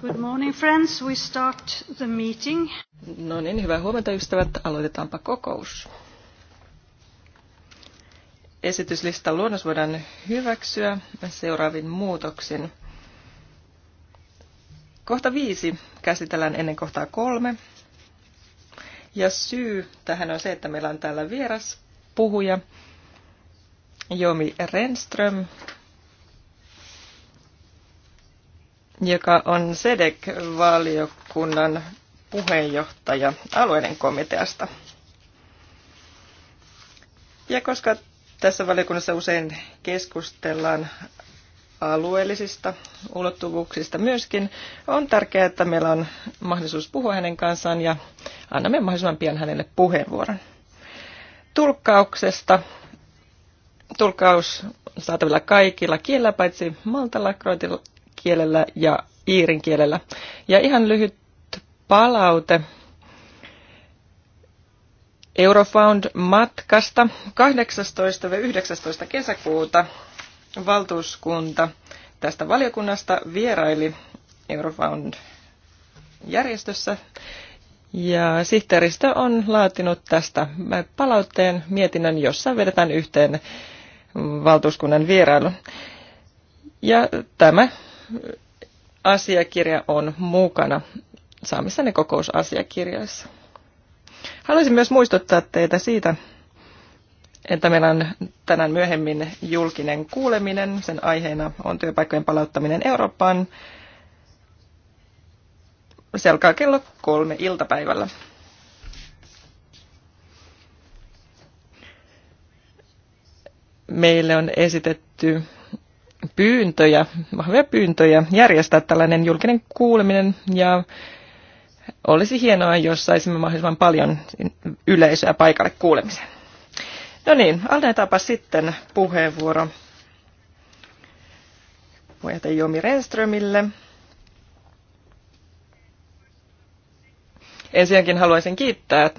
Good morning, friends. We start the meeting. No niin, hyvää huomenta ystävät. Aloitetaanpa kokous. Esityslistan luonnos voidaan hyväksyä seuraavin muutoksin. Kohta viisi käsitellään ennen kohtaa kolme. Ja syy tähän on se, että meillä on täällä vieras puhuja Jomi Renström, joka on SEDEC-valiokunnan puheenjohtaja alueiden komiteasta. Ja koska tässä valiokunnassa usein keskustellaan alueellisista ulottuvuuksista myöskin, on tärkeää, että meillä on mahdollisuus puhua hänen kanssaan ja annamme mahdollisimman pian hänelle puheenvuoron. Tulkkauksesta. Tulkkaus saatavilla kaikilla kielillä, paitsi maltalla, kielellä ja iirin kielellä. Ja ihan lyhyt palaute Eurofound-matkasta 18-19 kesäkuuta valtuuskunta tästä valiokunnasta vieraili Eurofound-järjestössä ja sihteeristö on laatinut tästä palautteen mietinnön, jossa vedetään yhteen valtuuskunnan vierailu. Ja tämä asiakirja on mukana saamissanne kokousasiakirjoissa. Haluaisin myös muistuttaa teitä siitä, että meillä on tänään myöhemmin julkinen kuuleminen. Sen aiheena on työpaikkojen palauttaminen Eurooppaan. Se alkaa kello kolme iltapäivällä. Meille on esitetty pyyntöjä, vahvoja pyyntöjä järjestää tällainen julkinen kuuleminen ja olisi hienoa, jos saisimme mahdollisimman paljon yleisöä paikalle kuulemiseen. No niin, annetaanpa sitten puheenvuoro puheenjohtaja Jomi Renströmille. Ensinnäkin haluaisin kiittää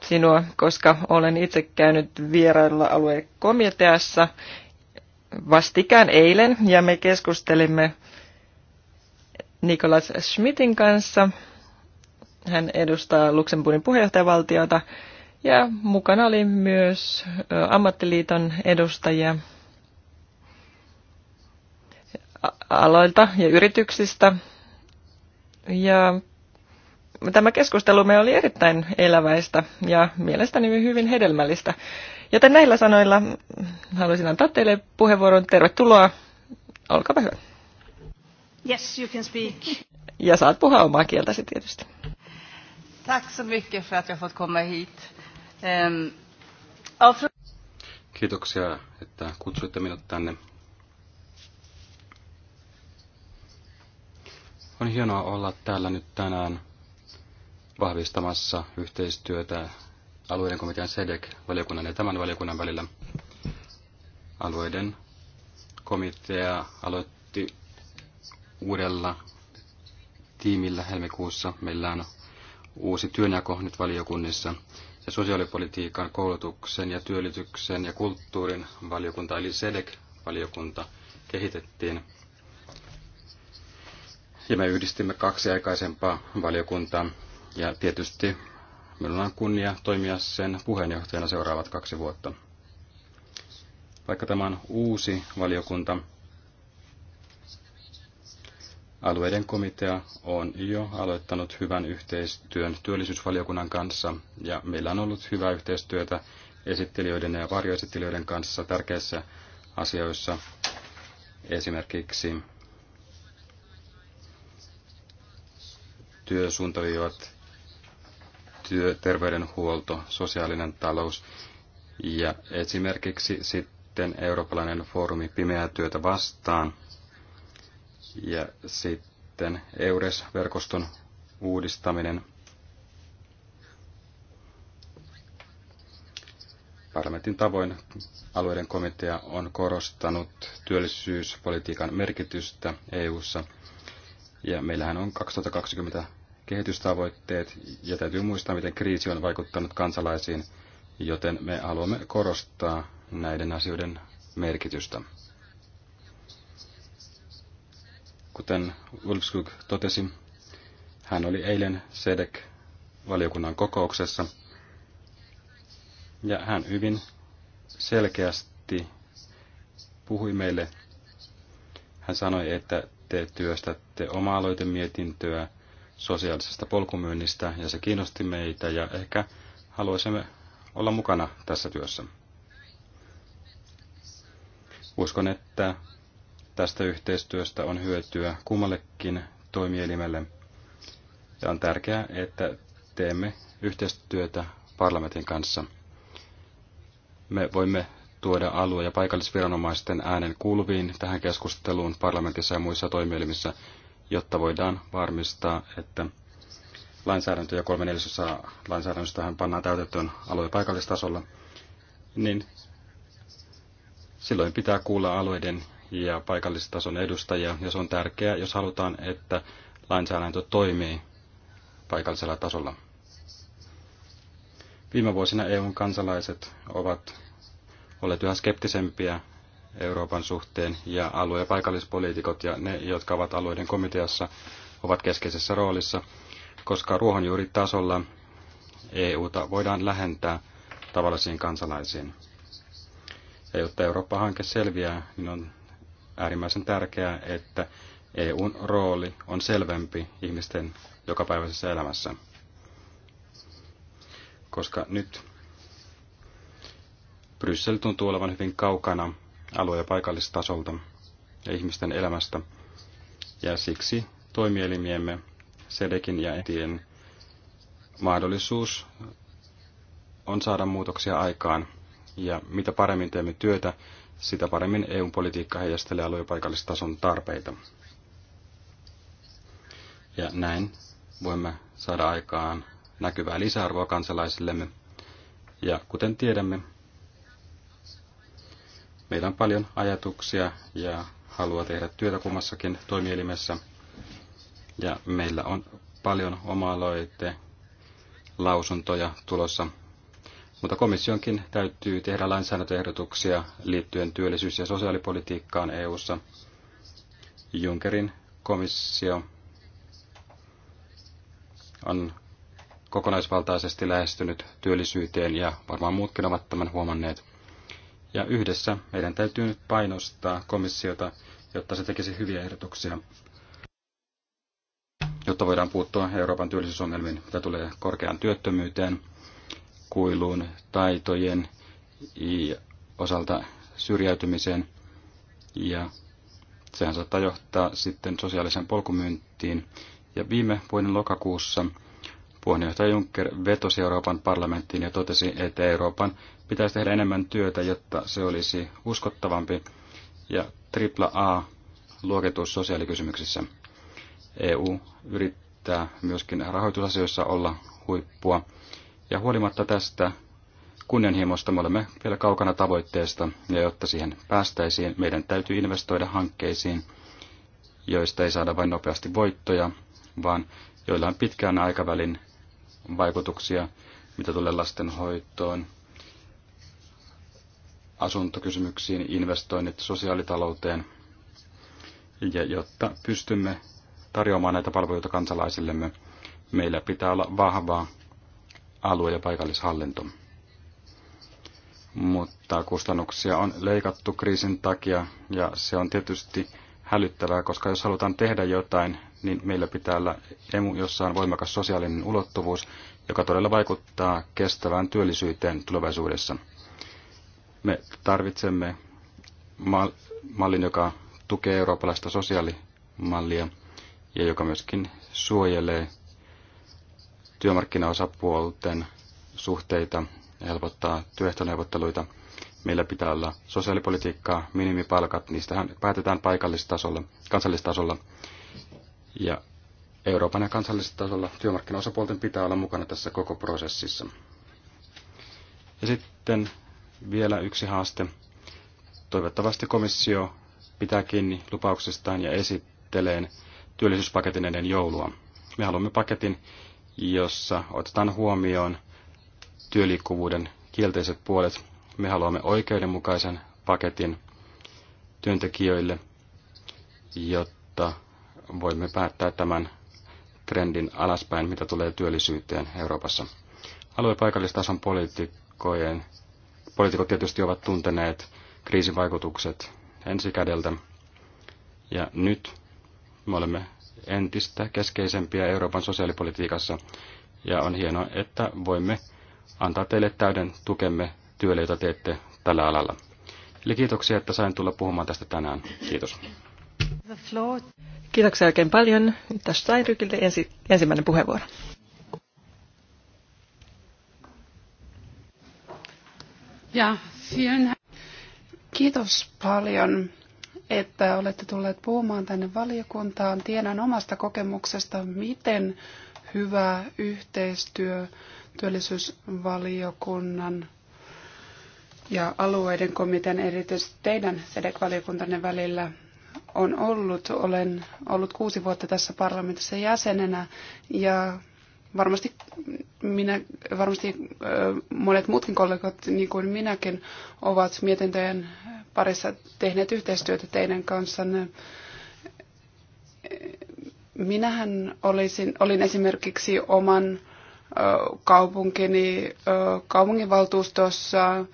sinua, koska olen itse käynyt vierailla aluekomiteassa vastikään eilen ja me keskustelimme Nikolas Schmidtin kanssa. Hän edustaa Luxemburgin puheenjohtajavaltiota ja mukana oli myös ammattiliiton edustajia aloilta ja yrityksistä. Ja tämä keskustelu me oli erittäin eläväistä ja mielestäni hyvin hedelmällistä. Joten näillä sanoilla haluaisin antaa teille puheenvuoron. Tervetuloa. Olkaa hyvä. Yes, you can speak. Ja saat puhua omaa kieltäsi tietysti. Tack så mycket för att jag fått komma hit. Ehm, Kiitoksia, että kutsuitte minut tänne. On hienoa olla täällä nyt tänään vahvistamassa yhteistyötä alueiden komitean SEDEC-valiokunnan ja tämän valiokunnan välillä. Alueiden komitea aloitti uudella tiimillä helmikuussa. Meillä on uusi työnjako nyt valiokunnissa ja sosiaalipolitiikan, koulutuksen ja työllityksen ja kulttuurin valiokunta eli SEDEC-valiokunta kehitettiin. Ja me yhdistimme kaksi aikaisempaa valiokuntaa ja tietysti Minulla on kunnia toimia sen puheenjohtajana seuraavat kaksi vuotta. Vaikka tämä on uusi valiokunta, alueiden komitea on jo aloittanut hyvän yhteistyön työllisyysvaliokunnan kanssa ja meillä on ollut hyvää yhteistyötä esittelijöiden ja varjoesittelijöiden kanssa tärkeissä asioissa, esimerkiksi työsuuntaviivat työ, terveydenhuolto, sosiaalinen talous ja esimerkiksi sitten eurooppalainen foorumi pimeää työtä vastaan ja sitten EURES-verkoston uudistaminen. Parlamentin tavoin alueiden komitea on korostanut työllisyyspolitiikan merkitystä EU:ssa ja meillähän on 2020 kehitystavoitteet ja täytyy muistaa, miten kriisi on vaikuttanut kansalaisiin, joten me haluamme korostaa näiden asioiden merkitystä. Kuten Ulfskog totesi, hän oli eilen SEDEC-valiokunnan kokouksessa ja hän hyvin selkeästi puhui meille. Hän sanoi, että te työstätte oma-aloitemietintöä sosiaalisesta polkumyynnistä ja se kiinnosti meitä ja ehkä haluaisimme olla mukana tässä työssä. Uskon, että tästä yhteistyöstä on hyötyä kummallekin toimielimelle ja on tärkeää, että teemme yhteistyötä parlamentin kanssa. Me voimme tuoda alue- ja paikallisviranomaisten äänen kuuluviin tähän keskusteluun parlamentissa ja muissa toimielimissä, jotta voidaan varmistaa, että lainsäädäntö ja kolme neljäsosaa lainsäädännöstähän pannaan täytettyön alue- paikallistasolla, niin silloin pitää kuulla alueiden ja paikallistason edustajia, ja se on tärkeää, jos halutaan, että lainsäädäntö toimii paikallisella tasolla. Viime vuosina EUn kansalaiset ovat olleet yhä skeptisempiä Euroopan suhteen ja alue- ja paikallispoliitikot ja ne, jotka ovat alueiden komiteassa, ovat keskeisessä roolissa, koska ruohonjuuritasolla EUta voidaan lähentää tavallisiin kansalaisiin. Ja jotta Eurooppa-hanke selviää, niin on äärimmäisen tärkeää, että EUn rooli on selvempi ihmisten jokapäiväisessä elämässä. Koska nyt Bryssel tuntuu olevan hyvin kaukana alue- ja paikallistasolta ja ihmisten elämästä. Ja siksi toimielimiemme, SEDEKin ja ETien mahdollisuus on saada muutoksia aikaan. Ja mitä paremmin teemme työtä, sitä paremmin EU-politiikka heijastelee alue- ja paikallistason tarpeita. Ja näin voimme saada aikaan näkyvää lisäarvoa kansalaisillemme. Ja kuten tiedämme, Meillä on paljon ajatuksia ja haluaa tehdä työtä kummassakin toimielimessä. Ja meillä on paljon oma-aloite lausuntoja tulossa. Mutta komissionkin täytyy tehdä lainsäädäntöehdotuksia liittyen työllisyys- ja sosiaalipolitiikkaan EU:ssa. Junckerin komissio on kokonaisvaltaisesti lähestynyt työllisyyteen ja varmaan muutkin ovat tämän huomanneet. Ja yhdessä meidän täytyy nyt painostaa komissiota, jotta se tekisi hyviä ehdotuksia, jotta voidaan puuttua Euroopan työllisyysongelmiin, mitä tulee korkeaan työttömyyteen, kuiluun, taitojen osalta syrjäytymiseen. Ja sehän saattaa johtaa sitten sosiaaliseen polkumyyntiin. Ja viime vuoden lokakuussa Puheenjohtaja Juncker vetosi Euroopan parlamenttiin ja totesi, että Euroopan pitäisi tehdä enemmän työtä, jotta se olisi uskottavampi ja AAA luokitus sosiaalikysymyksissä. EU yrittää myöskin rahoitusasioissa olla huippua. Ja huolimatta tästä kunnianhimosta me olemme vielä kaukana tavoitteesta, ja jotta siihen päästäisiin, meidän täytyy investoida hankkeisiin, joista ei saada vain nopeasti voittoja, vaan joilla on pitkään aikavälin vaikutuksia, mitä tulee lastenhoitoon, asuntokysymyksiin, investoinnit sosiaalitalouteen, ja jotta pystymme tarjoamaan näitä palveluita kansalaisillemme, meillä pitää olla vahvaa alue- ja paikallishallinto. Mutta kustannuksia on leikattu kriisin takia ja se on tietysti hälyttävää, koska jos halutaan tehdä jotain, niin meillä pitää olla emu, jossa on voimakas sosiaalinen ulottuvuus, joka todella vaikuttaa kestävään työllisyyteen tulevaisuudessa. Me tarvitsemme mallin, joka tukee eurooppalaista sosiaalimallia ja joka myöskin suojelee työmarkkinaosapuolten suhteita ja helpottaa työehtoneuvotteluita – Meillä pitää olla sosiaalipolitiikkaa, minimipalkat, niistähän päätetään paikallistasolla, kansallistasolla. Ja Euroopan ja tasolla työmarkkinaosapuolten pitää olla mukana tässä koko prosessissa. Ja sitten vielä yksi haaste. Toivottavasti komissio pitää kiinni lupauksestaan ja esittelee työllisyyspaketin ennen joulua. Me haluamme paketin, jossa otetaan huomioon työliikkuvuuden kielteiset puolet me haluamme oikeudenmukaisen paketin työntekijöille, jotta voimme päättää tämän trendin alaspäin, mitä tulee työllisyyteen Euroopassa. Alue- paikallistason poliitikkojen, poliitikot tietysti ovat tunteneet kriisivaikutukset ensikädeltä. Ja nyt me olemme entistä keskeisempiä Euroopan sosiaalipolitiikassa. Ja on hienoa, että voimme antaa teille täyden tukemme työlle, jota teette tällä alalla. Eli kiitoksia, että sain tulla puhumaan tästä tänään. Kiitos. Kiitoksia oikein paljon. Tässä Steinrykille ensi, ensimmäinen puheenvuoro. Ja, Kiitos paljon, että olette tulleet puhumaan tänne valiokuntaan. Tiedän omasta kokemuksesta, miten hyvä yhteistyö työllisyysvaliokunnan ja alueiden komitean erityisesti teidän SEDEC-valiokuntanne välillä on ollut. Olen ollut kuusi vuotta tässä parlamentissa jäsenenä ja varmasti minä, varmasti monet muutkin kollegat, niin kuin minäkin, ovat mietintöjen parissa tehneet yhteistyötä teidän kanssanne. Minähän olisin, olin esimerkiksi oman kaupunkini kaupunginvaltuustossa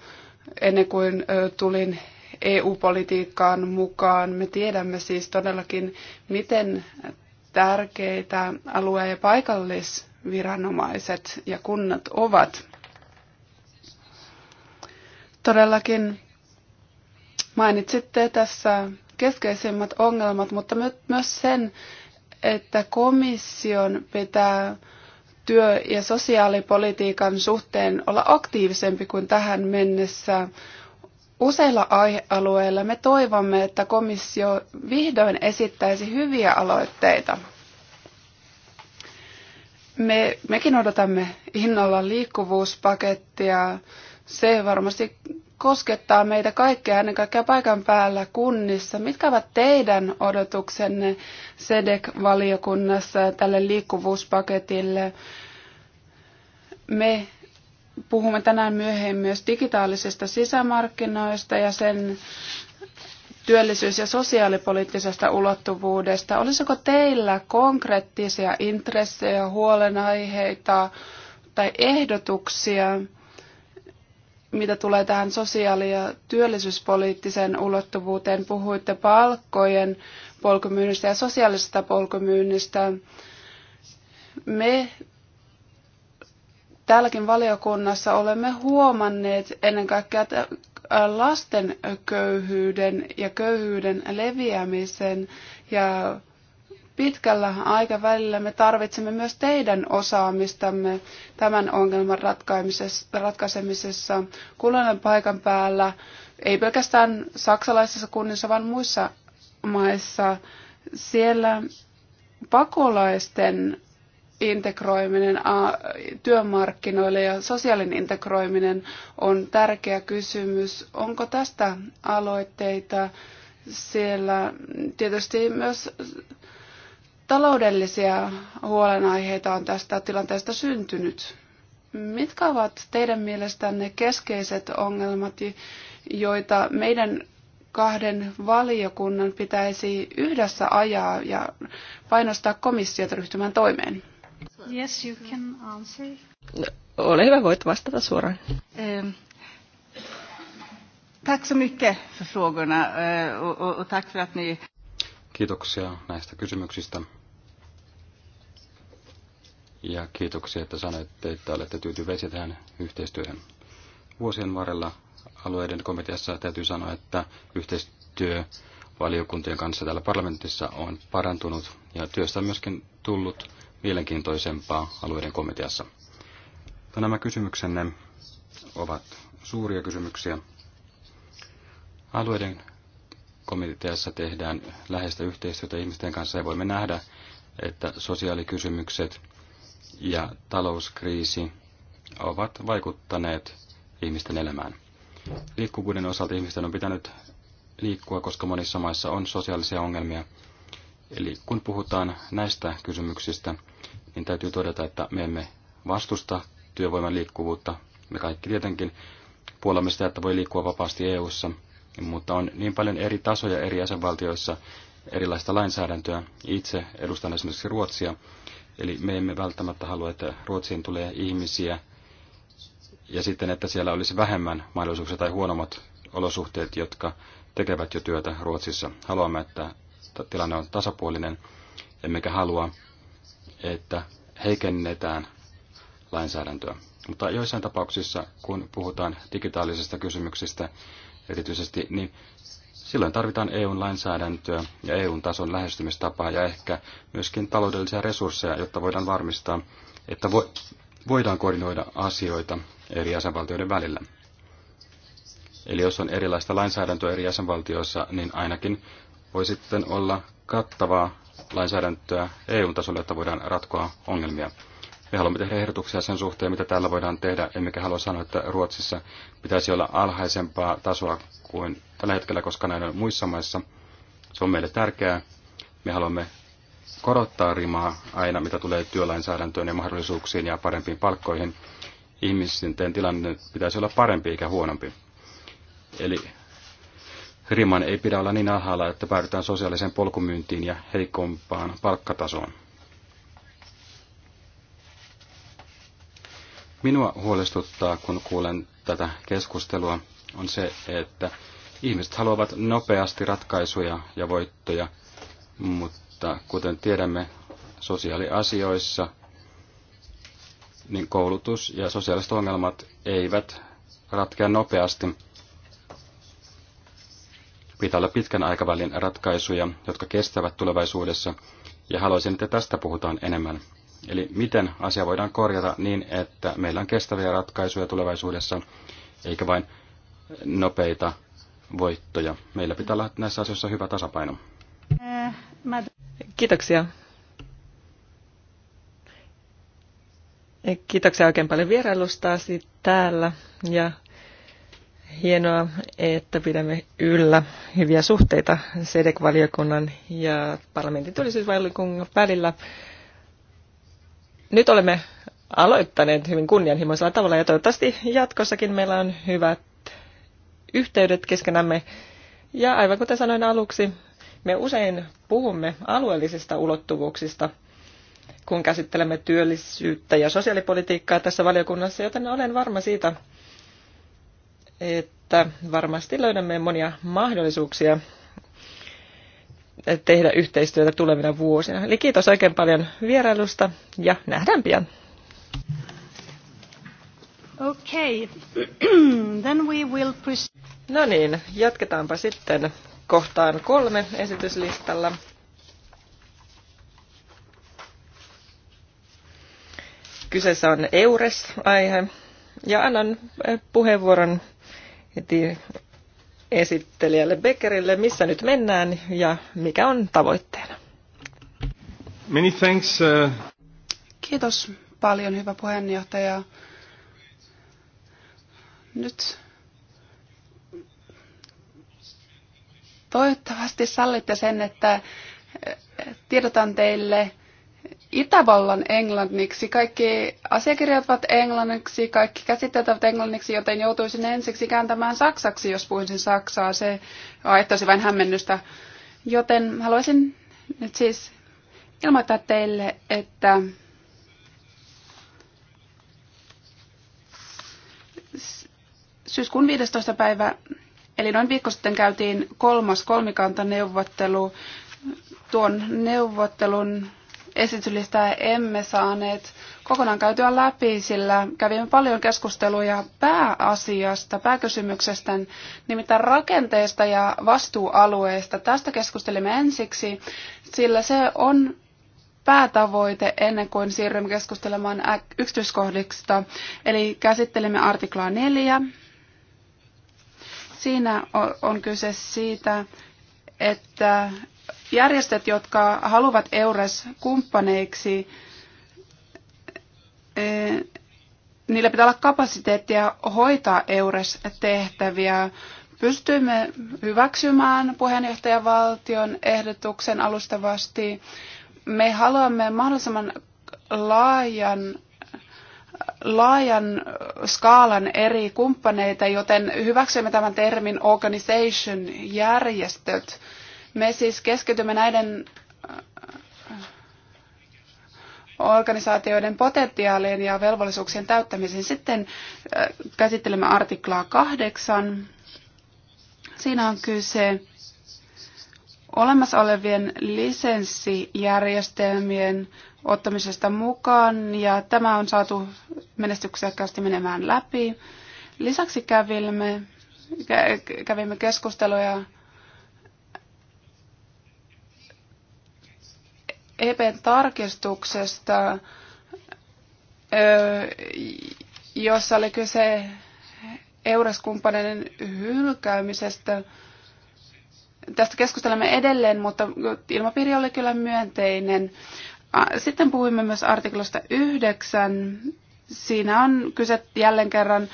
ennen kuin tulin EU-politiikkaan mukaan. Me tiedämme siis todellakin, miten tärkeitä alue- ja paikallisviranomaiset ja kunnat ovat. Todellakin mainitsitte tässä keskeisimmät ongelmat, mutta myös sen, että komission pitää työ- ja sosiaalipolitiikan suhteen olla aktiivisempi kuin tähän mennessä. Useilla aihealueilla me toivomme, että komissio vihdoin esittäisi hyviä aloitteita. Me, mekin odotamme innolla liikkuvuuspakettia. Se varmasti koskettaa meitä kaikkia, ennen kaikkea paikan päällä kunnissa. Mitkä ovat teidän odotuksenne SEDEC-valiokunnassa tälle liikkuvuuspaketille? Me puhumme tänään myöhemmin myös digitaalisista sisämarkkinoista ja sen työllisyys- ja sosiaalipoliittisesta ulottuvuudesta. Olisiko teillä konkreettisia intressejä, huolenaiheita tai ehdotuksia? mitä tulee tähän sosiaali- ja työllisyyspoliittiseen ulottuvuuteen, puhuitte palkkojen polkumyynnistä ja sosiaalisesta polkumyynnistä. Me täälläkin valiokunnassa olemme huomanneet ennen kaikkea lasten köyhyyden ja köyhyyden leviämisen ja Pitkällä aikavälillä me tarvitsemme myös teidän osaamistamme tämän ongelman ratkaisemisessa kulloinen paikan päällä, ei pelkästään saksalaisissa kunnissa, vaan muissa maissa. Siellä pakolaisten integroiminen työmarkkinoille ja sosiaalinen integroiminen on tärkeä kysymys. Onko tästä aloitteita siellä? Tietysti myös taloudellisia huolenaiheita on tästä tilanteesta syntynyt. Mitkä ovat teidän mielestänne keskeiset ongelmat, joita meidän kahden valiokunnan pitäisi yhdessä ajaa ja painostaa komissiota ryhtymään toimeen? Yes, you can answer. No, ole hyvä, voit vastata suoraan. Um. Tack så mycket för frågorna eh, och, tack för att ni... Kiitoksia näistä kysymyksistä. Ja kiitoksia, että sanoitte, että olette tyytyväisiä tähän yhteistyöhön. Vuosien varrella alueiden komiteassa täytyy sanoa, että yhteistyö valiokuntien kanssa täällä parlamentissa on parantunut ja työstä on myöskin tullut mielenkiintoisempaa alueiden komiteassa. Mutta nämä kysymyksenne ovat suuria kysymyksiä. Alueiden komiteassa tehdään läheistä yhteistyötä ihmisten kanssa ja voimme nähdä, että sosiaalikysymykset ja talouskriisi ovat vaikuttaneet ihmisten elämään. Liikkuvuuden osalta ihmisten on pitänyt liikkua, koska monissa maissa on sosiaalisia ongelmia. Eli kun puhutaan näistä kysymyksistä, niin täytyy todeta, että me emme vastusta työvoiman liikkuvuutta. Me kaikki tietenkin puolamme sitä, että voi liikkua vapaasti EU-ssa, mutta on niin paljon eri tasoja eri jäsenvaltioissa, erilaista lainsäädäntöä. Itse edustan esimerkiksi Ruotsia, eli me emme välttämättä halua, että Ruotsiin tulee ihmisiä ja sitten, että siellä olisi vähemmän mahdollisuuksia tai huonommat olosuhteet, jotka tekevät jo työtä Ruotsissa. Haluamme, että tilanne on tasapuolinen, emmekä halua, että heikennetään lainsäädäntöä. Mutta joissain tapauksissa, kun puhutaan digitaalisista kysymyksistä, erityisesti, niin silloin tarvitaan EUn lainsäädäntöä ja EUn tason lähestymistapaa ja ehkä myöskin taloudellisia resursseja, jotta voidaan varmistaa, että vo- voidaan koordinoida asioita eri jäsenvaltioiden välillä. Eli jos on erilaista lainsäädäntöä eri jäsenvaltioissa, niin ainakin voi sitten olla kattavaa lainsäädäntöä EU-tasolla, jotta voidaan ratkoa ongelmia. Me haluamme tehdä ehdotuksia sen suhteen, mitä täällä voidaan tehdä, emmekä halua sanoa, että Ruotsissa pitäisi olla alhaisempaa tasoa kuin tällä hetkellä, koska näin on muissa maissa. Se on meille tärkeää. Me haluamme korottaa rimaa aina, mitä tulee työlainsäädäntöön ja mahdollisuuksiin ja parempiin palkkoihin. Ihmisten tilanne pitäisi olla parempi eikä huonompi. Eli riman ei pidä olla niin alhaalla, että päädytään sosiaaliseen polkumyyntiin ja heikompaan palkkatasoon. minua huolestuttaa, kun kuulen tätä keskustelua, on se, että ihmiset haluavat nopeasti ratkaisuja ja voittoja, mutta kuten tiedämme sosiaaliasioissa, niin koulutus ja sosiaaliset ongelmat eivät ratkea nopeasti. Pitää olla pitkän aikavälin ratkaisuja, jotka kestävät tulevaisuudessa, ja haluaisin, että tästä puhutaan enemmän. Eli miten asia voidaan korjata niin, että meillä on kestäviä ratkaisuja tulevaisuudessa, eikä vain nopeita voittoja. Meillä pitää olla näissä asioissa hyvä tasapaino. Kiitoksia. Kiitoksia oikein paljon vierailustasi täällä ja hienoa, että pidämme yllä hyviä suhteita SEDEC-valiokunnan ja parlamentin työllisyysvaliokunnan välillä. Nyt olemme aloittaneet hyvin kunnianhimoisella tavalla ja toivottavasti jatkossakin meillä on hyvät yhteydet keskenämme. Ja aivan kuten sanoin aluksi, me usein puhumme alueellisista ulottuvuuksista, kun käsittelemme työllisyyttä ja sosiaalipolitiikkaa tässä valiokunnassa, joten olen varma siitä, että varmasti löydämme monia mahdollisuuksia tehdä yhteistyötä tulevina vuosina. Eli kiitos oikein paljon vierailusta ja nähdään pian. Okay. Then we will no niin, jatketaanpa sitten kohtaan kolme esityslistalla. Kyseessä on EURES-aihe ja annan eh, puheenvuoron heti esittelijälle Beckerille, missä nyt mennään ja mikä on tavoitteena. Many thanks, uh... Kiitos paljon, hyvä puheenjohtaja. Nyt toivottavasti sallitte sen, että tiedotan teille – Itävallan englanniksi. Kaikki asiakirjat ovat englanniksi, kaikki käsitteet ovat englanniksi, joten joutuisin ensiksi kääntämään saksaksi, jos puhuisin saksaa. Se aiheuttaisi vain hämmennystä. Joten haluaisin nyt siis ilmoittaa teille, että syyskuun 15. päivä, eli noin viikko sitten käytiin kolmas kolmikantaneuvottelu. Tuon neuvottelun esityslistä emme saaneet kokonaan käytyä läpi, sillä kävimme paljon keskusteluja pääasiasta, pääkysymyksestä, nimittäin rakenteesta ja vastuualueista. Tästä keskustelimme ensiksi, sillä se on päätavoite ennen kuin siirrymme keskustelemaan yksityiskohdista. Eli käsittelemme artiklaa 4. Siinä on kyse siitä, että Järjestöt, jotka haluavat EURES-kumppaneiksi, e, niillä pitää olla kapasiteettia hoitaa EURES-tehtäviä. Pystyimme hyväksymään puheenjohtajavaltion ehdotuksen alustavasti. Me haluamme mahdollisimman laajan laajan skaalan eri kumppaneita, joten hyväksymme tämän termin organization, järjestöt. Me siis keskitymme näiden äh, äh, organisaatioiden potentiaalien ja velvollisuuksien täyttämiseen. Sitten äh, käsittelemme artiklaa kahdeksan. Siinä on kyse olemassa olevien lisenssijärjestelmien ottamisesta mukaan ja tämä on saatu menestyksekkäästi menemään läpi. Lisäksi kävimme, kävimme keskusteluja EPn tarkistuksesta, jossa oli kyse euroskumppaneiden hylkäämisestä. Tästä keskustelemme edelleen, mutta ilmapiiri oli kyllä myönteinen. Sitten puhuimme myös artiklosta 9. Siinä on kyse jälleen kerran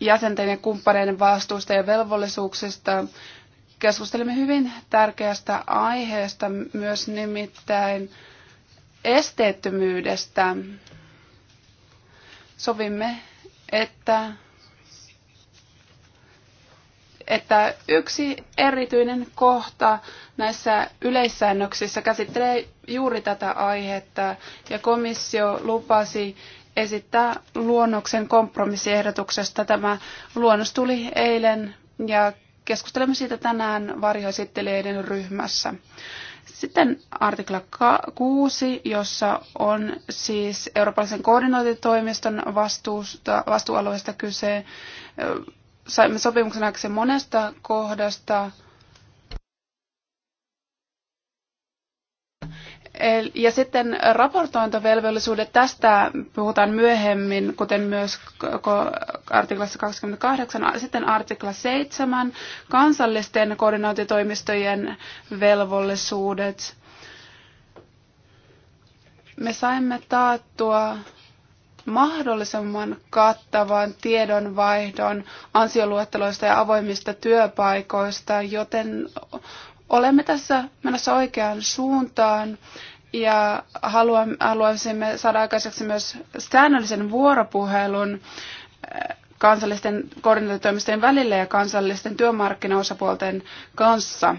jäsenten ja kumppaneiden vastuusta ja velvollisuuksista Keskustelimme hyvin tärkeästä aiheesta myös nimittäin esteettömyydestä. Sovimme, että että yksi erityinen kohta näissä yleissäännöksissä käsittelee juuri tätä aihetta, ja komissio lupasi esittää luonnoksen kompromissiehdotuksesta. Tämä luonnos tuli eilen, ja Keskustelemme siitä tänään varjoesittelijöiden ryhmässä. Sitten artikla 6, jossa on siis Euroopan koordinointitoimiston vastuusta, vastuualueesta kyse. Saimme sopimuksen monesta kohdasta Ja sitten raportointovelvollisuudet, tästä puhutaan myöhemmin, kuten myös artiklassa 28, sitten artikla 7, kansallisten koordinaatitoimistojen velvollisuudet. Me saimme taattua mahdollisimman kattavan tiedonvaihdon ansioluetteloista ja avoimista työpaikoista, joten Olemme tässä menossa oikeaan suuntaan ja haluaisimme saada aikaiseksi myös säännöllisen vuoropuhelun eh, kansallisten koordinaatiotoimistojen välillä ja kansallisten työmarkkinaosapuolten kanssa.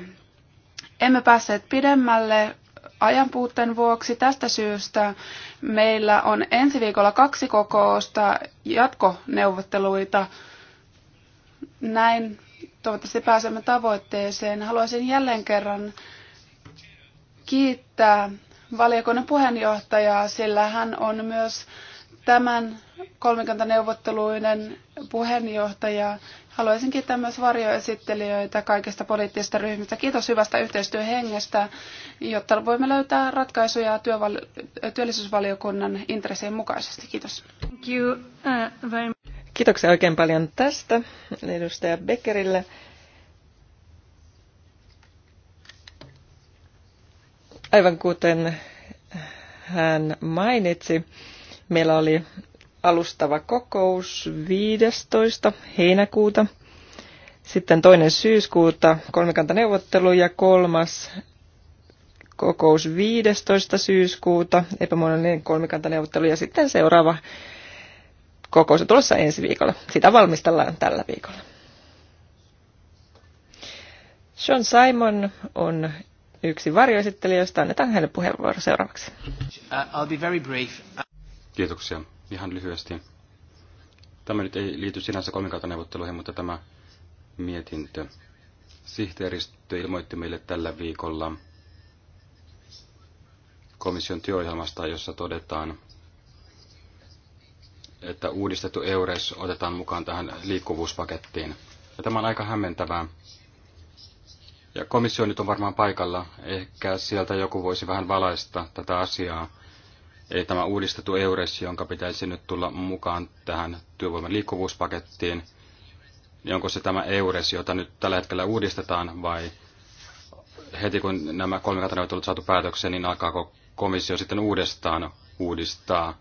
Emme päässeet pidemmälle ajanpuutteen vuoksi. Tästä syystä meillä on ensi viikolla kaksi kokousta jatkoneuvotteluita. Näin toivottavasti pääsemme tavoitteeseen. Haluaisin jälleen kerran kiittää valiokunnan puheenjohtajaa, sillä hän on myös tämän kolmikantaneuvotteluiden puheenjohtaja. Haluaisin kiittää myös varjoesittelijöitä kaikista poliittisista ryhmistä. Kiitos hyvästä yhteistyöhengestä, jotta voimme löytää ratkaisuja työval- työllisyysvaliokunnan intressien mukaisesti. Kiitos. Thank you, uh, very Kiitoksia oikein paljon tästä edustaja Beckerille. Aivan kuten hän mainitsi, meillä oli alustava kokous 15. heinäkuuta, sitten toinen syyskuuta kolmikantaneuvottelu ja kolmas kokous 15. syyskuuta, epämuodollinen kolmikantaneuvottelu ja sitten seuraava kokous on tulossa ensi viikolla. Sitä valmistellaan tällä viikolla. Sean Simon on yksi varjoesittelijöistä. Annetaan hänelle puheenvuoro seuraavaksi. Uh, I'll be very brief. Kiitoksia. Ihan lyhyesti. Tämä nyt ei liity sinänsä kolmikantaneuvotteluihin, mutta tämä mietintö. Sihteeristö ilmoitti meille tällä viikolla komission työohjelmasta, jossa todetaan, että uudistettu EURES otetaan mukaan tähän liikkuvuuspakettiin. Ja tämä on aika hämmentävää. Ja komissio nyt on varmaan paikalla. Ehkä sieltä joku voisi vähän valaista tätä asiaa. Eli tämä uudistettu EURES, jonka pitäisi nyt tulla mukaan tähän työvoiman liikkuvuuspakettiin, niin onko se tämä EURES, jota nyt tällä hetkellä uudistetaan, vai heti kun nämä kolme on saatu päätökseen, niin alkaako komissio sitten uudestaan uudistaa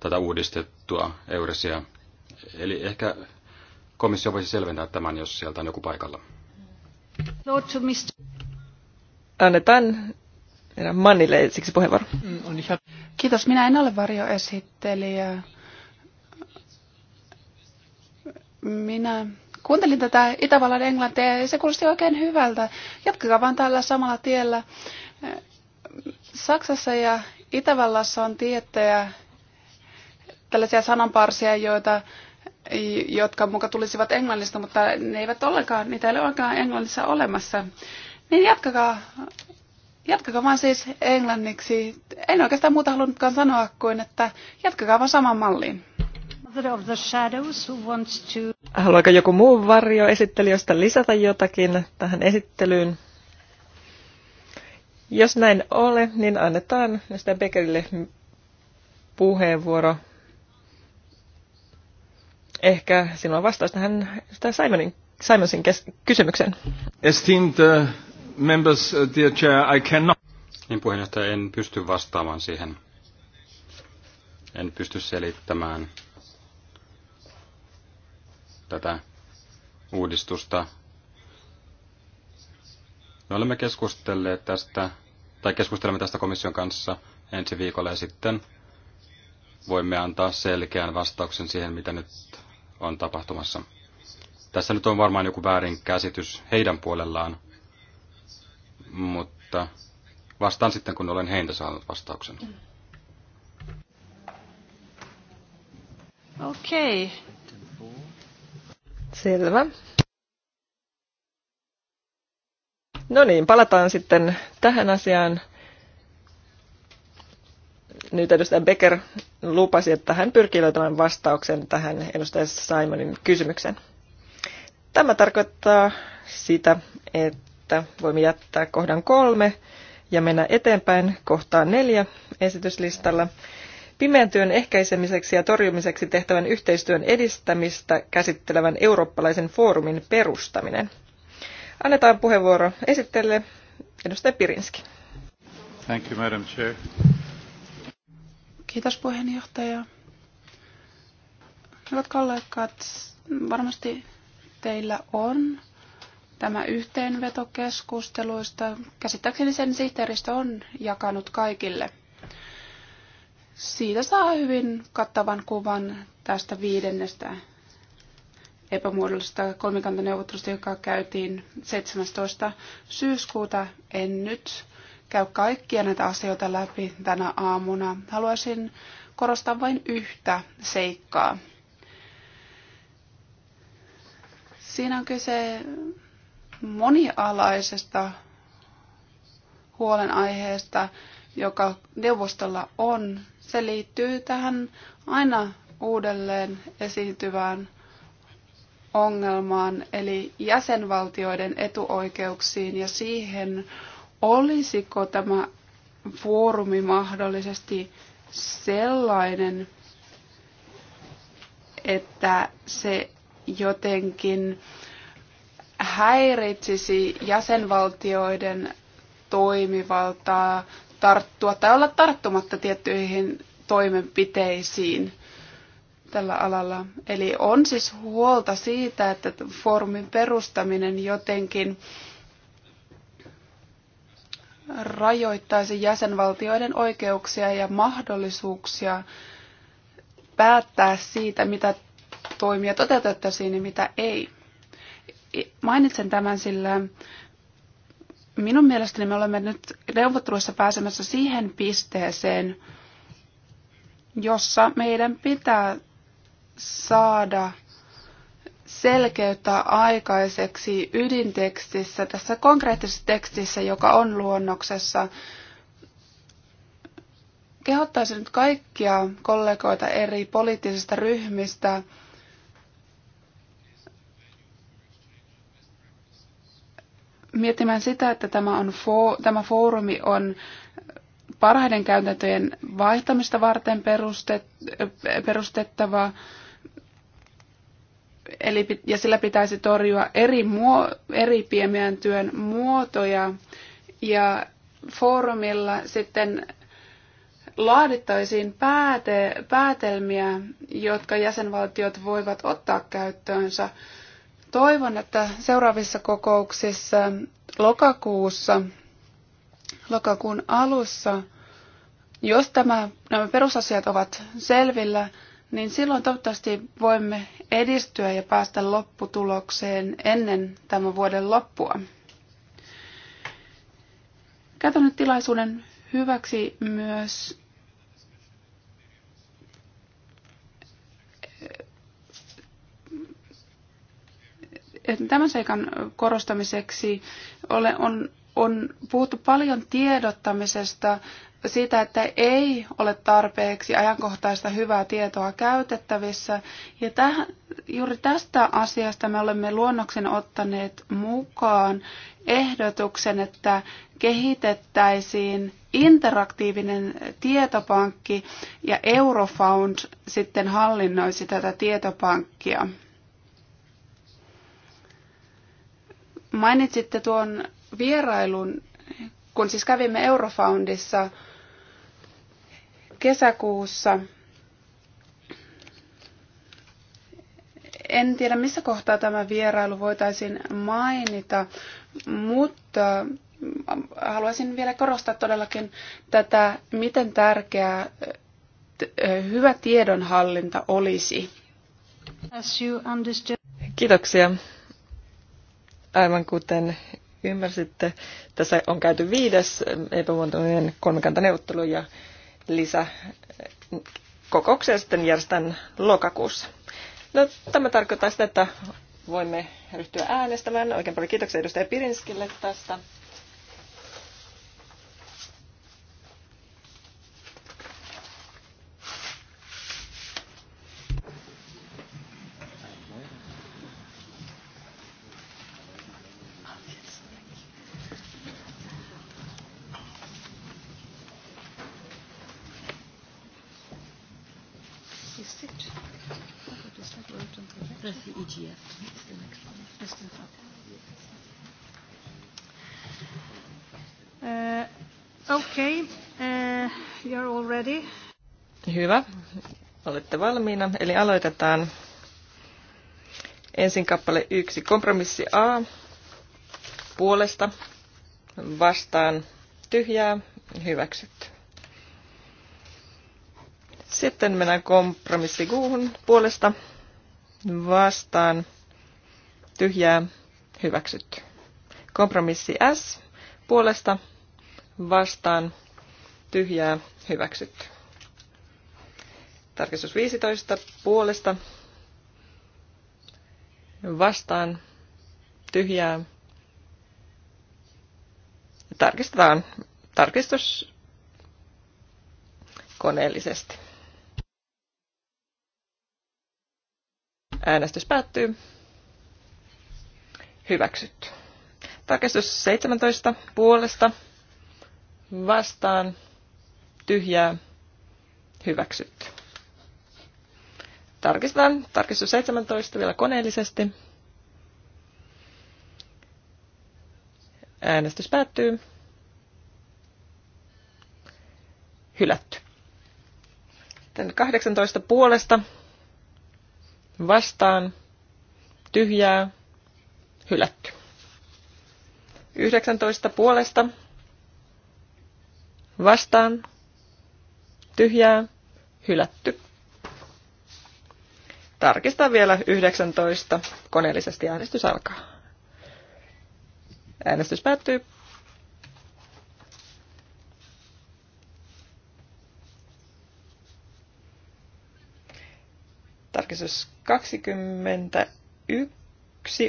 tätä uudistettua Euresia. Eli ehkä komissio voisi selventää tämän, jos sieltä on joku paikalla. Annetaan Mannille siksi puheenvuoro. Kiitos. Minä en ole varjoesittelijä. Minä kuuntelin tätä Itävallan englantia ja se kuulosti oikein hyvältä. Jatkakaa vaan tällä samalla tiellä. Saksassa ja Itävallassa on tiettyjä tällaisia sananparsia, joita, jotka muka tulisivat englannista, mutta ne eivät ollenkaan, niitä ei ole ollenkaan englannissa olemassa. Niin jatkakaa, jatkakaa vaan siis englanniksi. En oikeastaan muuta halunnutkaan sanoa kuin, että jatkakaa vaan saman malliin. Haluaako joku muu varjo esittelijöistä lisätä jotakin tähän esittelyyn? Jos näin ole, niin annetaan Mr. Beckerille puheenvuoro Ehkä sinulla vastaus tähän Simonin, Simonsin kes- kysymykseen. Esteemed uh, members, uh, dear chair, I cannot... Niin puheenjohtaja, en pysty vastaamaan siihen. En pysty selittämään tätä uudistusta. Me olemme keskustelleet tästä, tai keskustelemme tästä komission kanssa ensi viikolla ja sitten voimme antaa selkeän vastauksen siihen, mitä nyt on tapahtumassa. Tässä nyt on varmaan joku väärinkäsitys heidän puolellaan, mutta vastaan sitten, kun olen heiltä saanut vastauksen. Okei. Okay. Selvä. No niin, palataan sitten tähän asiaan nyt edustaja Becker lupasi, että hän pyrkii löytämään vastauksen tähän edustaja Simonin kysymykseen. Tämä tarkoittaa sitä, että voimme jättää kohdan kolme ja mennä eteenpäin kohtaan neljä esityslistalla. Pimeän työn ehkäisemiseksi ja torjumiseksi tehtävän yhteistyön edistämistä käsittelevän eurooppalaisen foorumin perustaminen. Annetaan puheenvuoro esittelijälle edustaja Pirinski. Thank you, Madam Chair. Kiitos puheenjohtaja. Hyvät kollegat, varmasti teillä on tämä yhteenveto keskusteluista. Käsittääkseni sen sihteeristö on jakanut kaikille. Siitä saa hyvin kattavan kuvan tästä viidennestä epämuodollisesta kolmikantaneuvottelusta, joka käytiin 17. syyskuuta. En nyt käy kaikkia näitä asioita läpi tänä aamuna. Haluaisin korostaa vain yhtä seikkaa. Siinä on kyse monialaisesta huolenaiheesta, joka neuvostolla on. Se liittyy tähän aina uudelleen esiintyvään ongelmaan, eli jäsenvaltioiden etuoikeuksiin ja siihen, Olisiko tämä foorumi mahdollisesti sellainen, että se jotenkin häiritsisi jäsenvaltioiden toimivaltaa tarttua tai olla tarttumatta tiettyihin toimenpiteisiin tällä alalla. Eli on siis huolta siitä, että foorumin perustaminen jotenkin rajoittaisi jäsenvaltioiden oikeuksia ja mahdollisuuksia päättää siitä, mitä toimia toteutettaisiin ja mitä ei. Mainitsen tämän, sillä minun mielestäni me olemme nyt neuvotteluissa pääsemässä siihen pisteeseen, jossa meidän pitää saada selkeyttää aikaiseksi ydintekstissä, tässä konkreettisessa tekstissä, joka on luonnoksessa. Kehottaisin nyt kaikkia kollegoita eri poliittisista ryhmistä miettimään sitä, että tämä, on fo, tämä foorumi on parhaiden käytäntöjen vaihtamista varten perustet, perustettava eli, ja sillä pitäisi torjua eri, muo, eri pimeän työn muotoja. Ja foorumilla sitten laadittaisiin pääte, päätelmiä, jotka jäsenvaltiot voivat ottaa käyttöönsä. Toivon, että seuraavissa kokouksissa lokakuussa, lokakuun alussa, jos tämä, nämä perusasiat ovat selvillä, niin silloin toivottavasti voimme edistyä ja päästä lopputulokseen ennen tämän vuoden loppua. Käytän nyt tilaisuuden hyväksi myös tämän seikan korostamiseksi on, on puhuttu paljon tiedottamisesta sitä, että ei ole tarpeeksi ajankohtaista hyvää tietoa käytettävissä. Ja täh, juuri tästä asiasta me olemme luonnoksen ottaneet mukaan ehdotuksen, että kehitettäisiin interaktiivinen tietopankki ja Eurofound sitten hallinnoisi tätä tietopankkia. Mainitsitte tuon vierailun, kun siis kävimme Eurofoundissa – kesäkuussa. En tiedä, missä kohtaa tämä vierailu voitaisiin mainita, mutta äh, haluaisin vielä korostaa todellakin tätä, miten tärkeää äh, hyvä tiedonhallinta olisi. Kiitoksia. Aivan kuten ymmärsitte, tässä on käyty viides epämuotoinen kolmikantaneuvottelu ja lisäkokouksia sitten järjestetään lokakuussa. No, tämä tarkoittaa sitä, että voimme ryhtyä äänestämään. Oikein paljon kiitoksia edustaja Pirinskille tästä Okay, uh, you're all ready. Hyvä, olette valmiina. Eli aloitetaan ensin kappale yksi. Kompromissi A puolesta vastaan tyhjää hyväksytty. Sitten mennään kompromissi G puolesta vastaan tyhjää hyväksytty. Kompromissi S puolesta vastaan tyhjää hyväksytty. Tarkistus 15 puolesta vastaan tyhjää. Tarkistetaan tarkistus koneellisesti. Äänestys päättyy. Hyväksytty. Tarkistus 17 puolesta vastaan tyhjää hyväksytty. Tarkistetaan tarkistus 17 vielä koneellisesti. Äänestys päättyy. Hylätty. Sitten 18 puolesta vastaan tyhjää hylätty. 19 puolesta vastaan, tyhjää, hylätty. Tarkista vielä 19. Koneellisesti äänestys alkaa. Äänestys päättyy. Tarkistus 21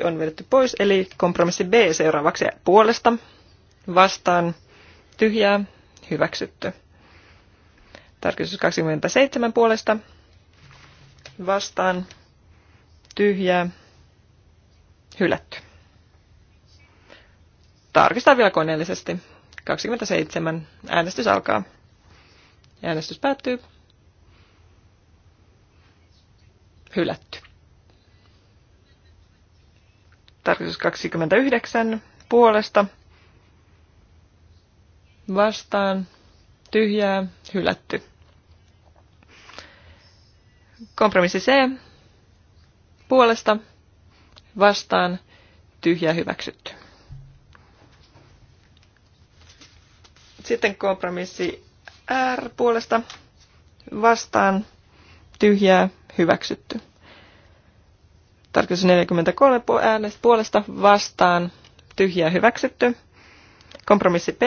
on vedetty pois, eli kompromissi B seuraavaksi puolesta vastaan tyhjää hyväksytty. Tarkistus 27 puolesta vastaan tyhjää hylätty. Tarkistaa vielä koneellisesti. 27. Äänestys alkaa. Äänestys päättyy. Hylätty. Tarkistus 29 puolesta vastaan, tyhjää, hylätty. Kompromissi C, puolesta, vastaan, tyhjää, hyväksytty. Sitten kompromissi R puolesta, vastaan, tyhjää, hyväksytty. Tarkoitus 43 äänestä puolesta vastaan, tyhjää hyväksytty. Kompromissi P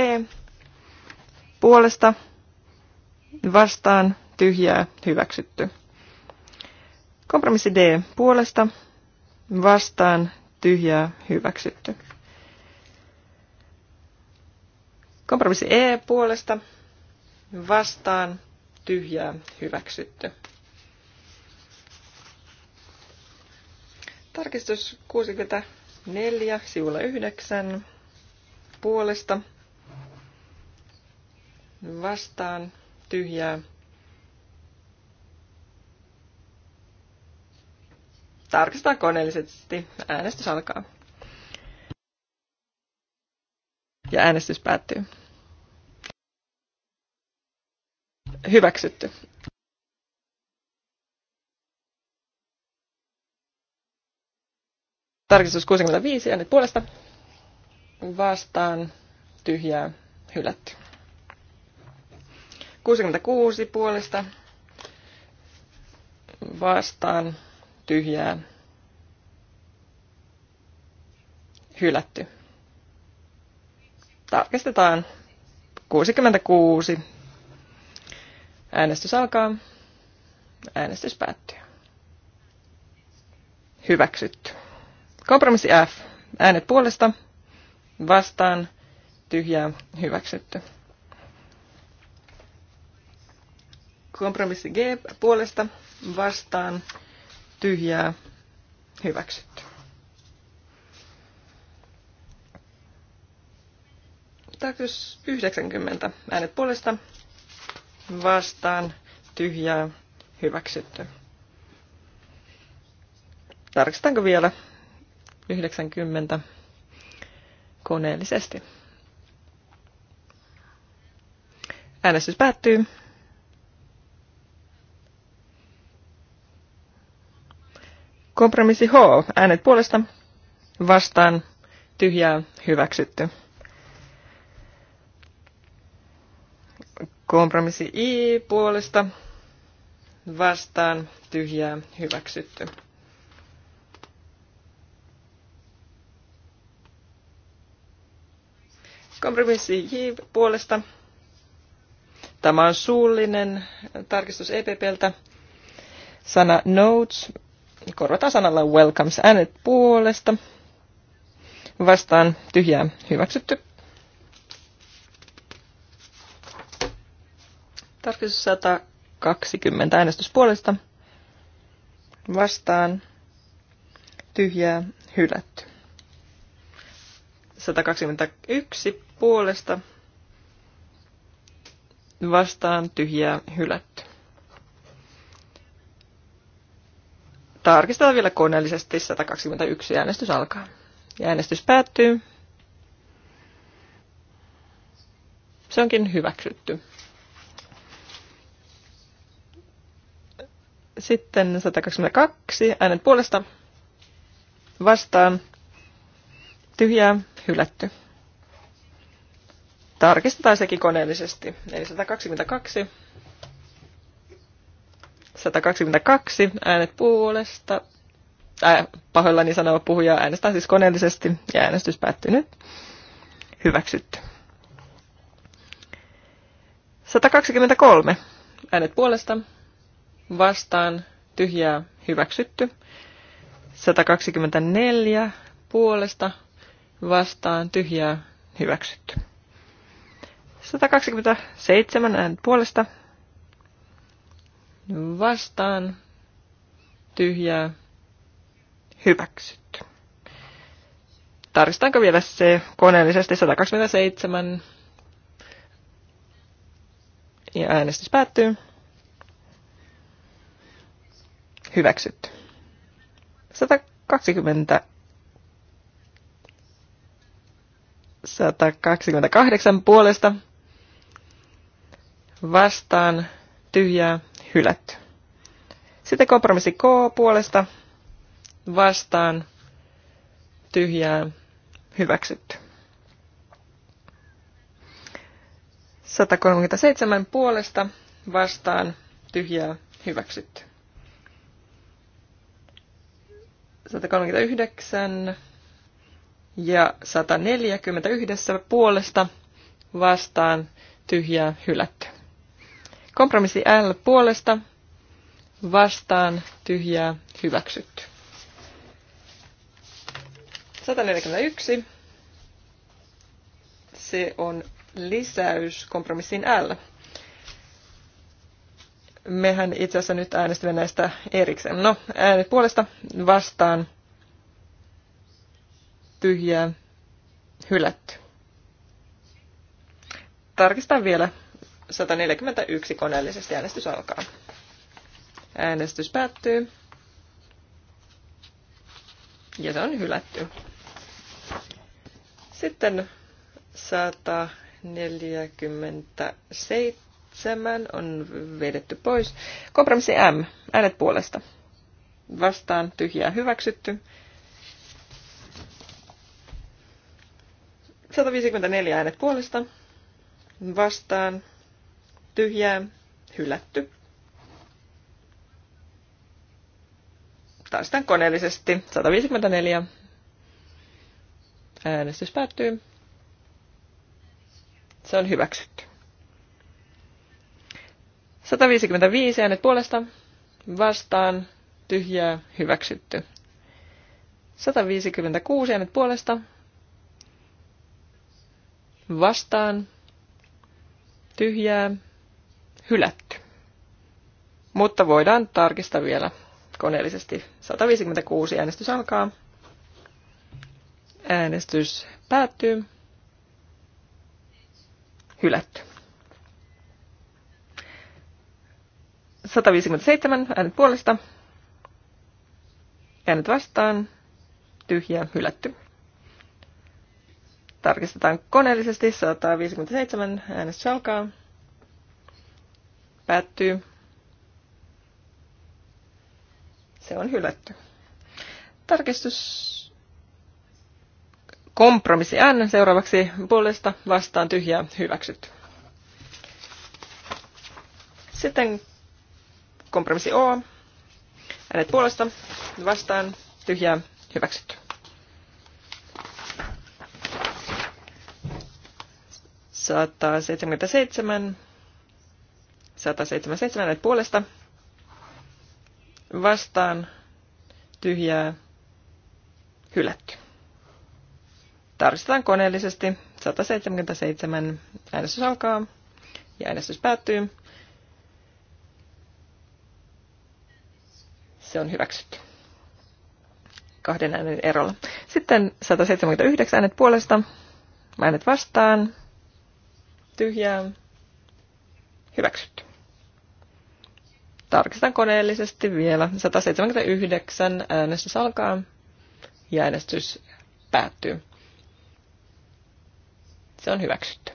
puolesta vastaan tyhjää hyväksytty. Kompromissi D puolesta vastaan tyhjää hyväksytty. Kompromissi E puolesta vastaan tyhjää hyväksytty. Tarkistus 64 sivulla 9 puolesta vastaan tyhjää. Tarkistetaan koneellisesti. Äänestys alkaa. Ja äänestys päättyy. Hyväksytty. Tarkistus 65 nyt puolesta vastaan tyhjää hylätty. 66 puolesta vastaan tyhjää hylätty. Tarkistetaan 66. Äänestys alkaa. Äänestys päättyy. Hyväksytty. Kompromissi F. Äänet puolesta, vastaan, tyhjää, hyväksytty. Kompromissi G puolesta vastaan tyhjää hyväksytty. Tarkoitus 90. Äänet puolesta vastaan tyhjää hyväksytty. Tarkistanko vielä 90 koneellisesti? Äänestys päättyy. Kompromissi H. Äänet puolesta vastaan tyhjää hyväksytty. Kompromissi I puolesta vastaan tyhjää hyväksytty. Kompromissi J puolesta. Tämä on suullinen tarkistus EPPltä. Sana notes korvataan sanalla welcomes äänet puolesta. Vastaan tyhjää hyväksytty. Tarkistus 120 äänestys puolesta. Vastaan tyhjää hylätty. 121 puolesta vastaan tyhjää hylätty. Tarkistetaan vielä koneellisesti 121 äänestys alkaa. Ja äänestys päättyy. Se onkin hyväksytty. Sitten 122 äänet puolesta vastaan tyhjää hylätty. Tarkistetaan sekin koneellisesti. Eli 122 122 äänet puolesta. Äh, pahoillani sanova puhuja äänestää siis koneellisesti ja äänestys päättyy nyt. Hyväksytty. 123 äänet puolesta. Vastaan tyhjää hyväksytty. 124 puolesta vastaan tyhjää hyväksytty. 127 äänet puolesta vastaan tyhjää hyväksytty. Tarkistanko vielä se koneellisesti 127 ja äänestys päättyy. Hyväksytty. 120 128 puolesta vastaan tyhjää hylätty. Sitten kompromissi K puolesta vastaan tyhjää hyväksytty. 137 puolesta vastaan tyhjää hyväksytty. 139 ja 141 puolesta vastaan tyhjää hylätty. Kompromissi L puolesta vastaan tyhjää hyväksytty. 141. Se on lisäys kompromissin L. Mehän itse asiassa nyt äänestämme näistä erikseen. No, äänet puolesta vastaan tyhjää hylätty. Tarkistan vielä 141 koneellisesti äänestys alkaa. Äänestys päättyy. Ja se on hylätty. Sitten 147 on vedetty pois. Kompromissi M. Äänet puolesta. Vastaan tyhjää hyväksytty. 154 äänet puolesta. Vastaan tyhjää, hylätty. Tarkistetaan koneellisesti. 154. Äänestys päättyy. Se on hyväksytty. 155 äänet puolesta. Vastaan. Tyhjää. Hyväksytty. 156 äänet puolesta. Vastaan. Tyhjää hylätty. Mutta voidaan tarkistaa vielä koneellisesti. 156 äänestys alkaa. Äänestys päättyy. Hylätty. 157 äänet puolesta. Äänet vastaan. Tyhjä, hylätty. Tarkistetaan koneellisesti. 157 äänestys alkaa. Päättyy. Se on hylätty. Tarkistus. Kompromissi N seuraavaksi puolesta vastaan tyhjää hyväksytty. Sitten kompromissi O. Äänet puolesta vastaan tyhjää hyväksytty. Saattaa 77 177 äänet puolesta. Vastaan tyhjää hylätty. Tarkistetaan koneellisesti. 177 äänestys alkaa ja äänestys päättyy. Se on hyväksytty kahden äänen erolla. Sitten 179 äänet puolesta, äänet vastaan, tyhjää, hyväksytty. Tarkistan koneellisesti vielä. 179 äänestys alkaa ja äänestys päättyy. Se on hyväksytty.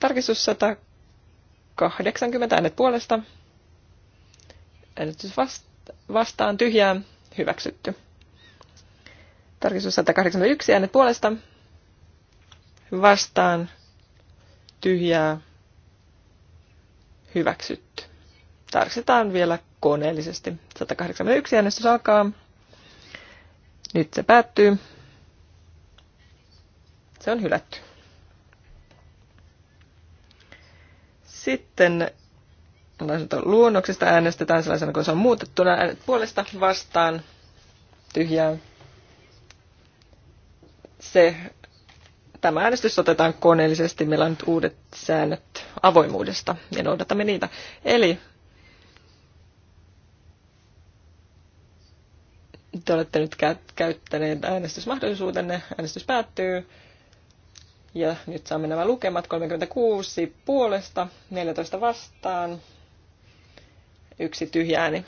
Tarkistus 180 äänet puolesta. Äänestys vastaan tyhjää. Hyväksytty. Tarkistus 181 äänet puolesta. Vastaan tyhjää. Hyväksytty tarkistetaan vielä koneellisesti. 181 äänestys alkaa. Nyt se päättyy. Se on hylätty. Sitten luonnoksesta äänestetään sellaisena kun se on muutettuna. Äänet puolesta vastaan tyhjää. Se, tämä äänestys otetaan koneellisesti. Meillä on nyt uudet säännöt avoimuudesta ja noudatamme niitä. Eli Te olette nyt käyttäneet äänestysmahdollisuutenne. Äänestys päättyy. Ja nyt saamme nämä lukemat. 36 puolesta, 14 vastaan, yksi tyhjä ääni.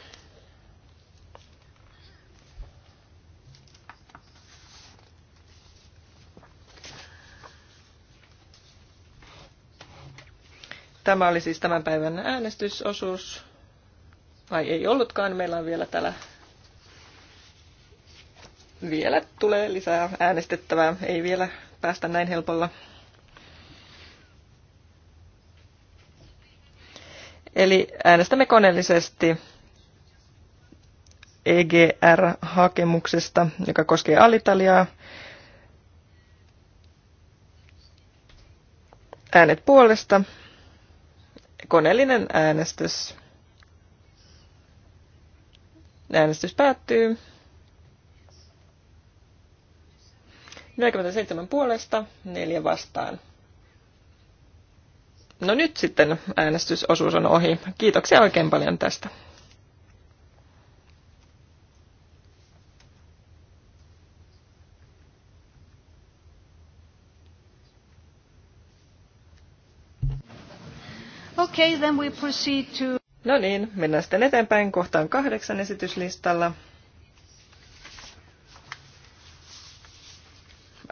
Tämä oli siis tämän päivän äänestysosuus. vai ei ollutkaan, meillä on vielä täällä vielä tulee lisää äänestettävää. Ei vielä päästä näin helpolla. Eli äänestämme koneellisesti EGR-hakemuksesta, joka koskee Alitaliaa. Äänet puolesta. Koneellinen äänestys. Äänestys päättyy. 47 puolesta, 4 vastaan. No nyt sitten äänestysosuus on ohi. Kiitoksia oikein paljon tästä. Okay, then we proceed to... No niin, mennään sitten eteenpäin kohtaan kahdeksan esityslistalla.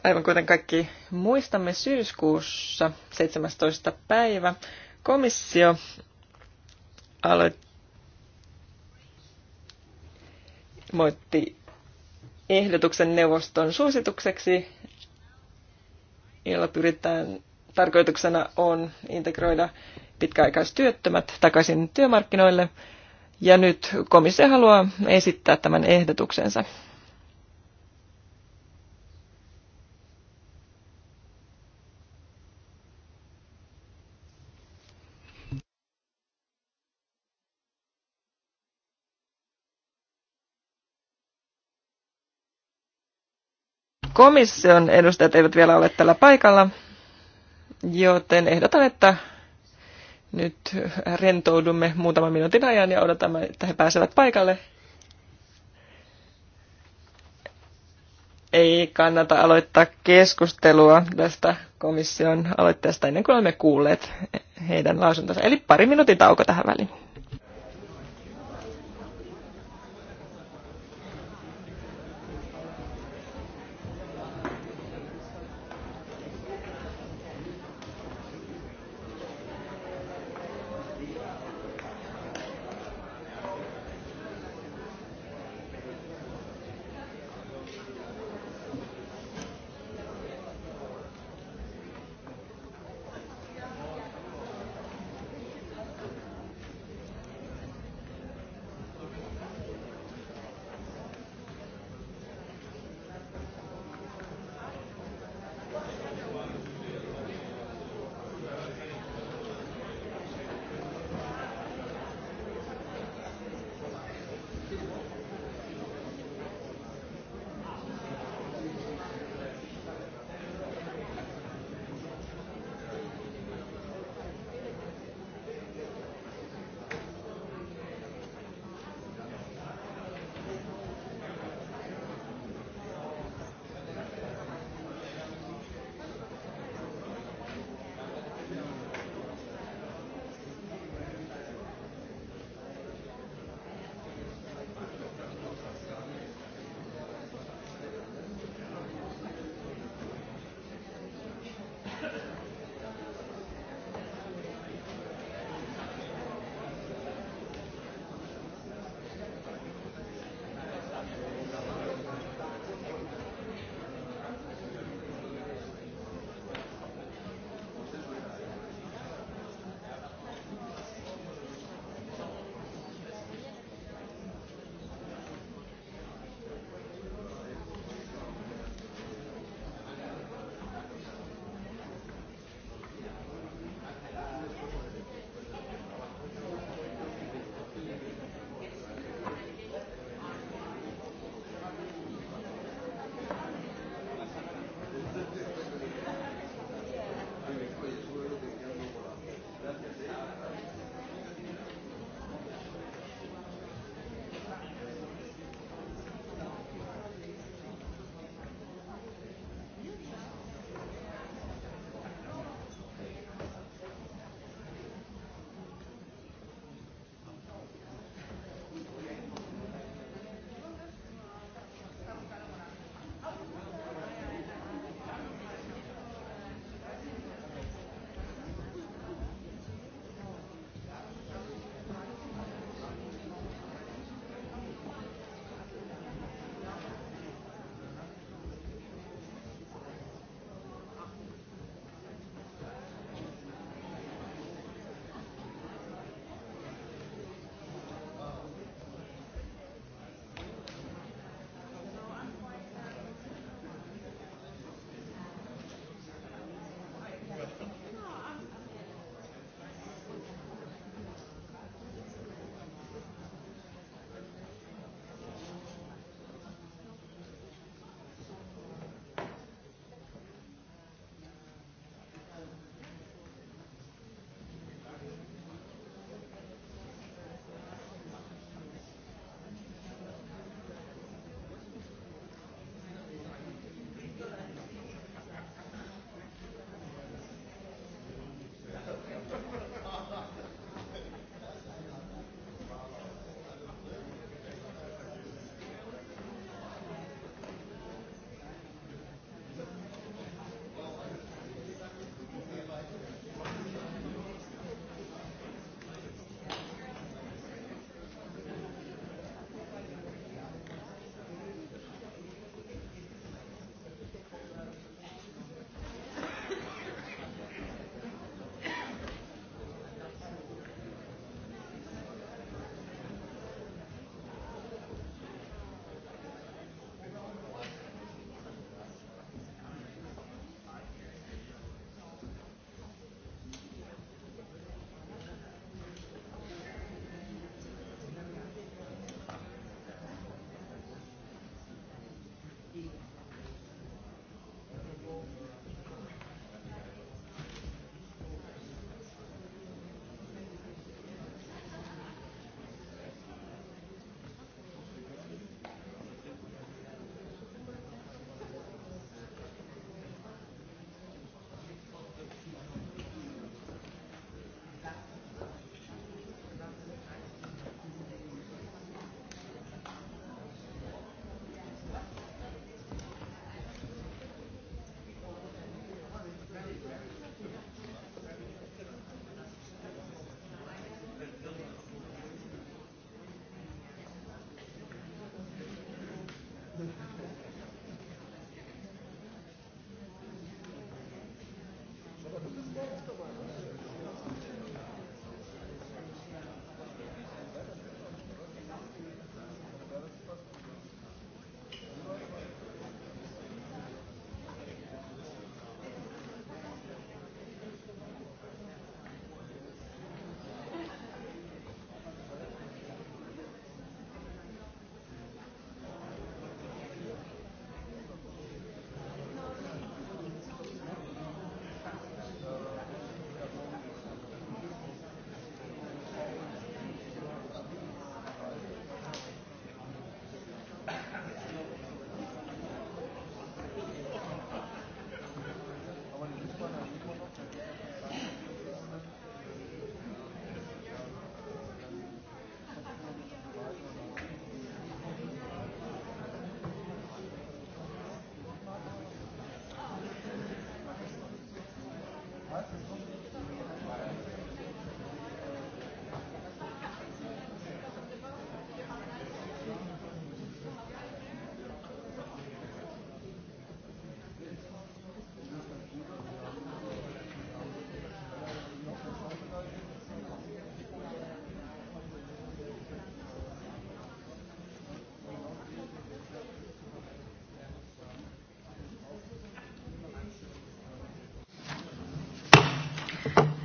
Aivan kuten kaikki muistamme syyskuussa 17. päivä, komissio aloitti ehdotuksen neuvoston suositukseksi, jolla pyritään tarkoituksena on integroida pitkäaikaistyöttömät takaisin työmarkkinoille. Ja nyt komissio haluaa esittää tämän ehdotuksensa. Komission edustajat eivät vielä ole tällä paikalla, joten ehdotan, että nyt rentoudumme muutaman minuutin ajan ja odotamme, että he pääsevät paikalle. Ei kannata aloittaa keskustelua tästä komission aloitteesta ennen kuin olemme kuulleet heidän lausuntonsa. Eli pari minuutin tauko tähän väliin.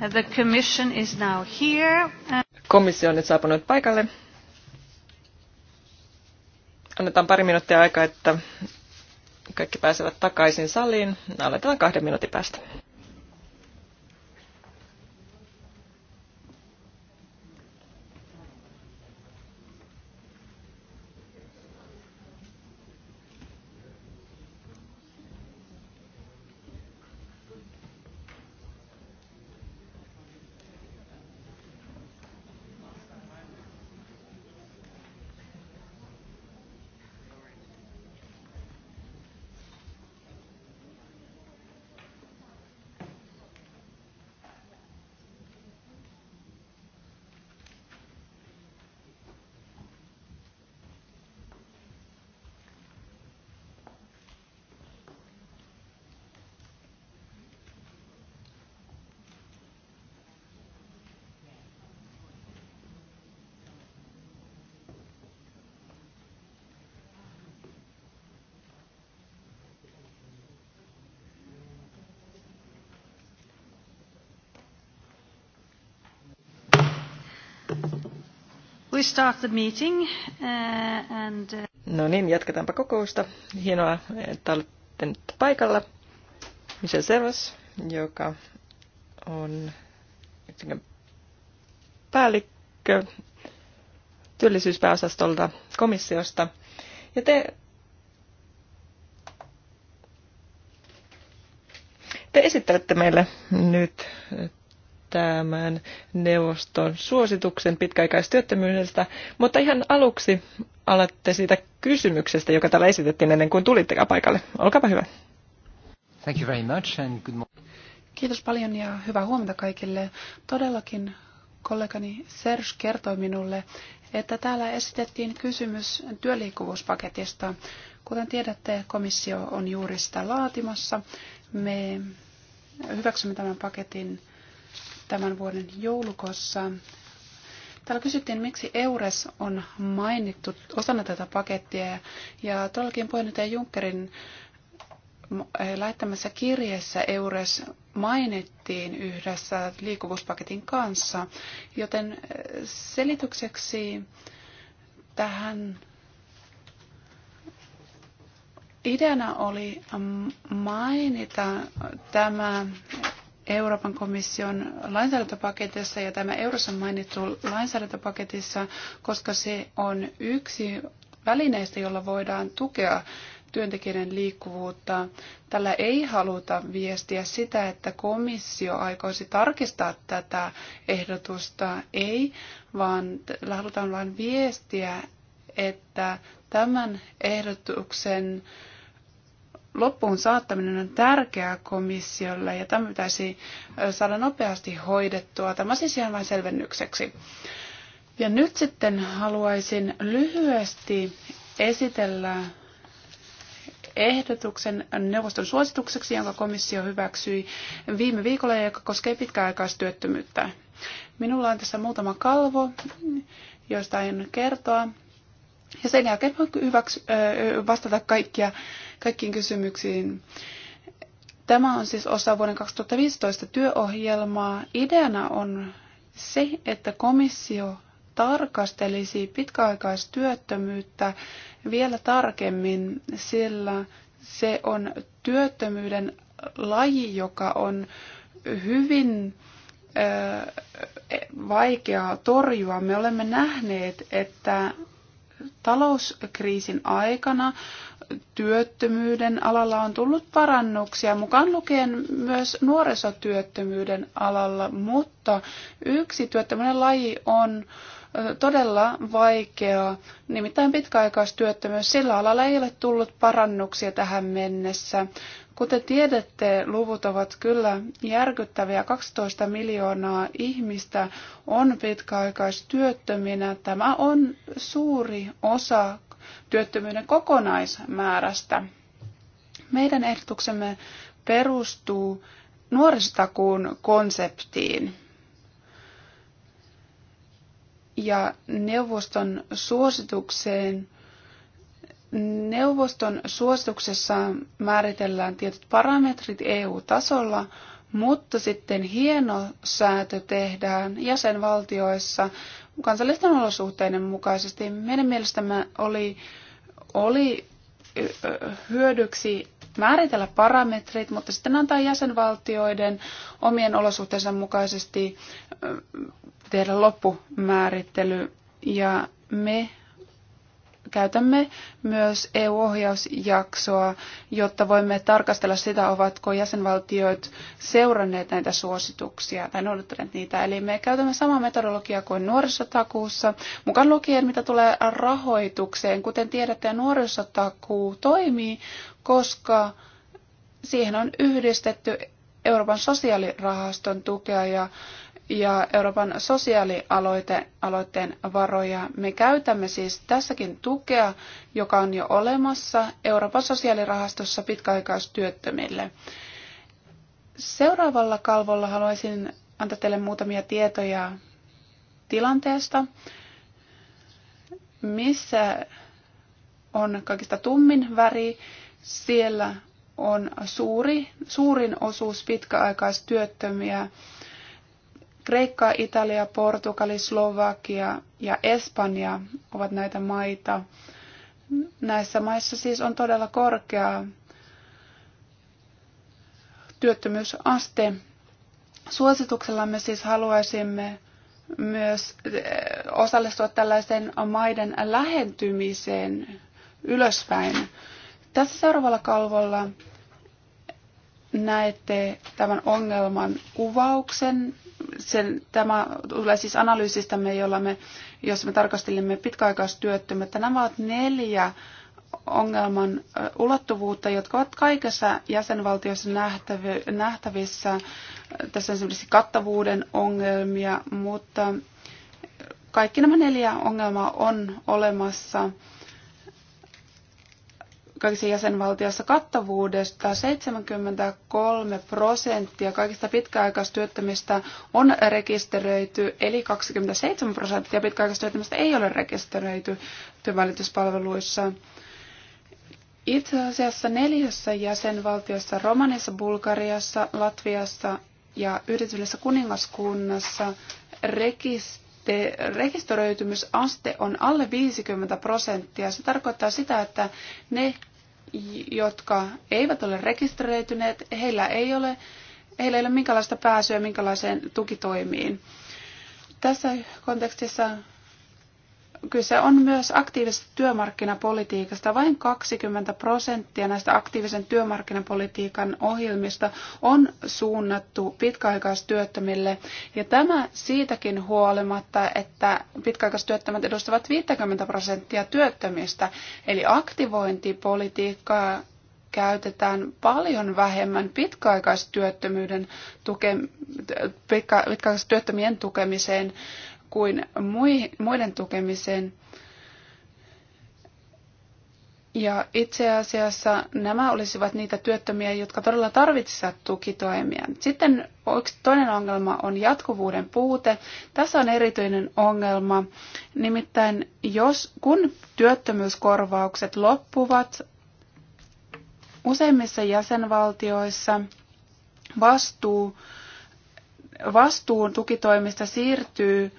Uh, the commission is now here. Uh, Komissio on nyt saapunut paikalle. Annetaan pari minuuttia aikaa, että kaikki pääsevät takaisin saliin. Aloitetaan kahden minuutin päästä. start the meeting uh, and... Uh, no niin, jatketaanpa kokousta. Hienoa, että olette nyt paikalla. Michel Servas, joka on päällikkö työllisyyspääosastolta komissiosta. Ja te, te esittelette meille nyt tämän neuvoston suosituksen pitkäaikaistyöttömyydestä, mutta ihan aluksi alatte siitä kysymyksestä, joka täällä esitettiin ennen kuin tulitte paikalle. Olkaapa hyvä. Thank you very much and good morning. Kiitos paljon ja hyvää huomenta kaikille. Todellakin kollegani Serge kertoi minulle, että täällä esitettiin kysymys työliikkuvuuspaketista. Kuten tiedätte, komissio on juuri sitä laatimassa. Me hyväksymme tämän paketin tämän vuoden joulukossa. Täällä kysyttiin, miksi EURES on mainittu osana tätä pakettia. Ja todellakin puheenjohtaja Junckerin mm, eh, lähettämässä kirjeessä EURES mainittiin yhdessä liikkuvuuspaketin kanssa, joten eh, selitykseksi tähän ideana oli mm, mainita tämä Euroopan komission lainsäädäntöpaketissa ja tämä eurossa mainittu lainsäädäntöpaketissa, koska se on yksi välineistä, jolla voidaan tukea työntekijöiden liikkuvuutta. Tällä ei haluta viestiä sitä, että komissio aikoisi tarkistaa tätä ehdotusta, ei, vaan tällä halutaan vain viestiä, että tämän ehdotuksen loppuun saattaminen on tärkeää komissiolle ja tämä pitäisi saada nopeasti hoidettua. Tämä siis ihan vain selvennykseksi. Ja nyt sitten haluaisin lyhyesti esitellä ehdotuksen neuvoston suositukseksi, jonka komissio hyväksyi viime viikolla ja joka koskee pitkäaikaistyöttömyyttä. Minulla on tässä muutama kalvo, joista aion kertoa. Ja sen jälkeen voi hyväksy, vastata kaikkia, kaikkiin kysymyksiin. Tämä on siis osa vuoden 2015 työohjelmaa. Ideana on se, että komissio tarkastelisi pitkäaikaistyöttömyyttä vielä tarkemmin, sillä se on työttömyyden laji, joka on hyvin vaikeaa torjua. Me olemme nähneet, että talouskriisin aikana työttömyyden alalla on tullut parannuksia, mukaan lukien myös nuorisotyöttömyyden alalla, mutta yksi työttömyyden laji on todella vaikeaa, nimittäin pitkäaikaistyöttömyys. Sillä alalla ei ole tullut parannuksia tähän mennessä. Kuten tiedätte, luvut ovat kyllä järkyttäviä. 12 miljoonaa ihmistä on pitkäaikaistyöttöminä. Tämä on suuri osa työttömyyden kokonaismäärästä. Meidän ehdotuksemme perustuu nuorisotakuun konseptiin. Ja neuvoston suositukseen Neuvoston suosituksessa määritellään tietyt parametrit EU-tasolla, mutta sitten hieno säätö tehdään jäsenvaltioissa kansallisten olosuhteiden mukaisesti. Meidän mielestämme oli, oli hyödyksi määritellä parametrit, mutta sitten antaa jäsenvaltioiden omien olosuhteensa mukaisesti tehdä loppumäärittely. Ja me käytämme myös EU-ohjausjaksoa, jotta voimme tarkastella sitä, ovatko jäsenvaltiot seuranneet näitä suosituksia tai noudattaneet niitä. Eli me käytämme samaa metodologiaa kuin nuorisotakuussa, mukaan lukien mitä tulee rahoitukseen. Kuten tiedätte, nuorisotakuu toimii, koska siihen on yhdistetty Euroopan sosiaalirahaston tukea ja ja Euroopan sosiaalialoitteen varoja. Me käytämme siis tässäkin tukea, joka on jo olemassa Euroopan sosiaalirahastossa pitkäaikaistyöttömille. Seuraavalla kalvolla haluaisin antaa teille muutamia tietoja tilanteesta, missä on kaikista tummin väri. Siellä on suuri, suurin osuus pitkäaikaistyöttömiä Kreikka, Italia, Portugali, Slovakia ja Espanja ovat näitä maita. Näissä maissa siis on todella korkea työttömyysaste. Suosituksellamme siis haluaisimme myös eh, osallistua tällaisen maiden lähentymiseen ylöspäin. Tässä seuraavalla kalvolla näette tämän ongelman kuvauksen sen, tämä tulee siis analyysistämme, jolla me, jos me tarkastelimme pitkäaikaistyöttömyyttä. Nämä ovat neljä ongelman ulottuvuutta, jotka ovat kaikessa jäsenvaltiossa nähtävissä. Tässä on esimerkiksi kattavuuden ongelmia, mutta kaikki nämä neljä ongelmaa on olemassa kaikissa jäsenvaltioissa kattavuudesta 73 prosenttia kaikista pitkäaikaistyöttömistä on rekisteröity, eli 27 prosenttia pitkäaikaistyöttömistä ei ole rekisteröity työvälityspalveluissa. Itse asiassa neljässä jäsenvaltiossa, Romanissa, Bulgariassa, Latviassa ja Yhdistyneessä kuningaskunnassa rekister- rekisteröitymysaste on alle 50 prosenttia. Se tarkoittaa sitä, että ne jotka eivät ole rekisteröityneet, heillä ei ole, heillä ei ole minkälaista pääsyä minkälaiseen tukitoimiin. Tässä kontekstissa kyse on myös aktiivisesta työmarkkinapolitiikasta. Vain 20 prosenttia näistä aktiivisen työmarkkinapolitiikan ohjelmista on suunnattu pitkäaikaistyöttömille. Ja tämä siitäkin huolimatta, että pitkäaikaistyöttömät edustavat 50 prosenttia työttömistä. Eli aktivointipolitiikkaa käytetään paljon vähemmän pitkäaikaistyöttömyyden tuke, pitkä, pitkäaikaistyöttömien tukemiseen kuin muiden tukemiseen. Ja itse asiassa nämä olisivat niitä työttömiä, jotka todella tarvitsisivat tukitoimia. Sitten toinen ongelma on jatkuvuuden puute. Tässä on erityinen ongelma. Nimittäin jos, kun työttömyyskorvaukset loppuvat useimmissa jäsenvaltioissa, vastuu, vastuun tukitoimista siirtyy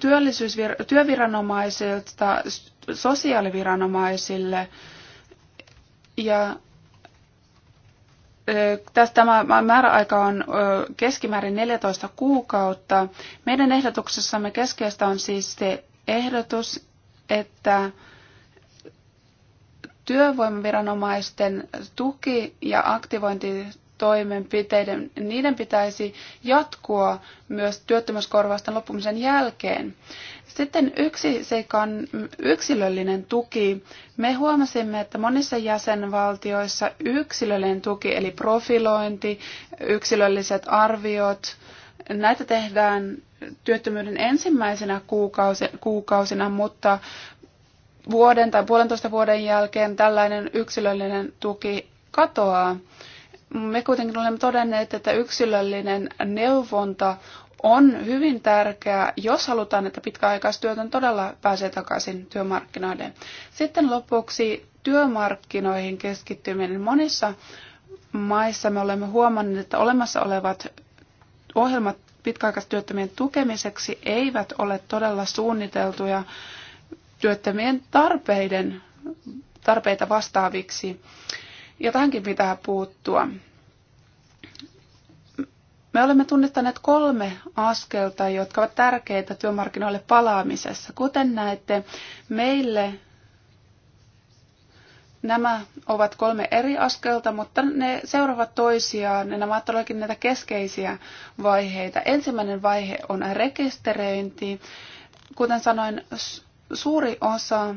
työllisyysvir- työviranomaisilta sosiaaliviranomaisille. Ja tässä tämä määräaika on keskimäärin 14 kuukautta. Meidän ehdotuksessamme keskeistä on siis se ehdotus, että työvoimaviranomaisten tuki ja aktivointi toimenpiteiden, niiden pitäisi jatkua myös työttömyyskorvausten loppumisen jälkeen. Sitten yksi seikka on yksilöllinen tuki. Me huomasimme, että monissa jäsenvaltioissa yksilöllinen tuki, eli profilointi, yksilölliset arviot, näitä tehdään työttömyyden ensimmäisenä kuukausina, mutta vuoden tai puolentoista vuoden jälkeen tällainen yksilöllinen tuki katoaa me kuitenkin olemme todenneet, että yksilöllinen neuvonta on hyvin tärkeää, jos halutaan, että pitkäaikaistyötön todella pääsee takaisin työmarkkinoiden. Sitten lopuksi työmarkkinoihin keskittyminen. Monissa maissa me olemme huomanneet, että olemassa olevat ohjelmat pitkäaikaistyöttömien tukemiseksi eivät ole todella suunniteltuja työttömien tarpeiden, tarpeita vastaaviksi ja tähänkin pitää puuttua. Me olemme tunnistaneet kolme askelta, jotka ovat tärkeitä työmarkkinoille palaamisessa. Kuten näette, meille nämä ovat kolme eri askelta, mutta ne seuraavat toisiaan. Nämä ovat todellakin näitä keskeisiä vaiheita. Ensimmäinen vaihe on rekisteröinti. Kuten sanoin, suuri osa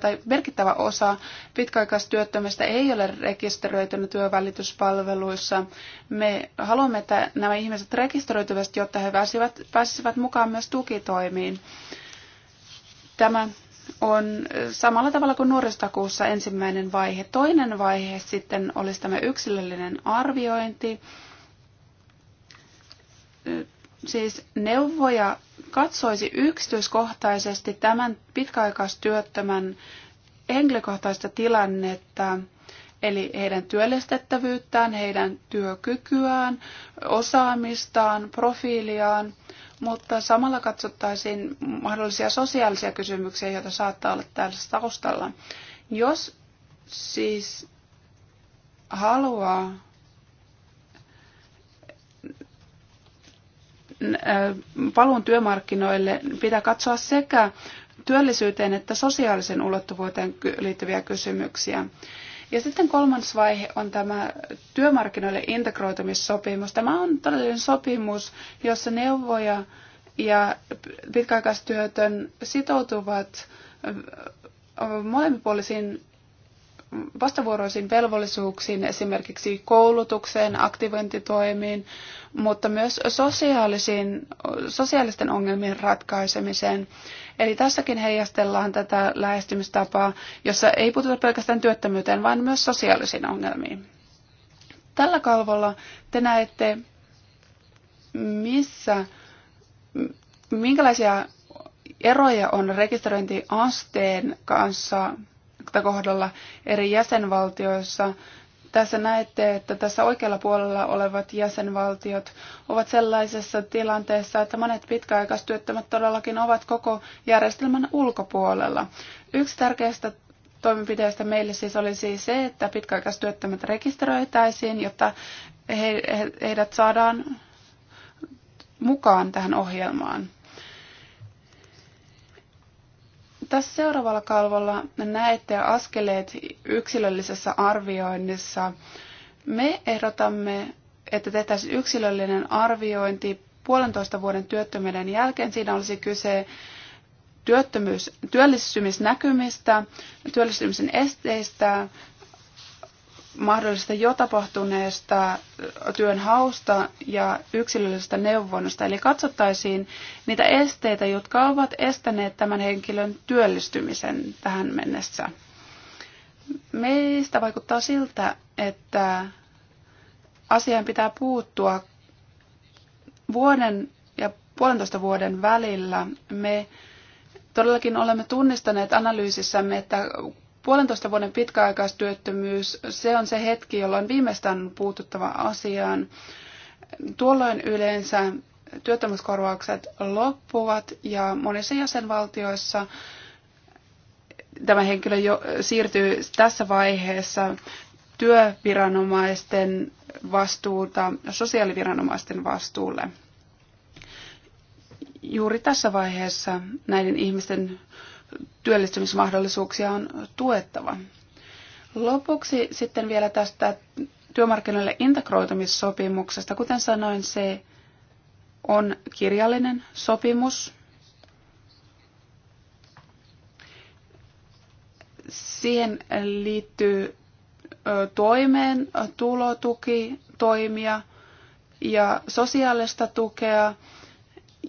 tai merkittävä osa pitkäaikaistyöttömistä ei ole rekisteröitynyt työvälityspalveluissa. Me haluamme, että nämä ihmiset rekisteröityvät, jotta he pääsivät, pääsisivät mukaan myös tukitoimiin. Tämä on samalla tavalla kuin nuoristakuussa ensimmäinen vaihe. Toinen vaihe sitten olisi tämä yksilöllinen arviointi siis neuvoja katsoisi yksityiskohtaisesti tämän pitkäaikaistyöttömän henkilökohtaista tilannetta, eli heidän työllistettävyyttään, heidän työkykyään, osaamistaan, profiiliaan, mutta samalla katsottaisiin mahdollisia sosiaalisia kysymyksiä, joita saattaa olla täällä taustalla. Jos siis haluaa paluun työmarkkinoille pitää katsoa sekä työllisyyteen että sosiaalisen ulottuvuuteen liittyviä kysymyksiä. Ja sitten kolmas vaihe on tämä työmarkkinoille integroitumissopimus. Tämä on todellinen sopimus, jossa neuvoja ja pitkäaikaistyötön sitoutuvat molemminpuolisiin vastavuoroisiin velvollisuuksiin, esimerkiksi koulutukseen, aktivointitoimiin, mutta myös sosiaalisiin, sosiaalisten ongelmien ratkaisemiseen. Eli tässäkin heijastellaan tätä lähestymistapaa, jossa ei puututa pelkästään työttömyyteen, vaan myös sosiaalisiin ongelmiin. Tällä kalvolla te näette, missä, minkälaisia eroja on rekisteröintiasteen kanssa kohdalla eri jäsenvaltioissa. Tässä näette, että tässä oikealla puolella olevat jäsenvaltiot ovat sellaisessa tilanteessa, että monet pitkäaikaistyöttömät todellakin ovat koko järjestelmän ulkopuolella. Yksi tärkeistä toimenpiteistä meille siis oli siis se, että pitkäaikaistyöttömät rekisteröitäisiin, jotta he, he, heidät saadaan mukaan tähän ohjelmaan. Tässä seuraavalla kalvolla näette askeleet yksilöllisessä arvioinnissa. Me ehdotamme, että tehtäisiin yksilöllinen arviointi puolentoista vuoden työttömyyden jälkeen. Siinä olisi kyse työttömyys, työllistymisnäkymistä, työllistymisen esteistä, mahdollisesta jo tapahtuneesta työnhausta ja yksilöllisestä neuvonnasta. Eli katsottaisiin niitä esteitä, jotka ovat estäneet tämän henkilön työllistymisen tähän mennessä. Meistä vaikuttaa siltä, että asiaan pitää puuttua vuoden ja puolentoista vuoden välillä. Me todellakin olemme tunnistaneet analyysissämme, että Puolentoista vuoden pitkäaikaistyöttömyys, se on se hetki, jolloin viimeistään on puututtava asiaan. Tuolloin yleensä työttömyyskorvaukset loppuvat ja monissa jäsenvaltioissa tämä henkilö jo siirtyy tässä vaiheessa työviranomaisten vastuuta sosiaaliviranomaisten vastuulle. Juuri tässä vaiheessa näiden ihmisten työllistymismahdollisuuksia on tuettava. Lopuksi sitten vielä tästä työmarkkinoille integroitumissopimuksesta. Kuten sanoin, se on kirjallinen sopimus. Siihen liittyy toimeen tulotuki, toimia ja sosiaalista tukea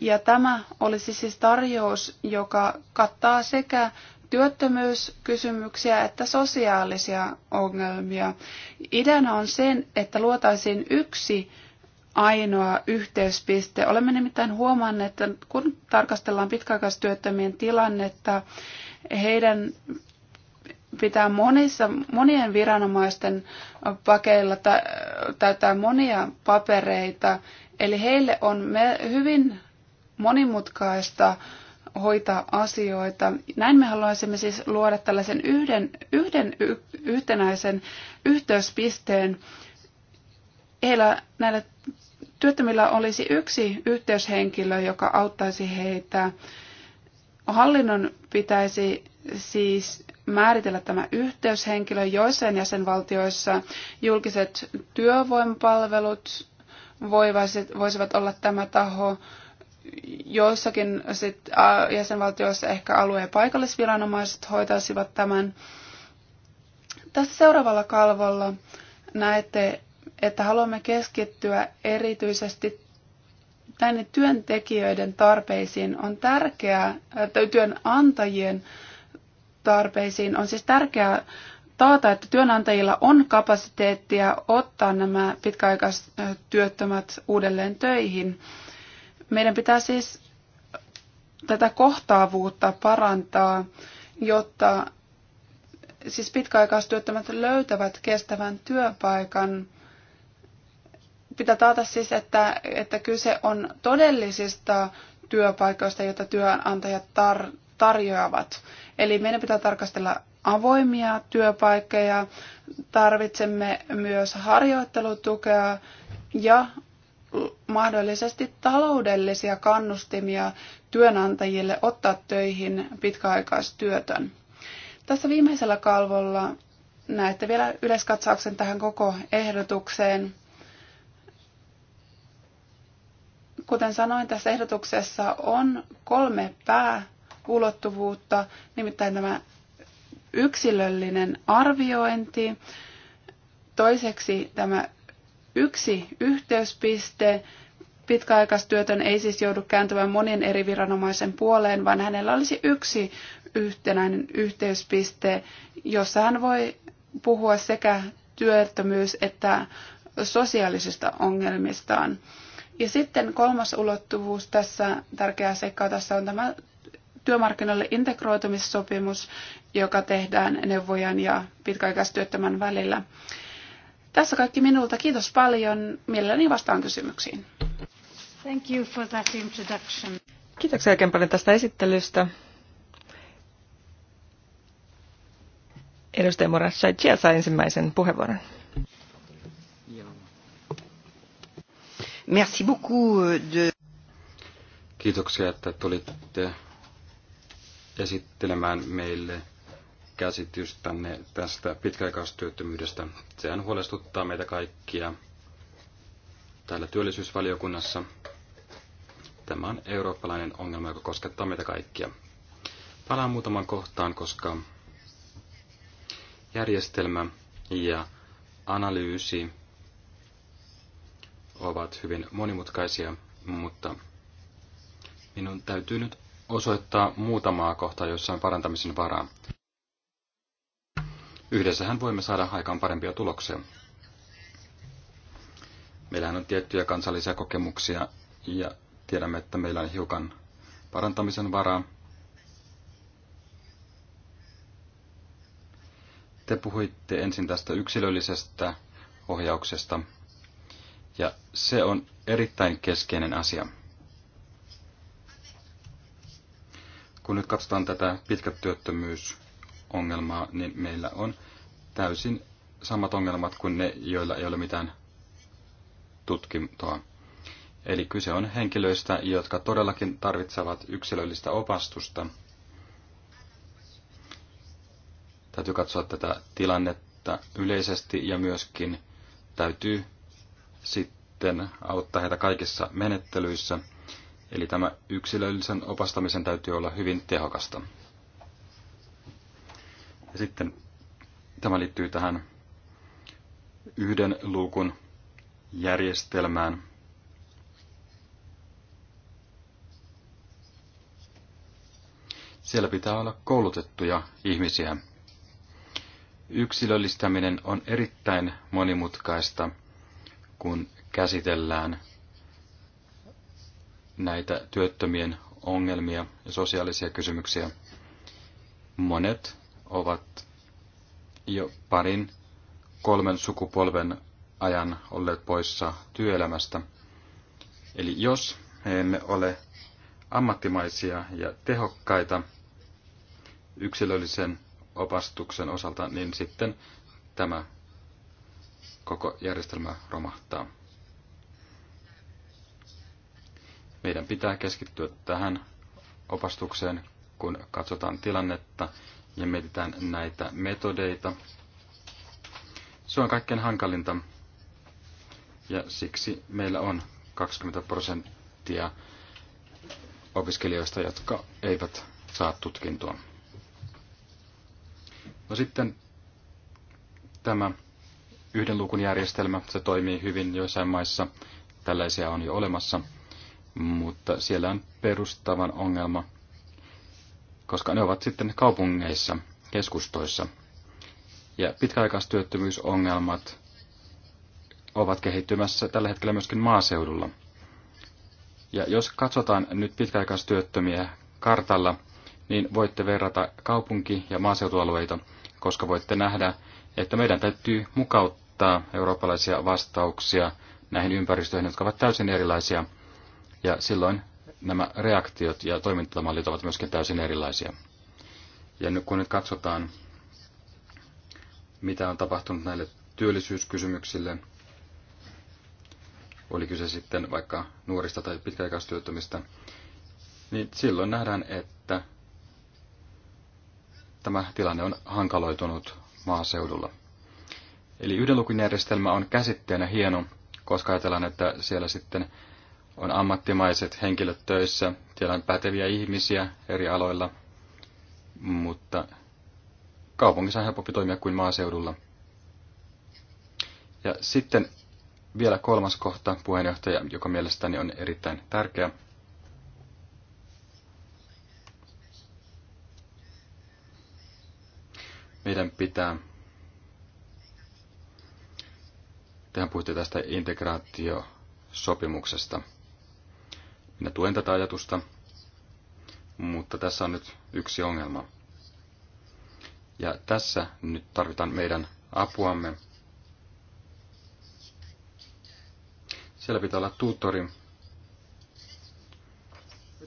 ja tämä olisi siis tarjous, joka kattaa sekä työttömyyskysymyksiä että sosiaalisia ongelmia. Ideana on sen, että luotaisiin yksi ainoa yhteyspiste. Olemme nimittäin huomanneet, että kun tarkastellaan pitkäaikaistyöttömien tilannetta, heidän pitää monissa, monien viranomaisten pakeilla täyttää monia papereita. Eli heille on hyvin monimutkaista hoitaa asioita. Näin me haluaisimme siis luoda tällaisen yhden, yhden yhtenäisen yhteyspisteen. Heillä, näillä työttömillä olisi yksi yhteyshenkilö, joka auttaisi heitä. Hallinnon pitäisi siis määritellä tämä yhteyshenkilö joissain jäsenvaltioissa. Julkiset työvoimapalvelut voisivat olla tämä taho joissakin sit, ä, jäsenvaltioissa ehkä alue- ja paikallisviranomaiset hoitaisivat tämän. Tässä seuraavalla kalvolla näette, että haluamme keskittyä erityisesti tänne työntekijöiden tarpeisiin. On tärkeää, että työnantajien tarpeisiin on siis tärkeää taata, että työnantajilla on kapasiteettia ottaa nämä pitkäaikaistyöttömät uudelleen töihin. Meidän pitää siis tätä kohtaavuutta parantaa, jotta siis pitkäaikaistyöttömät löytävät kestävän työpaikan. Pitää taata siis, että, että kyse on todellisista työpaikoista, joita työnantajat tar- tarjoavat. Eli meidän pitää tarkastella avoimia työpaikkoja, tarvitsemme myös harjoittelutukea ja mahdollisesti taloudellisia kannustimia työnantajille ottaa töihin pitkäaikaistyötön. Tässä viimeisellä kalvolla näette vielä yleiskatsauksen tähän koko ehdotukseen. Kuten sanoin, tässä ehdotuksessa on kolme pääulottuvuutta, nimittäin tämä yksilöllinen arviointi, toiseksi tämä yksi yhteyspiste Pitkäaikaistyötön ei siis joudu kääntymään monen eri viranomaisen puoleen, vaan hänellä olisi yksi yhtenäinen yhteyspiste, jossa hän voi puhua sekä työttömyys- että sosiaalisista ongelmistaan. Ja sitten kolmas ulottuvuus tässä, tärkeä seikka tässä on tämä työmarkkinoille integroitumissopimus, joka tehdään neuvojan ja pitkäaikaistyöttömän välillä. Tässä kaikki minulta. Kiitos paljon. Mielelläni vastaan kysymyksiin. Kiitoksia oikein paljon tästä esittelystä. Edustaja Moran Shaichia saa ensimmäisen puheenvuoron. Merci beaucoup euh, de... Kiitoksia, että tulitte esittelemään meille käsitystänne tästä pitkäaikaistyöttömyydestä. Sehän huolestuttaa meitä kaikkia täällä työllisyysvaliokunnassa. Tämä on eurooppalainen ongelma, joka koskettaa meitä kaikkia. Palaan muutaman kohtaan, koska järjestelmä ja analyysi ovat hyvin monimutkaisia, mutta minun täytyy nyt osoittaa muutamaa kohtaa, jossa on parantamisen varaa. Yhdessähän voimme saada aikaan parempia tuloksia. Meillähän on tiettyjä kansallisia kokemuksia ja tiedämme, että meillä on hiukan parantamisen varaa. Te puhuitte ensin tästä yksilöllisestä ohjauksesta, ja se on erittäin keskeinen asia. Kun nyt katsotaan tätä pitkätyöttömyysongelmaa, niin meillä on täysin samat ongelmat kuin ne, joilla ei ole mitään tutkintoa. Eli kyse on henkilöistä, jotka todellakin tarvitsevat yksilöllistä opastusta. Täytyy katsoa tätä tilannetta yleisesti ja myöskin täytyy sitten auttaa heitä kaikissa menettelyissä. Eli tämä yksilöllisen opastamisen täytyy olla hyvin tehokasta. Ja sitten tämä liittyy tähän yhden luukun järjestelmään. Siellä pitää olla koulutettuja ihmisiä. Yksilöllistäminen on erittäin monimutkaista, kun käsitellään näitä työttömien ongelmia ja sosiaalisia kysymyksiä. Monet ovat jo parin kolmen sukupolven ajan olleet poissa työelämästä. Eli jos me emme ole ammattimaisia ja tehokkaita yksilöllisen opastuksen osalta, niin sitten tämä koko järjestelmä romahtaa. Meidän pitää keskittyä tähän opastukseen, kun katsotaan tilannetta ja mietitään näitä metodeita. Se on kaikkein hankalinta ja siksi meillä on 20 prosenttia opiskelijoista, jotka eivät saa tutkintoa. No sitten tämä yhden luukun järjestelmä, se toimii hyvin joissain maissa. Tällaisia on jo olemassa, mutta siellä on perustavan ongelma, koska ne ovat sitten kaupungeissa, keskustoissa. Ja pitkäaikaistyöttömyysongelmat ovat kehittymässä tällä hetkellä myöskin maaseudulla. Ja jos katsotaan nyt pitkäaikaistyöttömiä kartalla, niin voitte verrata kaupunki- ja maaseutualueita, koska voitte nähdä, että meidän täytyy mukauttaa eurooppalaisia vastauksia näihin ympäristöihin, jotka ovat täysin erilaisia, ja silloin nämä reaktiot ja toimintamallit ovat myöskin täysin erilaisia. Ja nyt kun nyt katsotaan, mitä on tapahtunut näille työllisyyskysymyksille, oli kyse sitten vaikka nuorista tai pitkäaikaistyöttömistä, niin silloin nähdään, että tämä tilanne on hankaloitunut maaseudulla. Eli yhden järjestelmä on käsitteenä hieno, koska ajatellaan, että siellä sitten on ammattimaiset henkilöt töissä, siellä on päteviä ihmisiä eri aloilla, mutta kaupungissa on helpompi toimia kuin maaseudulla. Ja sitten vielä kolmas kohta, puheenjohtaja, joka mielestäni on erittäin tärkeä. Meidän pitää tehän puhutte tästä integraatiosopimuksesta. Minä tuen tätä ajatusta, mutta tässä on nyt yksi ongelma. Ja tässä nyt tarvitaan meidän apuamme, Siellä pitää olla tuuttori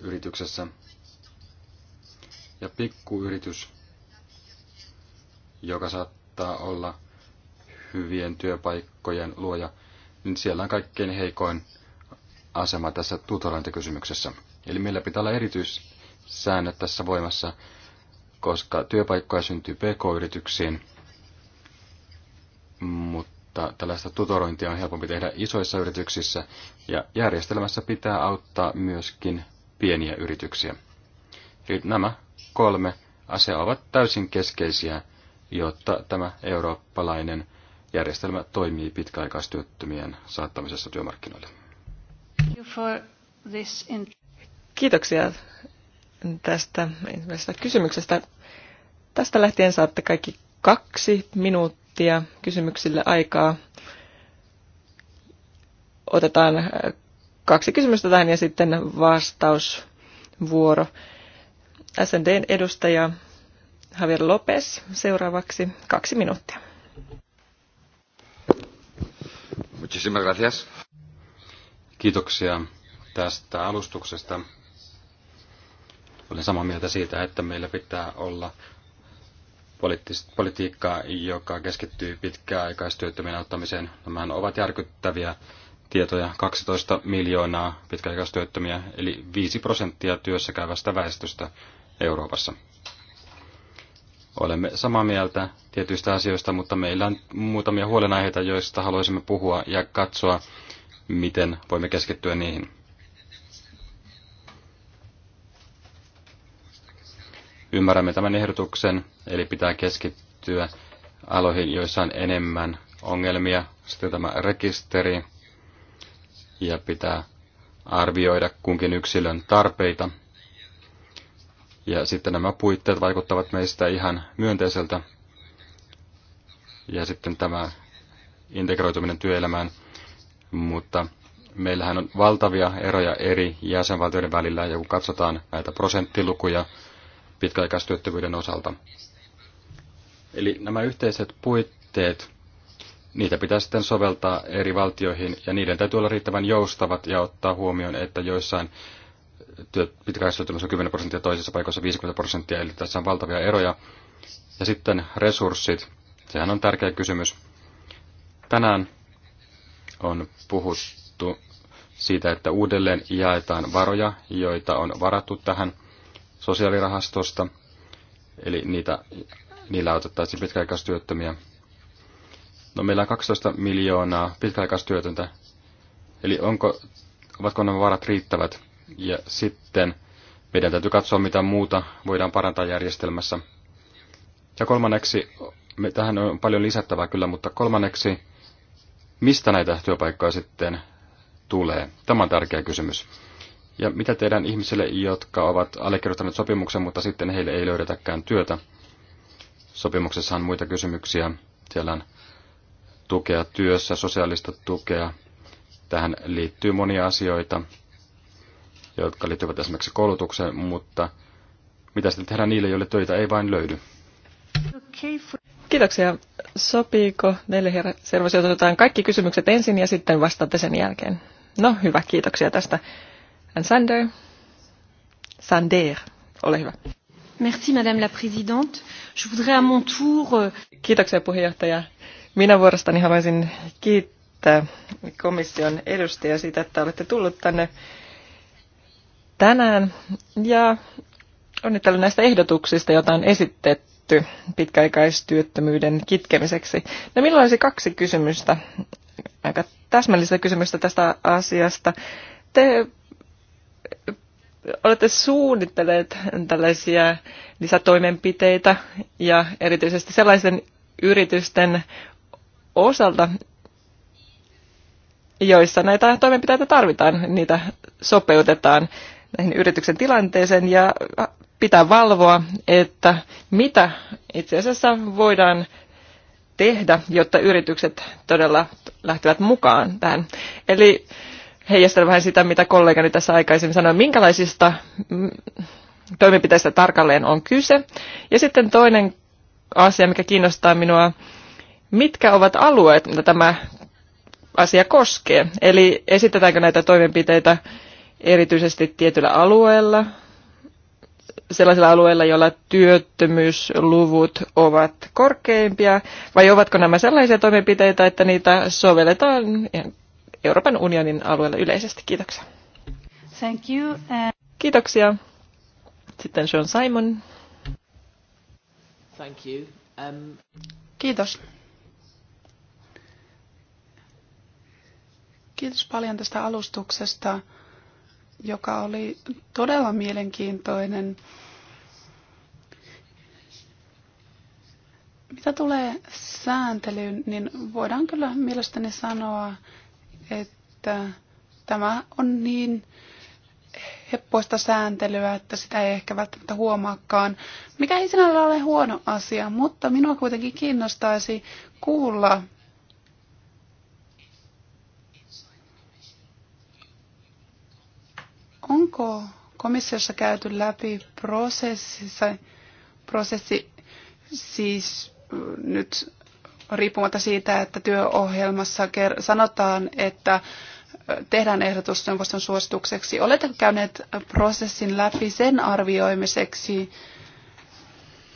yrityksessä. Ja pikkuyritys, joka saattaa olla hyvien työpaikkojen luoja, niin siellä on kaikkein heikoin asema tässä tutorointikysymyksessä. Eli meillä pitää olla erityissäännöt tässä voimassa, koska työpaikkoja syntyy pk-yrityksiin, mutta mutta tällaista tutorointia on helpompi tehdä isoissa yrityksissä ja järjestelmässä pitää auttaa myöskin pieniä yrityksiä. Eli nämä kolme asiaa ovat täysin keskeisiä, jotta tämä eurooppalainen järjestelmä toimii pitkäaikaistyöttömien saattamisessa työmarkkinoille. Kiitoksia tästä ensimmäisestä kysymyksestä. Tästä lähtien saatte kaikki kaksi minuuttia minuuttia kysymyksille aikaa. Otetaan äh, kaksi kysymystä tähän ja sitten vastausvuoro. SNDn edustaja Javier Lopez seuraavaksi kaksi minuuttia. Muchísimas gracias. Kiitoksia tästä alustuksesta. Olen samaa mieltä siitä, että meillä pitää olla politiikkaa, joka keskittyy pitkäaikaistyöttömien auttamiseen. Nämä ovat järkyttäviä tietoja. 12 miljoonaa pitkäaikaistyöttömiä, eli 5 prosenttia työssä käyvästä väestöstä Euroopassa. Olemme samaa mieltä tietyistä asioista, mutta meillä on muutamia huolenaiheita, joista haluaisimme puhua ja katsoa, miten voimme keskittyä niihin. ymmärrämme tämän ehdotuksen, eli pitää keskittyä aloihin, joissa on enemmän ongelmia. Sitten tämä rekisteri ja pitää arvioida kunkin yksilön tarpeita. Ja sitten nämä puitteet vaikuttavat meistä ihan myönteiseltä. Ja sitten tämä integroituminen työelämään. Mutta meillähän on valtavia eroja eri jäsenvaltioiden välillä, ja kun katsotaan näitä prosenttilukuja, pitkäaikaistyöttömyyden osalta. Eli nämä yhteiset puitteet, niitä pitää sitten soveltaa eri valtioihin ja niiden täytyy olla riittävän joustavat ja ottaa huomioon, että joissain pitkäaikaistyöttömyys on 10 prosenttia, toisissa paikoissa 50 prosenttia, eli tässä on valtavia eroja. Ja sitten resurssit, sehän on tärkeä kysymys. Tänään on puhuttu siitä, että uudelleen jaetaan varoja, joita on varattu tähän – sosiaalirahastosta, eli niitä, niillä autettaisiin pitkäaikaistyöttömiä. No meillä on 12 miljoonaa pitkäaikaistyötöntä, eli onko, ovatko nämä varat riittävät? Ja sitten meidän täytyy katsoa, mitä muuta voidaan parantaa järjestelmässä. Ja kolmanneksi, me, tähän on paljon lisättävää kyllä, mutta kolmanneksi, mistä näitä työpaikkoja sitten tulee? Tämä on tärkeä kysymys. Ja mitä tehdään ihmisille, jotka ovat allekirjoittaneet sopimuksen, mutta sitten heille ei löydetäkään työtä? Sopimuksessa on muita kysymyksiä. Siellä on tukea työssä, sosiaalista tukea. Tähän liittyy monia asioita, jotka liittyvät esimerkiksi koulutukseen, mutta mitä sitten tehdään niille, joille töitä ei vain löydy? Kiitoksia. Sopiiko neljä herra Servasi, otetaan kaikki kysymykset ensin ja sitten vastaatte sen jälkeen. No hyvä, kiitoksia tästä And Sander. Sander, ole hyvä. Merci, Madame la Présidente. Je voudrais à mon tour... Euh, Kiitoksia puheenjohtaja. Minä vuorostani haluaisin kiittää komission edustajia siitä, että olette tullut tänne tänään. Ja onnittelen näistä ehdotuksista, joita on esitetty pitkäaikaistyöttömyyden kitkemiseksi. No minulla olisi kaksi kysymystä, aika täsmällistä kysymystä tästä asiasta. Te olette suunnitteleet tällaisia lisätoimenpiteitä ja erityisesti sellaisten yritysten osalta, joissa näitä toimenpiteitä tarvitaan, niitä sopeutetaan näihin yrityksen tilanteeseen ja pitää valvoa, että mitä itse asiassa voidaan tehdä, jotta yritykset todella lähtevät mukaan tähän. Eli heijastella vähän sitä, mitä kollegani tässä aikaisemmin sanoi, minkälaisista mm, toimenpiteistä tarkalleen on kyse. Ja sitten toinen asia, mikä kiinnostaa minua, mitkä ovat alueet, mitä tämä asia koskee. Eli esitetäänkö näitä toimenpiteitä erityisesti tietyllä alueella, sellaisilla alueilla, joilla työttömyysluvut ovat korkeimpia, vai ovatko nämä sellaisia toimenpiteitä, että niitä sovelletaan Euroopan unionin alueella yleisesti. Kiitoksia. Thank you. Kiitoksia. Sitten Sean Simon. Thank you. Um... Kiitos. Kiitos paljon tästä alustuksesta, joka oli todella mielenkiintoinen. Mitä tulee sääntelyyn, niin voidaan kyllä mielestäni sanoa, että tämä on niin heppoista sääntelyä, että sitä ei ehkä välttämättä huomaakaan, mikä ei sinällä ole huono asia, mutta minua kuitenkin kiinnostaisi kuulla, onko komissiossa käyty läpi prosessissa, prosessi siis nyt riippumatta siitä, että työohjelmassa sanotaan, että tehdään ehdotus neuvoston suositukseksi. Oletteko käyneet prosessin läpi sen arvioimiseksi,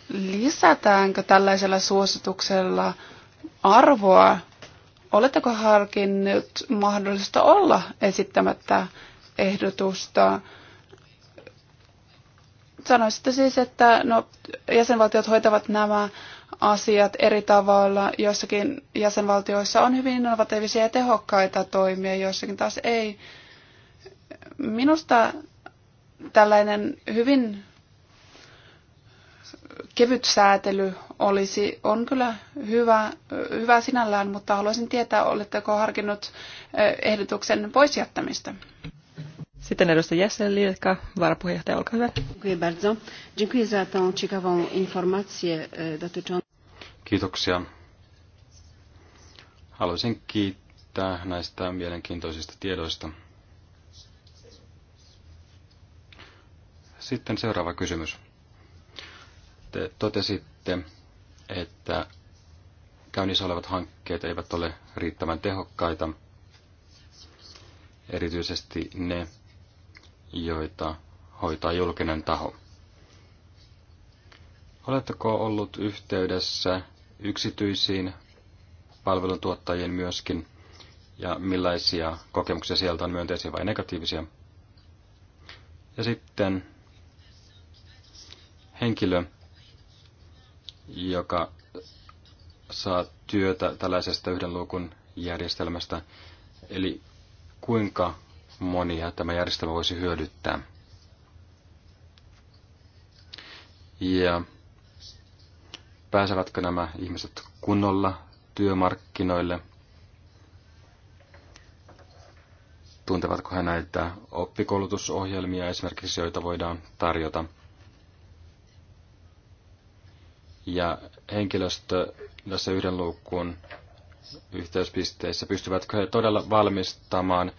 lisätäänkö tällaisella suosituksella arvoa? Oletteko harkinnut mahdollista olla esittämättä ehdotusta? Sanoisitte siis, että no, jäsenvaltiot hoitavat nämä asiat eri tavalla. Jossakin jäsenvaltioissa on hyvin innovatiivisia ja tehokkaita toimia, joissakin taas ei. Minusta tällainen hyvin kevyt säätely olisi, on kyllä hyvä, hyvä sinällään, mutta haluaisin tietää, oletteko harkinnut eh, ehdotuksen poisjättämistä. Sitten edustaja Jäsenlieka, varapuheenjohtaja, olkaa hyvä. E, Kiitoksia. Haluaisin kiittää näistä mielenkiintoisista tiedoista. Sitten seuraava kysymys. Te totesitte, että käynnissä olevat hankkeet eivät ole riittävän tehokkaita, erityisesti ne, joita hoitaa julkinen taho. Oletteko ollut yhteydessä yksityisiin palveluntuottajien myöskin, ja millaisia kokemuksia sieltä on myönteisiä vai negatiivisia? Ja sitten henkilö, joka saa työtä tällaisesta yhden luukun järjestelmästä, eli kuinka monia tämä järjestelmä voisi hyödyttää. Ja pääsevätkö nämä ihmiset kunnolla työmarkkinoille? Tuntevatko he näitä oppikoulutusohjelmia esimerkiksi, joita voidaan tarjota? Ja henkilöstö tässä yhden luukkuun yhteyspisteissä, pystyvätkö he todella valmistamaan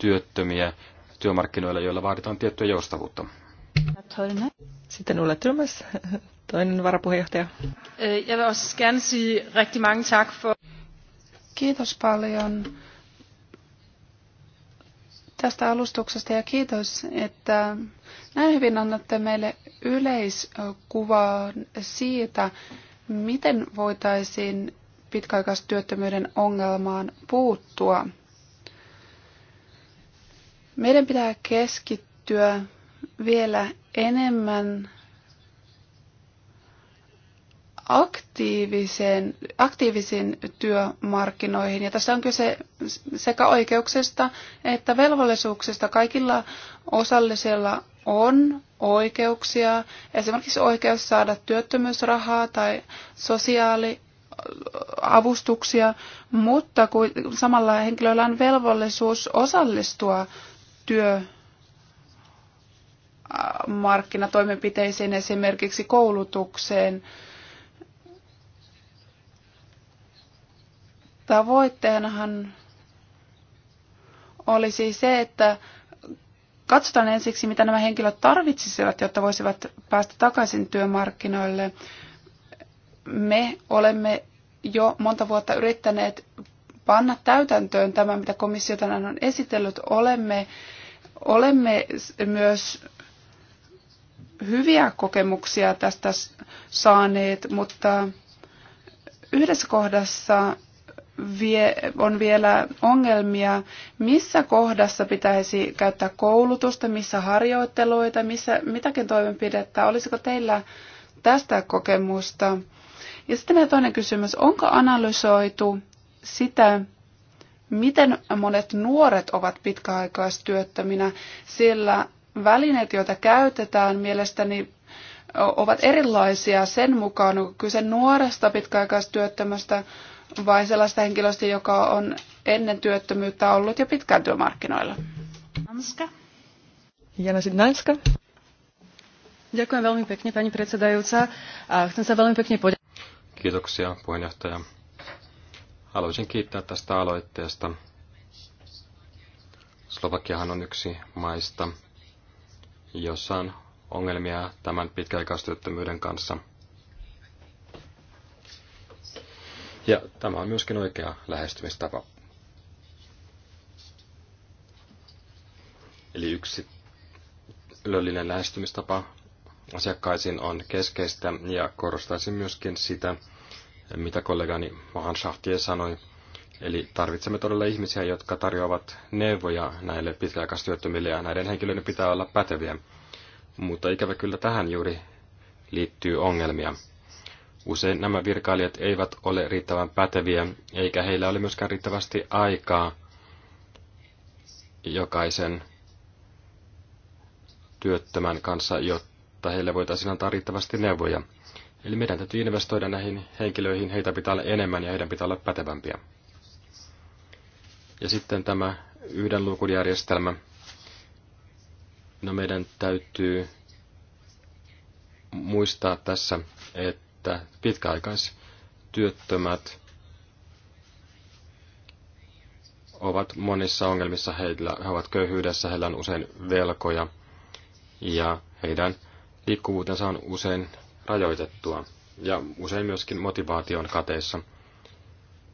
työttömiä työmarkkinoilla, joilla vaaditaan tiettyä joustavuutta. Sitten Ulla Tyrmäs, toinen varapuheenjohtaja. Eh, kiitos paljon tästä alustuksesta ja kiitos, että näin hyvin annatte meille yleiskuvaa siitä, miten voitaisiin pitkäaikaistyöttömyyden ongelmaan puuttua. Meidän pitää keskittyä vielä enemmän aktiiviseen, aktiivisiin työmarkkinoihin. Ja tässä on kyse sekä oikeuksista että velvollisuuksista. Kaikilla osallisilla on oikeuksia, esimerkiksi oikeus saada työttömyysrahaa tai sosiaaliavustuksia, mutta samalla henkilöllä on velvollisuus osallistua työ markkinatoimenpiteisiin, esimerkiksi koulutukseen. Tavoitteenahan olisi se, että katsotaan ensiksi, mitä nämä henkilöt tarvitsisivat, jotta voisivat päästä takaisin työmarkkinoille. Me olemme jo monta vuotta yrittäneet panna täytäntöön tämä, mitä komissio tänään on esitellyt. Olemme Olemme myös hyviä kokemuksia tästä saaneet, mutta yhdessä kohdassa vie, on vielä ongelmia, missä kohdassa pitäisi käyttää koulutusta, missä harjoitteluita, missä mitäkin toimenpidettä. Olisiko teillä tästä kokemusta? Ja sitten vielä toinen kysymys, onko analysoitu sitä, miten monet nuoret ovat pitkäaikaistyöttöminä, sillä välineet, joita käytetään, mielestäni ovat erilaisia sen mukaan, onko kyse nuoresta pitkäaikaistyöttömästä vai sellaista henkilöstä, joka on ennen työttömyyttä ollut jo pitkään työmarkkinoilla. Nanska. Jana Sidnanska. Ďakujem veľmi pekne, pani predsedajúca. chcem sa veľmi pekne poďakovať. Kiitoksia, puheenjohtaja. Haluaisin kiittää tästä aloitteesta. Slovakiahan on yksi maista, jossa on ongelmia tämän pitkäaikaistyöttömyyden kanssa. Ja tämä on myöskin oikea lähestymistapa. Eli yksi ylöllinen lähestymistapa asiakkaisiin on keskeistä ja korostaisin myöskin sitä, mitä kollegani Mohan Shahtie sanoi. Eli tarvitsemme todella ihmisiä, jotka tarjoavat neuvoja näille pitkäaikaistyöttömille ja näiden henkilöiden pitää olla päteviä. Mutta ikävä kyllä tähän juuri liittyy ongelmia. Usein nämä virkailijat eivät ole riittävän päteviä, eikä heillä ole myöskään riittävästi aikaa jokaisen työttömän kanssa, jotta heille voitaisiin antaa riittävästi neuvoja. Eli meidän täytyy investoida näihin henkilöihin, heitä pitää olla enemmän ja heidän pitää olla pätevämpiä. Ja sitten tämä yhden luukun järjestelmä. No meidän täytyy muistaa tässä, että pitkäaikaistyöttömät ovat monissa ongelmissa, heillä, he ovat köyhyydessä, heillä on usein velkoja ja heidän liikkuvuutensa on usein rajoitettua ja usein myöskin motivaation kateessa,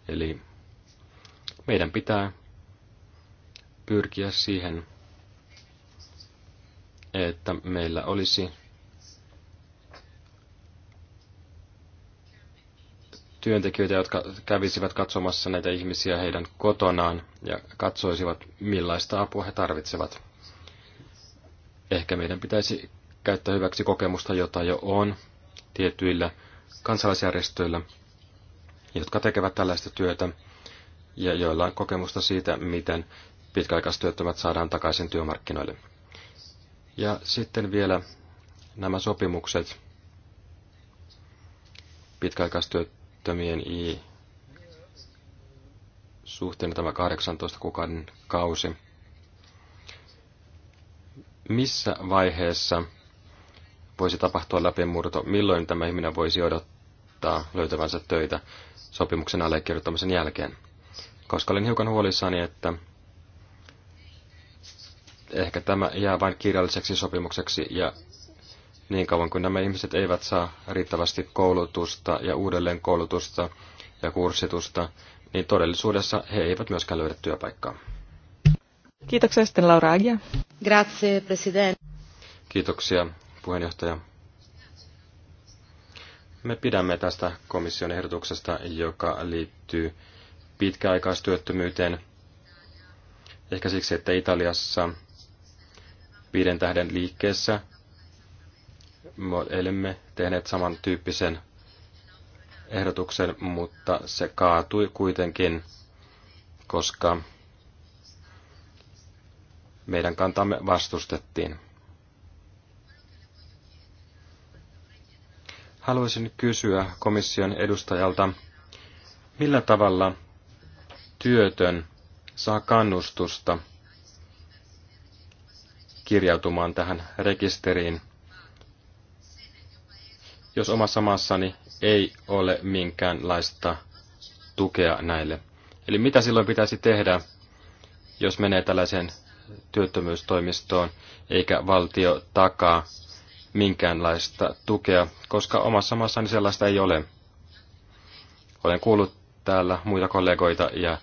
Eli meidän pitää pyrkiä siihen, että meillä olisi työntekijöitä, jotka kävisivät katsomassa näitä ihmisiä heidän kotonaan ja katsoisivat, millaista apua he tarvitsevat. Ehkä meidän pitäisi käyttää hyväksi kokemusta, jota jo on, tietyillä kansalaisjärjestöillä, jotka tekevät tällaista työtä ja joilla on kokemusta siitä, miten pitkäaikaistyöttömät saadaan takaisin työmarkkinoille. Ja sitten vielä nämä sopimukset pitkäaikaistyöttömien i suhteen tämä 18 kuukauden kausi. Missä vaiheessa voisi tapahtua läpimurto, milloin tämä ihminen voisi odottaa löytävänsä töitä sopimuksen allekirjoittamisen jälkeen. Koska olin hiukan huolissani, että ehkä tämä jää vain kirjalliseksi sopimukseksi ja niin kauan kuin nämä ihmiset eivät saa riittävästi koulutusta ja uudelleenkoulutusta ja kurssitusta, niin todellisuudessa he eivät myöskään löydä työpaikkaa. Kiitoksia sitten Laura Agia. Grazie, president. Kiitoksia puheenjohtaja. Me pidämme tästä komission ehdotuksesta, joka liittyy pitkäaikaistyöttömyyteen. Ehkä siksi, että Italiassa viiden tähden liikkeessä olemme tehneet samantyyppisen ehdotuksen, mutta se kaatui kuitenkin, koska meidän kantamme vastustettiin. Haluaisin kysyä komission edustajalta, millä tavalla työtön saa kannustusta kirjautumaan tähän rekisteriin, jos omassa maassani ei ole minkäänlaista tukea näille. Eli mitä silloin pitäisi tehdä, jos menee tällaiseen työttömyystoimistoon, eikä valtio takaa minkäänlaista tukea, koska omassa maassani sellaista ei ole. Olen kuullut täällä muita kollegoita ja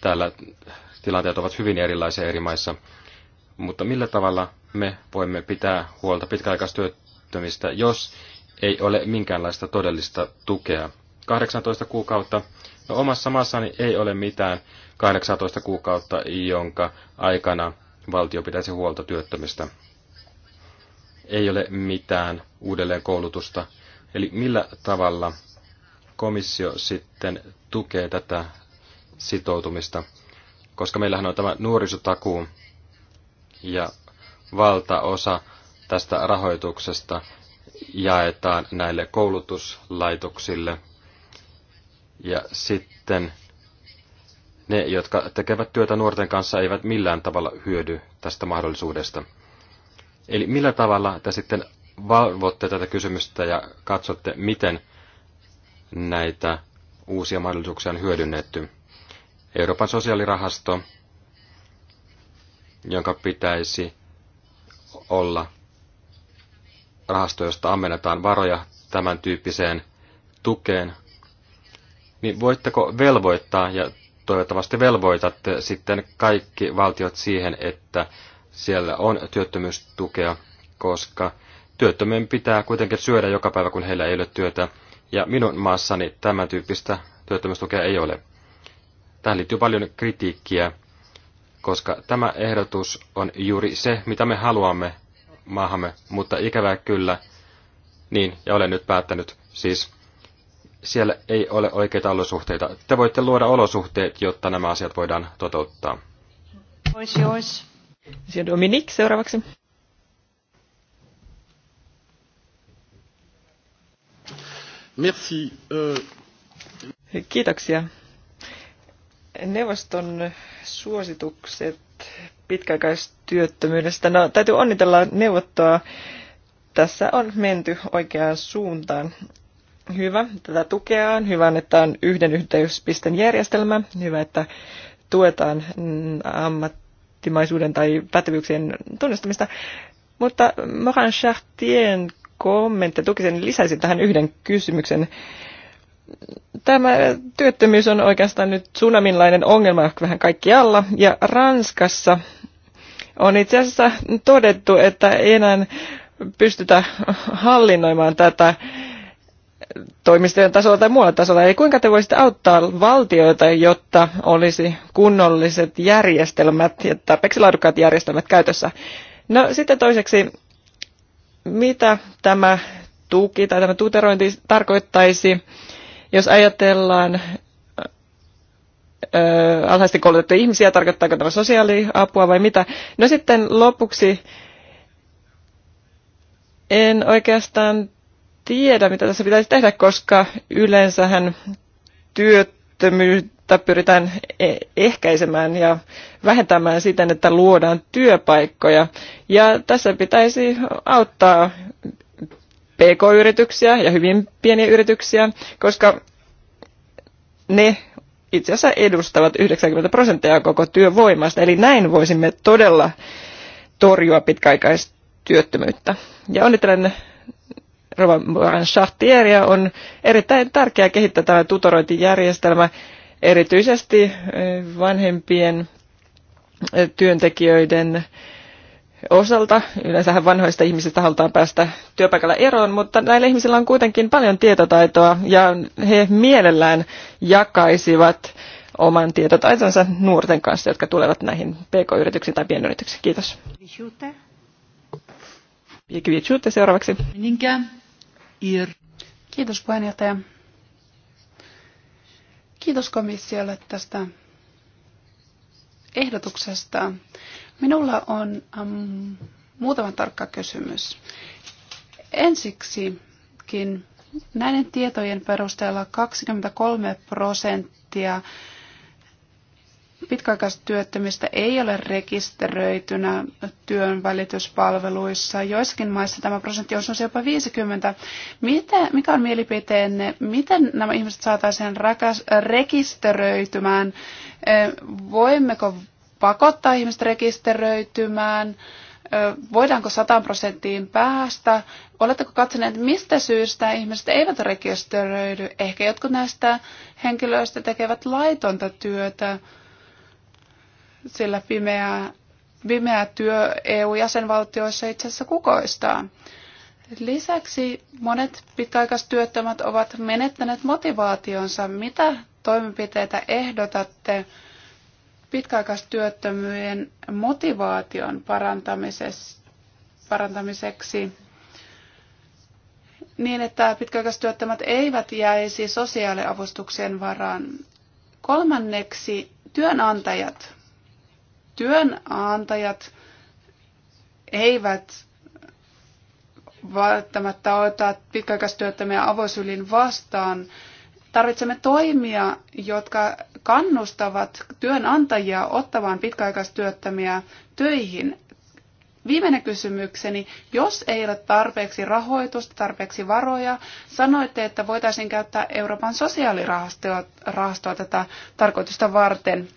täällä tilanteet ovat hyvin erilaisia eri maissa. Mutta millä tavalla me voimme pitää huolta pitkäaikaistyöttömistä, jos ei ole minkäänlaista todellista tukea? 18 kuukautta. No omassa maassani ei ole mitään 18 kuukautta, jonka aikana valtio pitäisi huolta työttömistä ei ole mitään uudelleenkoulutusta. Eli millä tavalla komissio sitten tukee tätä sitoutumista? Koska meillähän on tämä nuorisotakuu ja valtaosa tästä rahoituksesta jaetaan näille koulutuslaitoksille. Ja sitten ne, jotka tekevät työtä nuorten kanssa, eivät millään tavalla hyödy tästä mahdollisuudesta. Eli millä tavalla te sitten valvotte tätä kysymystä ja katsotte, miten näitä uusia mahdollisuuksia on hyödynnetty? Euroopan sosiaalirahasto, jonka pitäisi olla rahasto, josta ammennetaan varoja tämän tyyppiseen tukeen, niin voitteko velvoittaa ja toivottavasti velvoitatte sitten kaikki valtiot siihen, että siellä on työttömyystukea, koska työttömien pitää kuitenkin syödä joka päivä, kun heillä ei ole työtä. Ja minun maassani tämän tyyppistä työttömyystukea ei ole. Tähän liittyy paljon kritiikkiä, koska tämä ehdotus on juuri se, mitä me haluamme maahamme, mutta ikävää kyllä, niin, ja olen nyt päättänyt, siis siellä ei ole oikeita olosuhteita. Te voitte luoda olosuhteet, jotta nämä asiat voidaan toteuttaa. Ois, ois. Dominik seuraavaksi. Merci. Euh, Kiitoksia. Neuvoston suositukset pitkäaikaistyöttömyydestä. No, täytyy onnitella neuvottoa. Tässä on menty oikeaan suuntaan. Hyvä, tätä on Hyvä, että on yhden yhteyspisten järjestelmä. Hyvä, että tuetaan mm, ammat, ammattimaisuuden tai pätevyyksien tunnustamista. Mutta Moran Chartien kommentti tukisen lisäisin tähän yhden kysymyksen. Tämä työttömyys on oikeastaan nyt tsunaminlainen ongelma vähän kaikkialla. Ja Ranskassa on itse asiassa todettu, että ei enää pystytä hallinnoimaan tätä toimistojen tasolla tai muualla tasolla. Eli kuinka te voisitte auttaa valtioita, jotta olisi kunnolliset järjestelmät ja tarpeeksi laadukkaat järjestelmät käytössä? No sitten toiseksi, mitä tämä tuki tai tämä tuterointi tarkoittaisi, jos ajatellaan ö, alhaisesti koulutettuja ihmisiä, tarkoittaako tämä sosiaaliapua vai mitä. No sitten lopuksi en oikeastaan tiedä, mitä tässä pitäisi tehdä, koska yleensähän työttömyyttä pyritään e- ehkäisemään ja vähentämään siten, että luodaan työpaikkoja. Ja tässä pitäisi auttaa pk-yrityksiä ja hyvin pieniä yrityksiä, koska ne itse asiassa edustavat 90 prosenttia koko työvoimasta. Eli näin voisimme todella torjua pitkäaikaistyöttömyyttä. Ja onnittelen Rova Chartieria on erittäin tärkeää kehittää tämä tutorointijärjestelmä erityisesti vanhempien työntekijöiden osalta. Yleensähän vanhoista ihmisistä halutaan päästä työpaikalla eroon, mutta näillä ihmisillä on kuitenkin paljon tietotaitoa ja he mielellään jakaisivat oman tietotaitonsa nuorten kanssa, jotka tulevat näihin pk-yrityksiin tai pienyrityksiin. Kiitos. Kivichuutte seuraavaksi. Niinkään ihr... Kiitos puheenjohtaja. Kiitos komissiolle tästä ehdotuksesta. Minulla on um, muutama tarkka kysymys. Ensiksikin näiden tietojen perusteella 23 prosenttia pitkäaikaistyöttömistä ei ole rekisteröitynä työnvälityspalveluissa. Joissakin maissa tämä prosentti on jopa 50. Miten, mikä on mielipiteenne? Miten nämä ihmiset saataisiin rakas, rekisteröitymään? Voimmeko pakottaa ihmiset rekisteröitymään? Voidaanko 100 prosenttiin päästä? Oletteko katsoneet, mistä syystä ihmiset eivät rekisteröidy? Ehkä jotkut näistä henkilöistä tekevät laitonta työtä sillä pimeä, pimeä työ EU-jäsenvaltioissa itse asiassa kukoistaa. Lisäksi monet pitkäaikaistyöttömät ovat menettäneet motivaationsa. Mitä toimenpiteitä ehdotatte pitkäaikaistyöttömyyden motivaation parantamiseksi niin, että pitkäaikaistyöttömät eivät jäisi sosiaaliavustuksien varaan? Kolmanneksi työnantajat työnantajat eivät välttämättä ota pitkäaikaistyöttömiä avosylin vastaan. Tarvitsemme toimia, jotka kannustavat työnantajia ottamaan pitkäaikaistyöttömiä töihin. Viimeinen kysymykseni, jos ei ole tarpeeksi rahoitusta, tarpeeksi varoja, sanoitte, että voitaisiin käyttää Euroopan sosiaalirahastoa tätä tarkoitusta varten.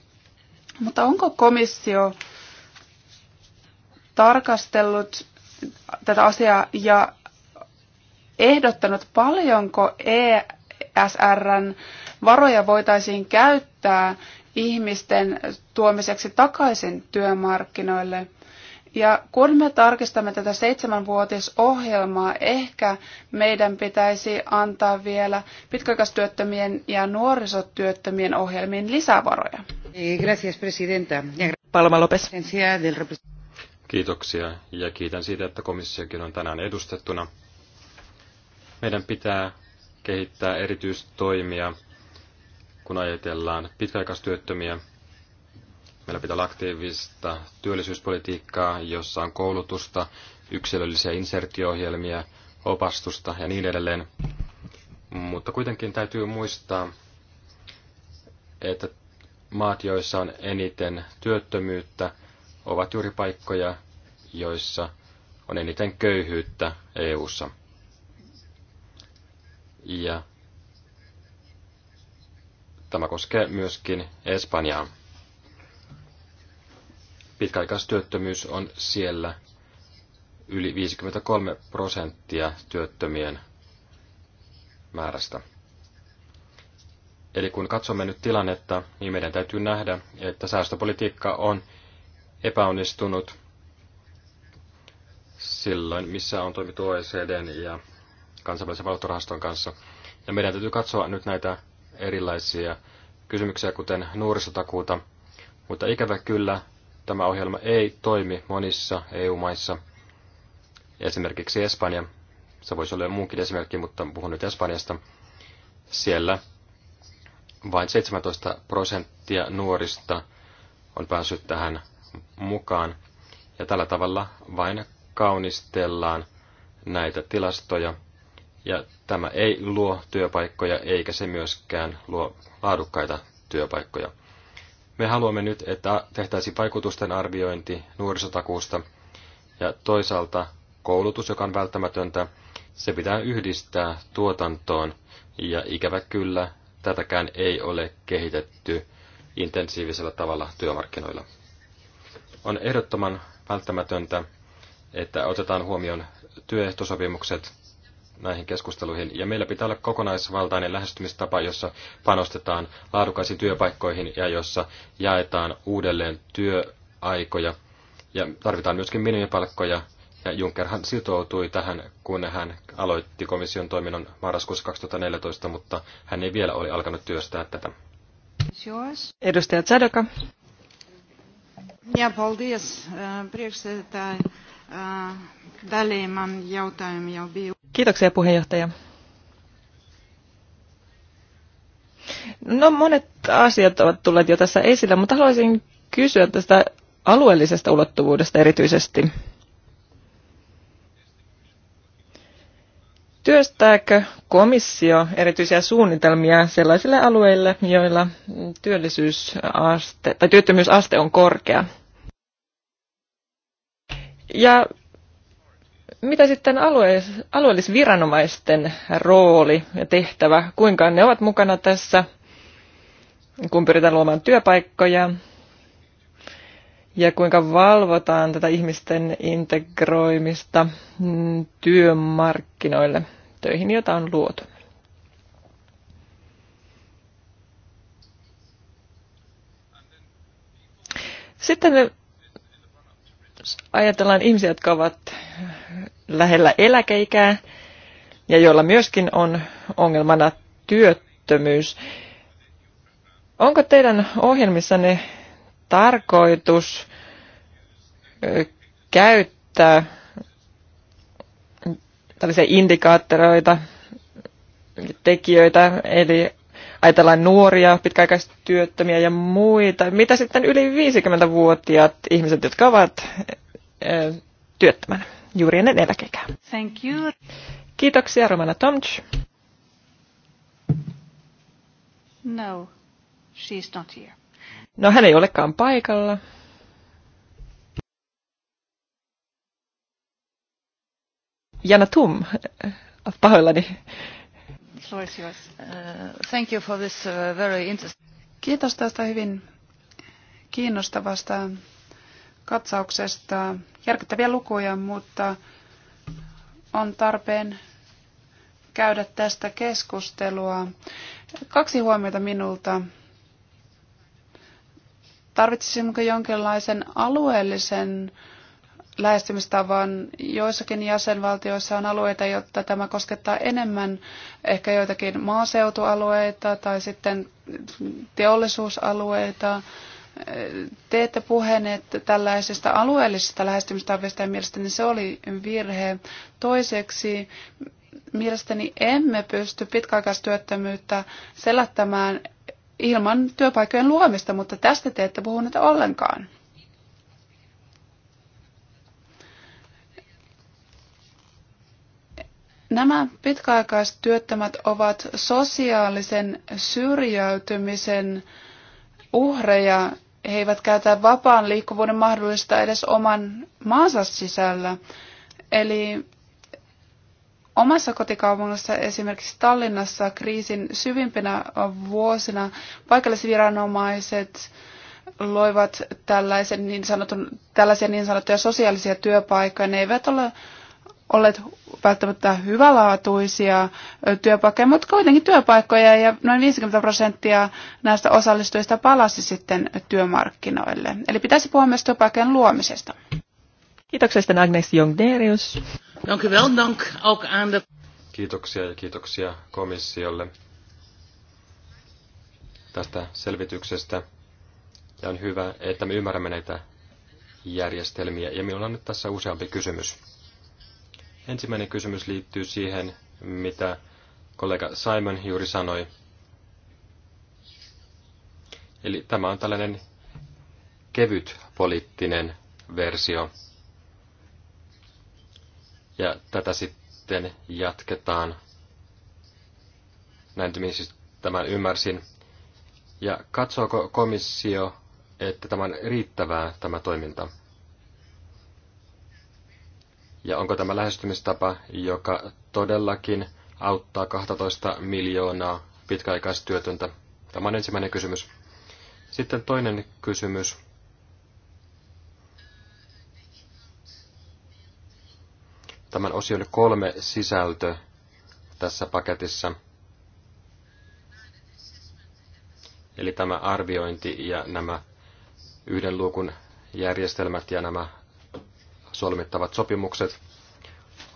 Mutta onko komissio tarkastellut tätä asiaa ja ehdottanut, paljonko ESRn varoja voitaisiin käyttää ihmisten tuomiseksi takaisin työmarkkinoille – ja kun me tarkistamme tätä seitsemänvuotisohjelmaa, ehkä meidän pitäisi antaa vielä pitkäaikaistyöttömien ja nuorisotyöttömien ohjelmiin lisävaroja. Gracias, presidenta. Palma Lopes. Kiitoksia ja kiitän siitä, että komissiokin on tänään edustettuna. Meidän pitää kehittää erityistoimia, kun ajatellaan pitkäaikaistyöttömiä Meillä pitää olla aktiivista työllisyyspolitiikkaa, jossa on koulutusta, yksilöllisiä insertiohjelmia, opastusta ja niin edelleen. Mutta kuitenkin täytyy muistaa, että maat, joissa on eniten työttömyyttä, ovat juuri paikkoja, joissa on eniten köyhyyttä EU-ssa. Ja tämä koskee myöskin Espanjaa. Pitkäaikaistyöttömyys on siellä yli 53 prosenttia työttömien määrästä. Eli kun katsomme nyt tilannetta, niin meidän täytyy nähdä, että säästöpolitiikka on epäonnistunut silloin, missä on toimittu OECDn ja kansainvälisen valuuttarahaston kanssa. Ja meidän täytyy katsoa nyt näitä erilaisia kysymyksiä, kuten nuorisotakuuta. Mutta ikävä kyllä tämä ohjelma ei toimi monissa EU-maissa. Esimerkiksi Espanja, se voisi olla muunkin esimerkki, mutta puhun nyt Espanjasta. Siellä vain 17 prosenttia nuorista on päässyt tähän mukaan. Ja tällä tavalla vain kaunistellaan näitä tilastoja. Ja tämä ei luo työpaikkoja, eikä se myöskään luo laadukkaita työpaikkoja. Me haluamme nyt, että tehtäisiin vaikutusten arviointi nuorisotakuusta ja toisaalta koulutus, joka on välttämätöntä, se pitää yhdistää tuotantoon ja ikävä kyllä tätäkään ei ole kehitetty intensiivisellä tavalla työmarkkinoilla. On ehdottoman välttämätöntä, että otetaan huomioon työehtosopimukset – näihin keskusteluihin. Ja meillä pitää olla kokonaisvaltainen lähestymistapa, jossa panostetaan laadukkaisiin työpaikkoihin ja jossa jaetaan uudelleen työaikoja. Ja tarvitaan myöskin minimipalkkoja. Ja Junckerhan sitoutui tähän, kun hän aloitti komission toiminnon marraskuussa 2014, mutta hän ei vielä ole alkanut työstää tätä. Edustaja Tsadaka. Ja, paldies, priekšsēdētāji. Daļai man jautājumi jau Kiitoksia puheenjohtaja. No monet asiat ovat tulleet jo tässä esille, mutta haluaisin kysyä tästä alueellisesta ulottuvuudesta erityisesti. Työstääkö komissio erityisiä suunnitelmia sellaisille alueille, joilla työllisyysaste tai työttömyysaste on korkea? Ja mitä sitten alueellis- alueellisviranomaisten rooli ja tehtävä, kuinka ne ovat mukana tässä, kun pyritään luomaan työpaikkoja ja kuinka valvotaan tätä ihmisten integroimista mm, työmarkkinoille töihin, jota on luotu? Sitten ajatellaan ihmisiä, jotka ovat lähellä eläkeikää ja joilla myöskin on ongelmana työttömyys. Onko teidän ohjelmissanne tarkoitus käyttää tällaisia indikaattoreita, tekijöitä, eli ajatellaan nuoria, pitkäaikaistyöttömiä ja muita. Mitä sitten yli 50-vuotiaat ihmiset, jotka ovat työttömänä juuri ennen eläkeikää. Thank you. Kiitoksia Romana Tomč. No, she's not here. No hän ei olekaan paikalla. Jana Tum, pahoillani. Uh, thank you for this uh, very interesting... Kiitos tästä hyvin kiinnostavasta katsauksesta. Järkyttäviä lukuja, mutta on tarpeen käydä tästä keskustelua. Kaksi huomiota minulta. Tarvitsisimmeko jonkinlaisen alueellisen lähestymistavan? Joissakin jäsenvaltioissa on alueita, jotta tämä koskettaa enemmän ehkä joitakin maaseutualueita tai sitten teollisuusalueita te ette puheneet tällaisesta alueellisesta lähestymistavasta ja mielestäni se oli virhe. Toiseksi mielestäni emme pysty pitkäaikaistyöttömyyttä selättämään ilman työpaikkojen luomista, mutta tästä te ette puhuneet ollenkaan. Nämä pitkäaikaistyöttömät ovat sosiaalisen syrjäytymisen uhreja he eivät käytä vapaan liikkuvuuden mahdollista edes oman maansa sisällä. Eli omassa kotikaupungissa esimerkiksi Tallinnassa kriisin syvimpinä vuosina paikallisviranomaiset loivat tällaisen niin sanotun, tällaisia niin sanottuja sosiaalisia työpaikkoja. Ne eivät ole olleet välttämättä hyvälaatuisia työpaikkoja, mutta kuitenkin työpaikkoja ja noin 50 prosenttia näistä osallistujista palasi sitten työmarkkinoille. Eli pitäisi puhua myös työpaikkojen luomisesta. Kiitoksia sitten Agnes Jongderius. Kiitoksia ja kiitoksia komissiolle tästä selvityksestä. Ja on hyvä, että me ymmärrämme näitä järjestelmiä. Ja minulla on nyt tässä useampi kysymys Ensimmäinen kysymys liittyy siihen, mitä kollega Simon juuri sanoi. Eli tämä on tällainen kevyt poliittinen versio. Ja tätä sitten jatketaan. Näin siis tämän ymmärsin. Ja katsoako komissio, että tämä on riittävää tämä toiminta? Ja onko tämä lähestymistapa, joka todellakin auttaa 12 miljoonaa pitkäaikaistyötöntä? Tämä on ensimmäinen kysymys. Sitten toinen kysymys. Tämän osion kolme sisältö tässä paketissa. Eli tämä arviointi ja nämä yhden luukun järjestelmät ja nämä solmittavat sopimukset.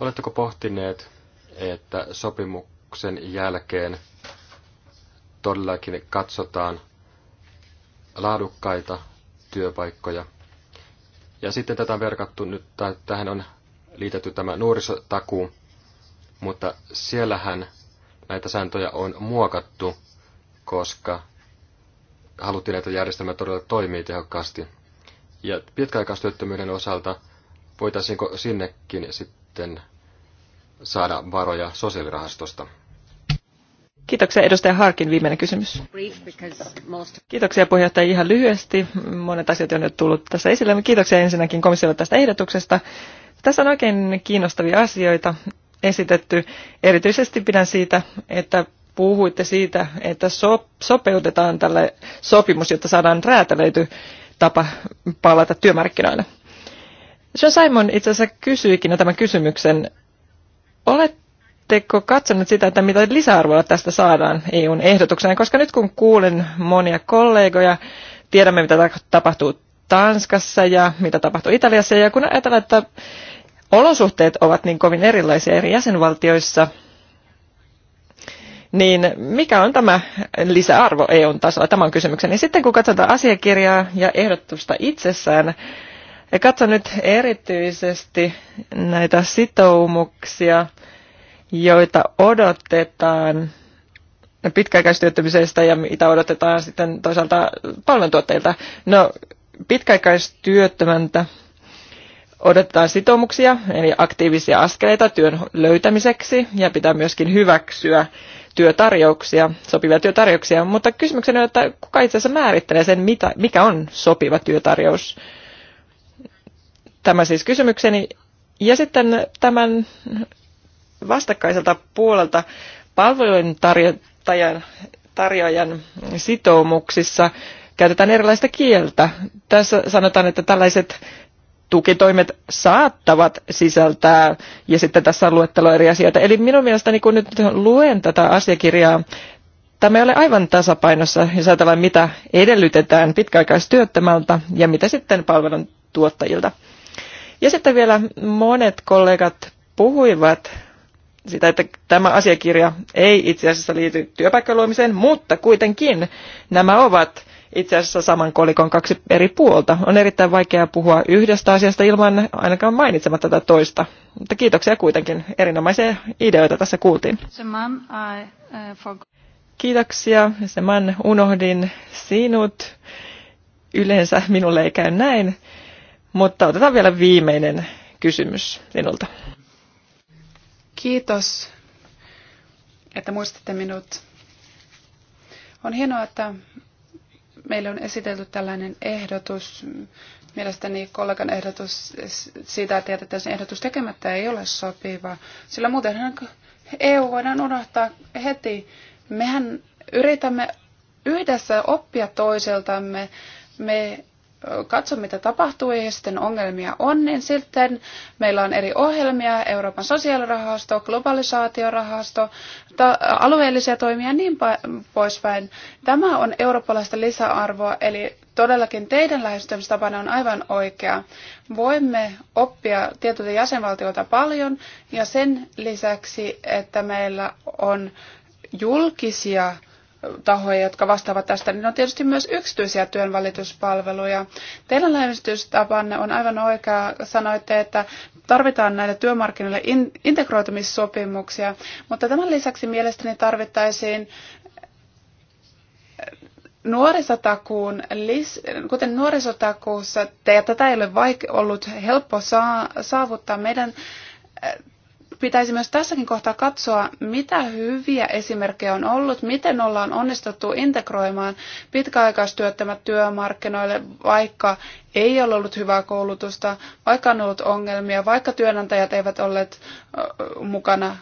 Oletteko pohtineet, että sopimuksen jälkeen todellakin katsotaan laadukkaita työpaikkoja? Ja sitten tätä on verkattu nyt, tai tähän on liitetty tämä nuorisotakuu, mutta siellähän näitä sääntöjä on muokattu, koska haluttiin, että järjestelmä todella toimii tehokkaasti. Ja pitkäaikaistyöttömyyden osalta Voitaisiinko sinnekin sitten saada varoja sosiaalirahastosta? Kiitoksia edustaja Harkin viimeinen kysymys. Kiitoksia puheenjohtaja ihan lyhyesti. Monet asiat on jo tullut tässä esille. Kiitoksia ensinnäkin komissiolle tästä ehdotuksesta. Tässä on oikein kiinnostavia asioita esitetty. Erityisesti pidän siitä, että puhuitte siitä, että sopeutetaan tälle sopimus, jotta saadaan räätälöity tapa palata työmarkkinoille. Sean Simon itse asiassa kysyikin tämän kysymyksen. Oletteko katsonut sitä, että mitä lisäarvoa tästä saadaan EUn ehdotuksena? Koska nyt kun kuulen monia kollegoja, tiedämme mitä tapahtuu Tanskassa ja mitä tapahtuu Italiassa. Ja kun ajatellaan, että olosuhteet ovat niin kovin erilaisia eri jäsenvaltioissa, niin mikä on tämä lisäarvo EUn tasolla? Tämä on kysymykseni. Sitten kun katsotaan asiakirjaa ja ehdotusta itsessään, ja katson nyt erityisesti näitä sitoumuksia, joita odotetaan pitkäaikaistyöttömisestä ja mitä odotetaan sitten toisaalta palveluntuottajilta. No, pitkäaikaistyöttömäntä odotetaan sitoumuksia, eli aktiivisia askeleita työn löytämiseksi ja pitää myöskin hyväksyä työtarjouksia, sopivia työtarjouksia. Mutta kysymyksenä on, että kuka itse asiassa määrittelee sen, mitä, mikä on sopiva työtarjous? Tämä siis kysymykseni. Ja sitten tämän vastakkaiselta puolelta palvelujen tarjoajan, tarjoajan sitoumuksissa käytetään erilaista kieltä. Tässä sanotaan, että tällaiset tukitoimet saattavat sisältää, ja sitten tässä on luettelo eri asioita. Eli minun mielestäni, kun nyt luen tätä asiakirjaa, tämä ei ole aivan tasapainossa, jos ajatellaan, mitä edellytetään pitkäaikaistyöttömältä ja mitä sitten palvelun tuottajilta. Ja sitten vielä monet kollegat puhuivat sitä, että tämä asiakirja ei itse asiassa liity työpaikkaluomiseen, mutta kuitenkin nämä ovat itse asiassa saman kolikon kaksi eri puolta. On erittäin vaikeaa puhua yhdestä asiasta ilman ainakaan mainitsematta tätä toista. Mutta kiitoksia kuitenkin. Erinomaisia ideoita tässä kuultiin. Uh, kiitoksia. Seman unohdin sinut. Yleensä minulle ei käy näin. Mutta otetaan vielä viimeinen kysymys sinulta. Kiitos, että muistatte minut. On hienoa, että meille on esitelty tällainen ehdotus. Mielestäni kollegan ehdotus siitä, että jätettäisiin ehdotus tekemättä, ei ole sopiva. Sillä muutenhan EU voidaan unohtaa heti. Mehän yritämme yhdessä oppia toiseltamme. Me katso, mitä tapahtuu ja sitten ongelmia on, niin sitten meillä on eri ohjelmia, Euroopan sosiaalirahasto, globalisaatiorahasto, ta- alueellisia toimia ja niin poispäin. Tämä on eurooppalaista lisäarvoa, eli todellakin teidän lähestymistapanne on aivan oikea. Voimme oppia tietyiltä jäsenvaltioilta paljon ja sen lisäksi, että meillä on julkisia tahoja, jotka vastaavat tästä, niin on tietysti myös yksityisiä työnvälituspalveluja. Teidän lähestystapanne on aivan oikea. Sanoitte, että tarvitaan näille työmarkkinoille in- integroitumissopimuksia, mutta tämän lisäksi mielestäni tarvittaisiin nuorisotakuun, kuten nuorisotakuussa, ja tätä ei ole ollut helppo saavuttaa, meidän pitäisi myös tässäkin kohtaa katsoa, mitä hyviä esimerkkejä on ollut, miten ollaan onnistuttu integroimaan pitkäaikaistyöttömät työmarkkinoille, vaikka ei ole ollut hyvää koulutusta, vaikka on ollut ongelmia, vaikka työnantajat eivät olleet mukana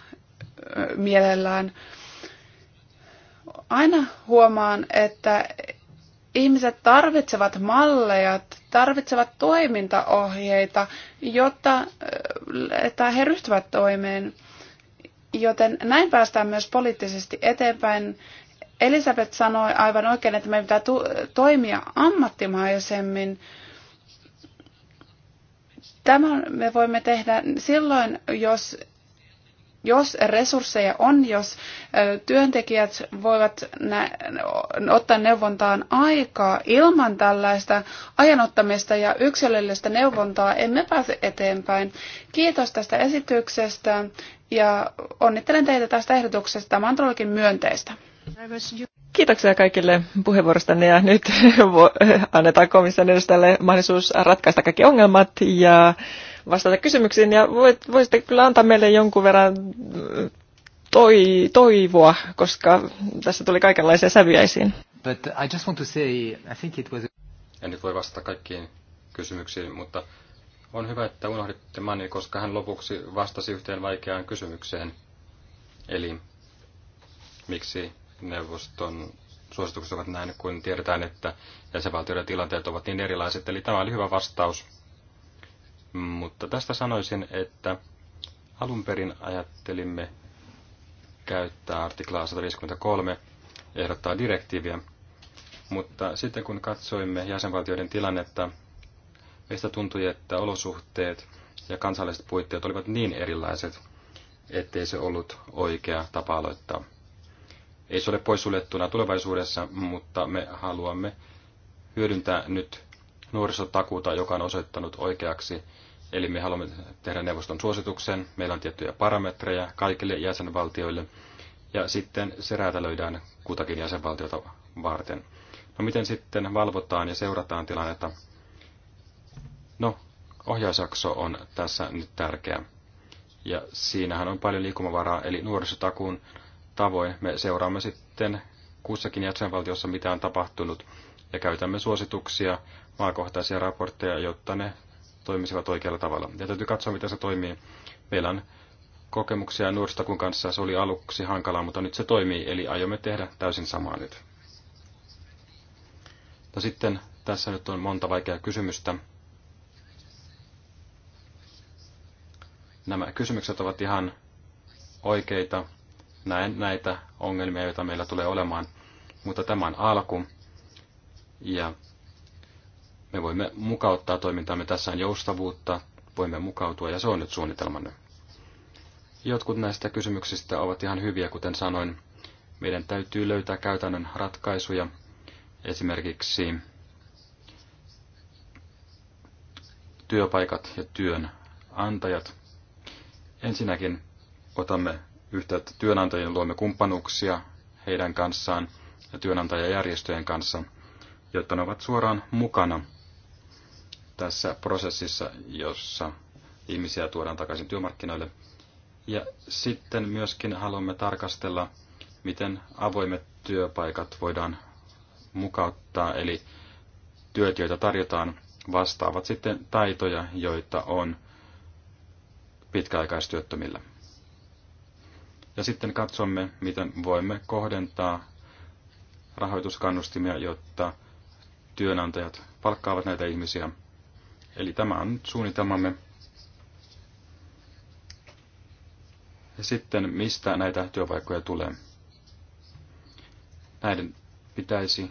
mielellään. Aina huomaan, että ihmiset tarvitsevat malleja tarvitsevat toimintaohjeita, jotta että he ryhtyvät toimeen. Joten näin päästään myös poliittisesti eteenpäin. Elisabeth sanoi aivan oikein, että meidän pitää toimia ammattimaisemmin. Tämän me voimme tehdä silloin, jos jos resursseja on, jos työntekijät voivat ottaa neuvontaan aikaa ilman tällaista ajanottamista ja yksilöllistä neuvontaa, emme pääse eteenpäin. Kiitos tästä esityksestä ja onnittelen teitä tästä ehdotuksesta. Tämä on todellakin myönteistä. Kiitoksia kaikille puheenvuorostanne ja nyt annetaan komission edustajalle mahdollisuus ratkaista kaikki ongelmat ja vastata kysymyksiin ja voit, voisitte kyllä antaa meille jonkun verran toi, toivoa, koska tässä tuli kaikenlaisia sävyjä esiin. But I just want to say, I think it was... En nyt voi vastata kaikkiin kysymyksiin, mutta on hyvä, että unohditte Mani, koska hän lopuksi vastasi yhteen vaikeaan kysymykseen. Eli miksi neuvoston suositukset ovat näin, kun tiedetään, että jäsenvaltioiden tilanteet ovat niin erilaiset. Eli tämä oli hyvä vastaus. Mutta tästä sanoisin, että alun perin ajattelimme käyttää artiklaa 153, ehdottaa direktiiviä, mutta sitten kun katsoimme jäsenvaltioiden tilannetta, meistä tuntui, että olosuhteet ja kansalliset puitteet olivat niin erilaiset, ettei se ollut oikea tapa aloittaa. Ei se ole poissuljettuna tulevaisuudessa, mutta me haluamme hyödyntää nyt nuorisotakuuta, joka on osoittanut oikeaksi. Eli me haluamme tehdä neuvoston suosituksen. Meillä on tiettyjä parametreja kaikille jäsenvaltioille. Ja sitten se räätälöidään kutakin jäsenvaltiota varten. No miten sitten valvotaan ja seurataan tilannetta? No, ohjausjakso on tässä nyt tärkeä. Ja siinähän on paljon liikumavaraa, eli nuorisotakuun tavoin me seuraamme sitten kussakin jäsenvaltiossa, mitä on tapahtunut, ja käytämme suosituksia maakohtaisia raportteja, jotta ne toimisivat oikealla tavalla. Ja täytyy katsoa, miten se toimii. Meillä on kokemuksia nuoristakun kanssa, se oli aluksi hankalaa, mutta nyt se toimii, eli aiomme tehdä täysin samaa nyt. No sitten tässä nyt on monta vaikeaa kysymystä. Nämä kysymykset ovat ihan oikeita. Näen näitä ongelmia, joita meillä tulee olemaan, mutta tämä on alku. Ja me voimme mukauttaa toimintaamme. Tässä on joustavuutta, voimme mukautua ja se on nyt suunnitelmanne. Jotkut näistä kysymyksistä ovat ihan hyviä, kuten sanoin. Meidän täytyy löytää käytännön ratkaisuja, esimerkiksi työpaikat ja työnantajat. Ensinnäkin otamme yhteyttä työnantajien, luomme kumppanuuksia heidän kanssaan ja työnantajajärjestöjen kanssa, jotta ne ovat suoraan mukana tässä prosessissa, jossa ihmisiä tuodaan takaisin työmarkkinoille. Ja sitten myöskin haluamme tarkastella, miten avoimet työpaikat voidaan mukauttaa, eli työt, joita tarjotaan, vastaavat sitten taitoja, joita on pitkäaikaistyöttömillä. Ja sitten katsomme, miten voimme kohdentaa rahoituskannustimia, jotta työnantajat palkkaavat näitä ihmisiä Eli tämä on nyt suunnitelmamme. Ja sitten mistä näitä työpaikkoja tulee? Näiden pitäisi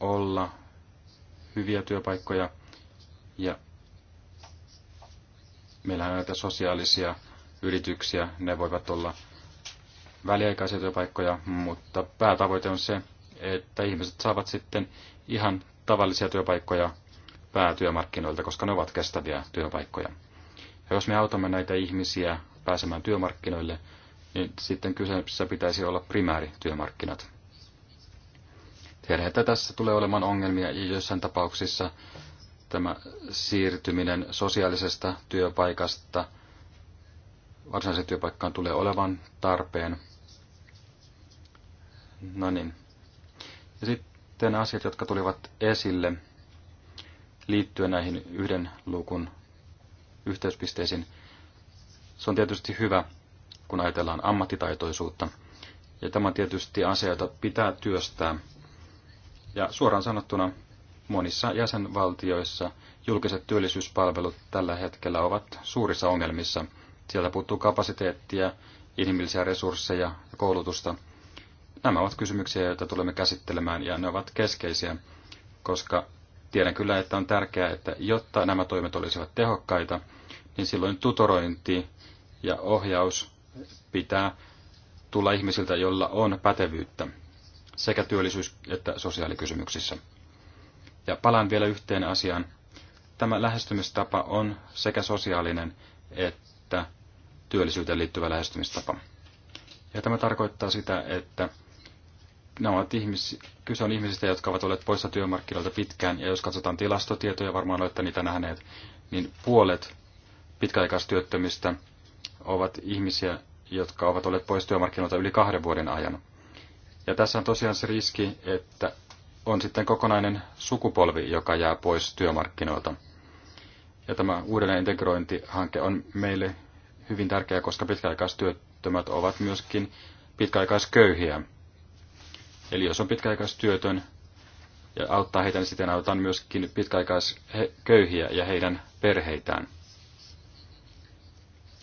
olla hyviä työpaikkoja ja meillähän on näitä sosiaalisia yrityksiä, ne voivat olla väliaikaisia työpaikkoja, mutta päätavoite on se, että ihmiset saavat sitten ihan tavallisia työpaikkoja päätyömarkkinoilta, koska ne ovat kestäviä työpaikkoja. Ja jos me autamme näitä ihmisiä pääsemään työmarkkinoille, niin sitten kyseessä pitäisi olla primäärityömarkkinat. Tiedän, että tässä tulee olemaan ongelmia ja joissain tapauksissa tämä siirtyminen sosiaalisesta työpaikasta varsinaiseen työpaikkaan tulee olevan tarpeen. No niin. Ja sitten asiat, jotka tulivat esille liittyen näihin yhden luukun yhteyspisteisiin. Se on tietysti hyvä, kun ajatellaan ammattitaitoisuutta. Ja tämä on tietysti asia, jota pitää työstää. Ja suoraan sanottuna monissa jäsenvaltioissa julkiset työllisyyspalvelut tällä hetkellä ovat suurissa ongelmissa. Sieltä puuttuu kapasiteettia, inhimillisiä resursseja ja koulutusta. Nämä ovat kysymyksiä, joita tulemme käsittelemään ja ne ovat keskeisiä, koska Tiedän kyllä, että on tärkeää, että jotta nämä toimet olisivat tehokkaita, niin silloin tutorointi ja ohjaus pitää tulla ihmisiltä, joilla on pätevyyttä sekä työllisyys- että sosiaalikysymyksissä. Ja palaan vielä yhteen asiaan. Tämä lähestymistapa on sekä sosiaalinen että työllisyyteen liittyvä lähestymistapa. Ja tämä tarkoittaa sitä, että ne ovat ihmis, kyse on ihmisistä, jotka ovat olleet poissa työmarkkinoilta pitkään, ja jos katsotaan tilastotietoja, varmaan olette niitä nähneet, niin puolet pitkäaikaistyöttömistä ovat ihmisiä, jotka ovat olleet pois työmarkkinoilta yli kahden vuoden ajan. Ja tässä on tosiaan se riski, että on sitten kokonainen sukupolvi, joka jää pois työmarkkinoilta. Ja tämä uudelleen integrointihanke on meille hyvin tärkeä, koska pitkäaikaistyöttömät ovat myöskin pitkäaikaisköyhiä. Eli jos on pitkäaikaistyötön ja auttaa heitä, niin sitten autetaan myöskin pitkäaikaisköyhiä ja heidän perheitään.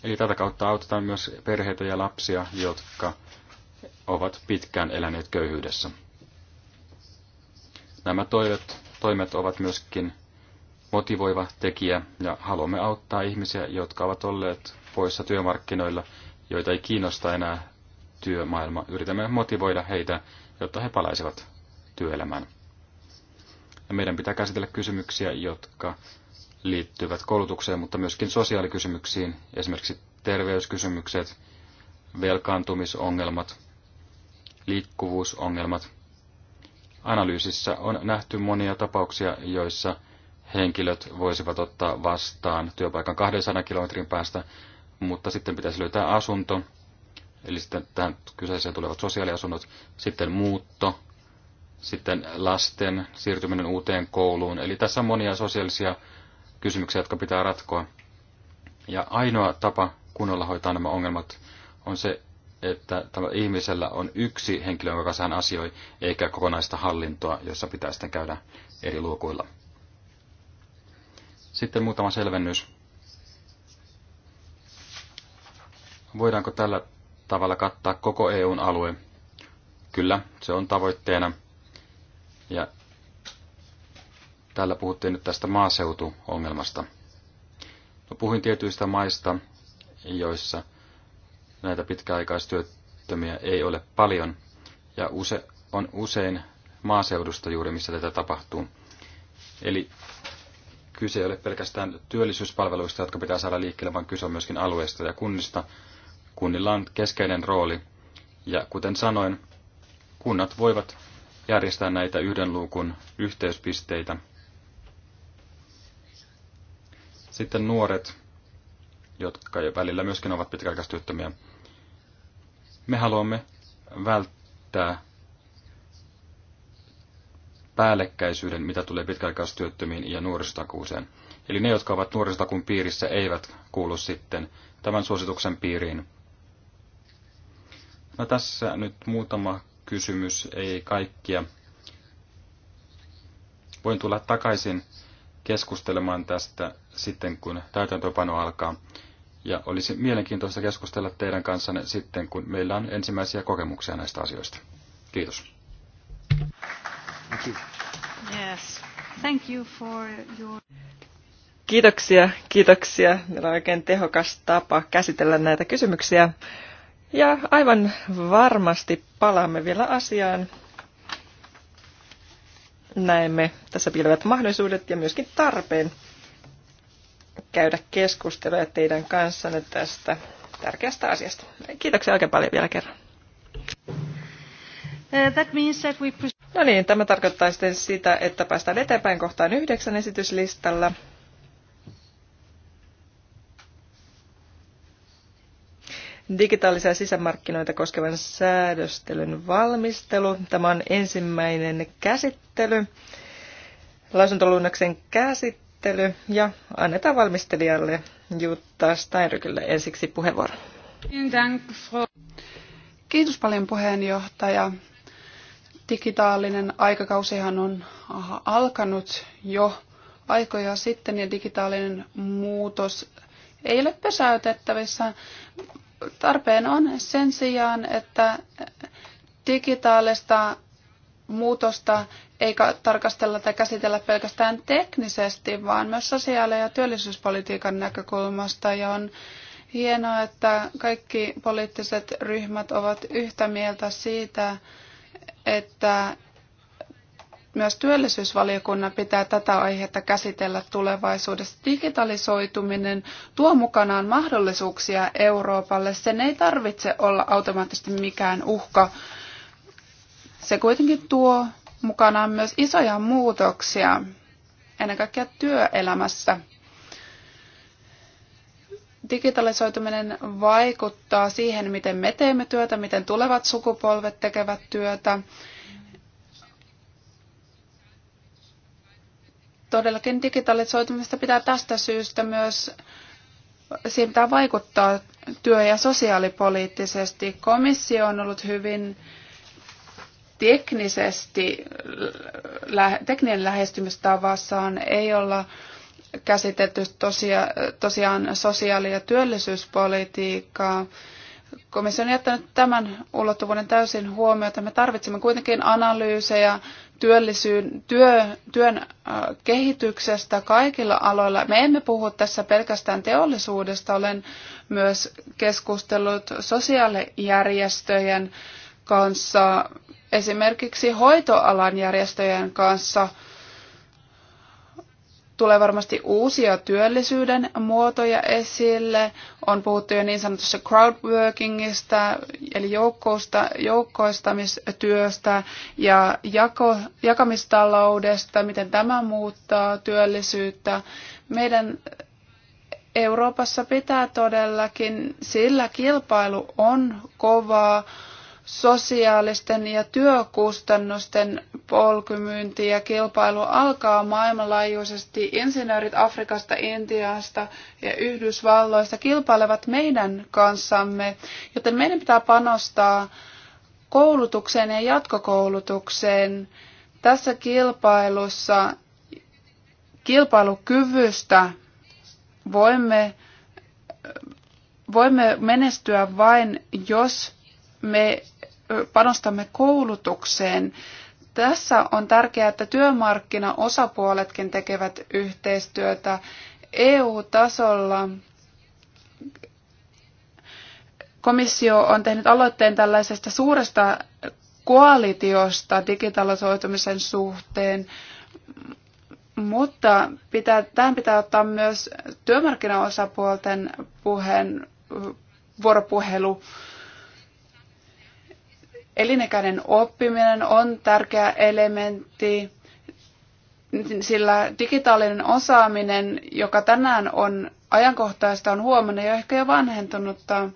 Eli tätä kautta autetaan myös perheitä ja lapsia, jotka ovat pitkään eläneet köyhyydessä. Nämä toimet, toimet ovat myöskin motivoiva tekijä ja haluamme auttaa ihmisiä, jotka ovat olleet poissa työmarkkinoilla, joita ei kiinnosta enää työmaailma. Yritämme motivoida heitä jotta he palaisivat työelämään. Ja meidän pitää käsitellä kysymyksiä, jotka liittyvät koulutukseen, mutta myöskin sosiaalikysymyksiin, esimerkiksi terveyskysymykset, velkaantumisongelmat, liikkuvuusongelmat. Analyysissä on nähty monia tapauksia, joissa henkilöt voisivat ottaa vastaan työpaikan 200 kilometrin päästä, mutta sitten pitäisi löytää asunto, Eli sitten tähän kyseeseen tulevat sosiaaliasunnot, sitten muutto, sitten lasten siirtyminen uuteen kouluun. Eli tässä on monia sosiaalisia kysymyksiä, jotka pitää ratkoa. Ja ainoa tapa kunnolla hoitaa nämä ongelmat on se, että tällä ihmisellä on yksi henkilö, joka hän asioi, eikä kokonaista hallintoa, jossa pitää sitten käydä eri luokuilla. Sitten muutama selvennys. Voidaanko tällä tavalla kattaa koko EUn alue. Kyllä, se on tavoitteena. Ja täällä puhuttiin nyt tästä maaseutuongelmasta. No, puhuin tietyistä maista, joissa näitä pitkäaikaistyöttömiä ei ole paljon, ja use, on usein maaseudusta juuri, missä tätä tapahtuu. Eli kyse ei ole pelkästään työllisyyspalveluista, jotka pitää saada liikkeelle, vaan kyse on myöskin alueista ja kunnista, Kunnilla on keskeinen rooli, ja kuten sanoin, kunnat voivat järjestää näitä yhden luukun yhteyspisteitä. Sitten nuoret, jotka välillä myöskin ovat pitkäaikaistyöttömiä. Me haluamme välttää päällekkäisyyden, mitä tulee pitkäaikaistyöttömiin ja nuorisotakuuseen. Eli ne, jotka ovat nuorisotakuun piirissä, eivät kuulu sitten tämän suosituksen piiriin. No tässä nyt muutama kysymys, ei kaikkia. Voin tulla takaisin keskustelemaan tästä sitten, kun täytäntöpano alkaa. Ja olisi mielenkiintoista keskustella teidän kanssanne sitten, kun meillä on ensimmäisiä kokemuksia näistä asioista. Kiitos. Yes. Thank you for your... Kiitoksia, kiitoksia. Meillä on oikein tehokas tapa käsitellä näitä kysymyksiä. Ja aivan varmasti palaamme vielä asiaan. Näemme tässä piilevät mahdollisuudet ja myöskin tarpeen käydä keskustelua teidän kanssanne tästä tärkeästä asiasta. Kiitoksia oikein paljon vielä kerran. Uh, no niin, tämä tarkoittaa sitten sitä, että päästään eteenpäin kohtaan yhdeksän esityslistalla – digitaalisia sisämarkkinoita koskevan säädöstelyn valmistelu. Tämä on ensimmäinen käsittely, lausuntoluunnoksen käsittely ja annetaan valmistelijalle Jutta Steinrykylle ensiksi puheenvuoro. Kiitos paljon puheenjohtaja. Digitaalinen aikakausihan on aha, alkanut jo aikoja sitten ja digitaalinen muutos ei ole pysäytettävissä tarpeen on sen sijaan, että digitaalista muutosta ei tarkastella tai käsitellä pelkästään teknisesti, vaan myös sosiaali- ja työllisyyspolitiikan näkökulmasta. Ja on hienoa, että kaikki poliittiset ryhmät ovat yhtä mieltä siitä, että myös työllisyysvaliokunnan pitää tätä aihetta käsitellä tulevaisuudessa. Digitalisoituminen tuo mukanaan mahdollisuuksia Euroopalle. Sen ei tarvitse olla automaattisesti mikään uhka. Se kuitenkin tuo mukanaan myös isoja muutoksia, ennen kaikkea työelämässä. Digitalisoituminen vaikuttaa siihen, miten me teemme työtä, miten tulevat sukupolvet tekevät työtä todellakin digitalisoitumista pitää tästä syystä myös siihen pitää vaikuttaa työ- ja sosiaalipoliittisesti. Komissio on ollut hyvin teknisesti, lä- tekninen lähestymistavassaan ei olla käsitetty tosia, tosiaan sosiaali- ja työllisyyspolitiikkaa. Komissio on jättänyt tämän ulottuvuuden täysin huomiota. Me tarvitsemme kuitenkin analyysejä työllisyyn, työ, työn kehityksestä kaikilla aloilla. Me emme puhu tässä pelkästään teollisuudesta, olen myös keskustellut sosiaalijärjestöjen kanssa, esimerkiksi hoitoalan järjestöjen kanssa – tulee varmasti uusia työllisyyden muotoja esille. On puhuttu jo niin sanotusta crowdworkingista, eli joukkoista, joukkoistamistyöstä ja jako, jakamistaloudesta, miten tämä muuttaa työllisyyttä. Meidän Euroopassa pitää todellakin, sillä kilpailu on kovaa, sosiaalisten ja työkustannusten polkumyynti ja kilpailu alkaa maailmanlaajuisesti. Insinöörit Afrikasta, Intiasta ja Yhdysvalloista kilpailevat meidän kanssamme, joten meidän pitää panostaa koulutukseen ja jatkokoulutukseen tässä kilpailussa kilpailukyvystä voimme, voimme menestyä vain, jos me panostamme koulutukseen. Tässä on tärkeää, että työmarkkinaosapuoletkin tekevät yhteistyötä EU-tasolla. Komissio on tehnyt aloitteen tällaisesta suuresta koalitiosta digitalisoitumisen suhteen, mutta pitää, tähän pitää ottaa myös työmarkkinaosapuolten puheen, vuoropuhelu Elinikäinen oppiminen on tärkeä elementti, sillä digitaalinen osaaminen, joka tänään on ajankohtaista, on huomenna jo ehkä jo vanhentunutta.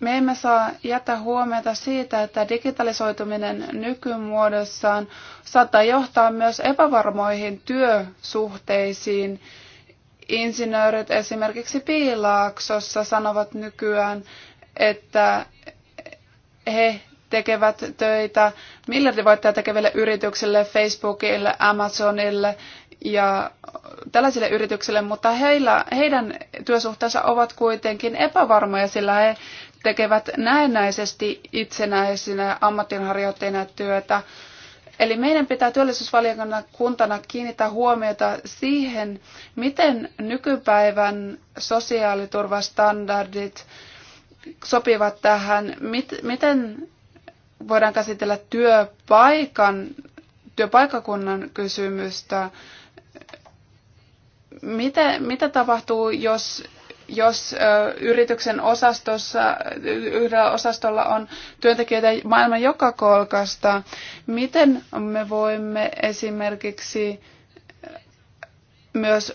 Me emme saa jättää huomiota siitä, että digitalisoituminen nykymuodossaan saattaa johtaa myös epävarmoihin työsuhteisiin. Insinöörit esimerkiksi Piilaaksossa sanovat nykyään, että he tekevät töitä miljardivoittoja tekeville yrityksille, Facebookille, Amazonille ja tällaisille yrityksille, mutta heillä, heidän työsuhteensa ovat kuitenkin epävarmoja, sillä he tekevät näennäisesti itsenäisinä ammatinharjoittajina työtä. Eli meidän pitää työllisyysvaliokuntana kiinnittää huomiota siihen, miten nykypäivän sosiaaliturvastandardit sopivat tähän. Mit, miten voidaan käsitellä työpaikan, työpaikkakunnan kysymystä? Mitä, mitä tapahtuu, jos, jos ö, yrityksen osastossa, yhdellä osastolla on työntekijöitä maailman joka kolkasta? Miten me voimme esimerkiksi myös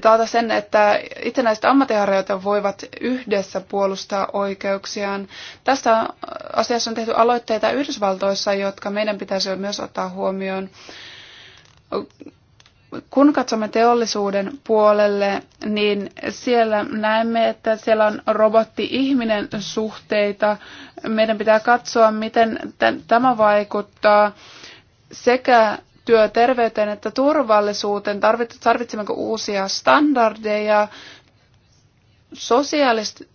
taata sen, että itsenäiset ammattiharjoittajat voivat yhdessä puolustaa oikeuksiaan. Tästä asiassa on tehty aloitteita Yhdysvaltoissa, jotka meidän pitäisi myös ottaa huomioon. Kun katsomme teollisuuden puolelle, niin siellä näemme, että siellä on robotti-ihminen suhteita. Meidän pitää katsoa, miten tämä vaikuttaa sekä työterveyteen että turvallisuuteen, tarvitsemmeko uusia standardeja,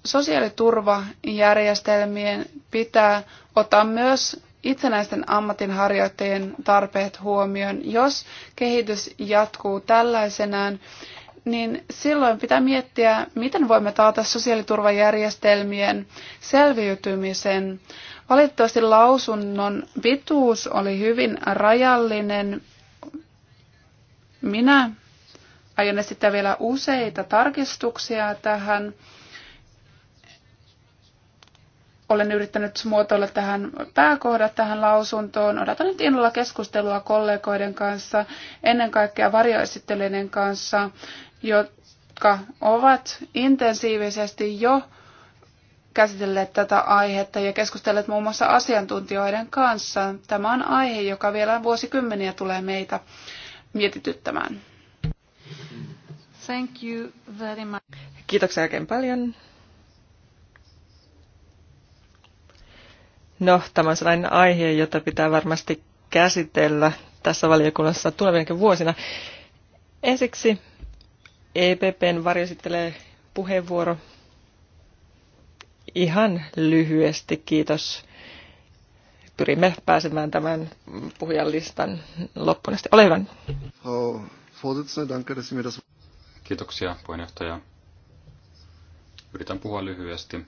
sosiaaliturvajärjestelmien pitää ottaa myös itsenäisten ammatinharjoittajien tarpeet huomioon. Jos kehitys jatkuu tällaisenaan, niin silloin pitää miettiä, miten voimme taata sosiaaliturvajärjestelmien selviytymisen. Valitettavasti lausunnon pituus oli hyvin rajallinen. Minä aion esittää vielä useita tarkistuksia tähän. Olen yrittänyt muotoilla tähän pääkohdat tähän lausuntoon. Odotan nyt innolla keskustelua kollegoiden kanssa, ennen kaikkea varjoesittelijöiden kanssa, jotka ovat intensiivisesti jo käsitelleet tätä aihetta ja keskustelleet muun muassa asiantuntijoiden kanssa. Tämä on aihe, joka vielä vuosikymmeniä tulee meitä mietityttämään. Thank you very much. Kiitoksia oikein paljon. No, tämä on sellainen aihe, jota pitää varmasti käsitellä tässä valiokunnassa tulevienkin vuosina. Ensiksi EPPn varjo puheenvuoro Ihan lyhyesti, kiitos. Pyrimme pääsemään tämän puhujan listan loppuun asti. Ole hyvä. Kiitoksia, puheenjohtaja. Yritän puhua lyhyesti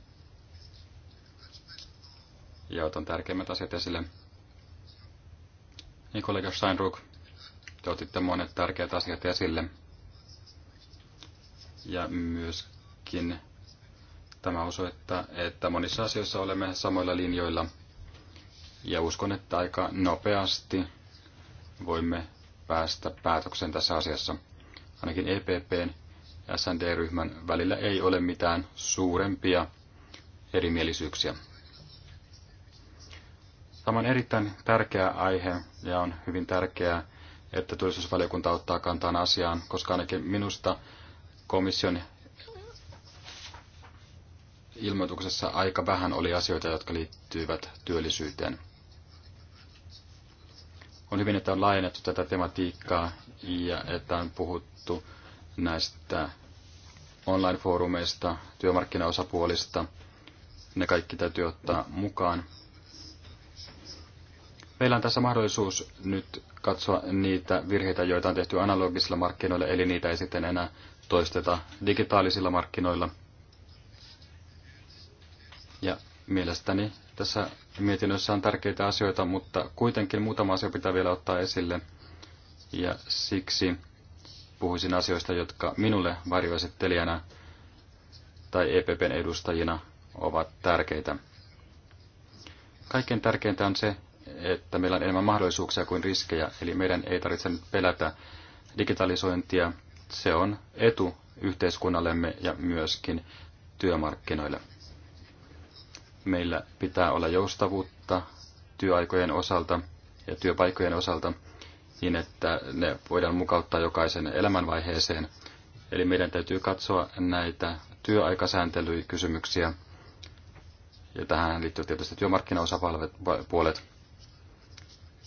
ja otan tärkeimmät asiat esille. Niin kollega Steinruck, te otitte monet tärkeät asiat esille. Ja myöskin Tämä osoittaa, että monissa asioissa olemme samoilla linjoilla ja uskon, että aika nopeasti voimme päästä päätökseen tässä asiassa. Ainakin EPPn ja SND-ryhmän välillä ei ole mitään suurempia erimielisyyksiä. Tämä on erittäin tärkeä aihe ja on hyvin tärkeää, että työllisyysvaliokunta ottaa kantaan asiaan, koska ainakin minusta komission ilmoituksessa aika vähän oli asioita, jotka liittyivät työllisyyteen. On hyvin, että on laajennettu tätä tematiikkaa ja että on puhuttu näistä online-foorumeista, työmarkkinaosapuolista. Ne kaikki täytyy ottaa mukaan. Meillä on tässä mahdollisuus nyt katsoa niitä virheitä, joita on tehty analogisilla markkinoilla, eli niitä ei sitten enää toisteta digitaalisilla markkinoilla – Mielestäni tässä mietinnössä on tärkeitä asioita, mutta kuitenkin muutama asia pitää vielä ottaa esille. Ja siksi puhuisin asioista, jotka minulle varjoesittelijänä tai EPPn edustajina ovat tärkeitä. Kaikkein tärkeintä on se, että meillä on enemmän mahdollisuuksia kuin riskejä, eli meidän ei tarvitse nyt pelätä digitalisointia. Se on etu yhteiskunnallemme ja myöskin työmarkkinoille. Meillä pitää olla joustavuutta työaikojen osalta ja työpaikkojen osalta niin, että ne voidaan mukauttaa jokaisen elämänvaiheeseen. Eli meidän täytyy katsoa näitä työaikasääntelykysymyksiä, ja tähän liittyy tietysti työmarkkinaosapuolet.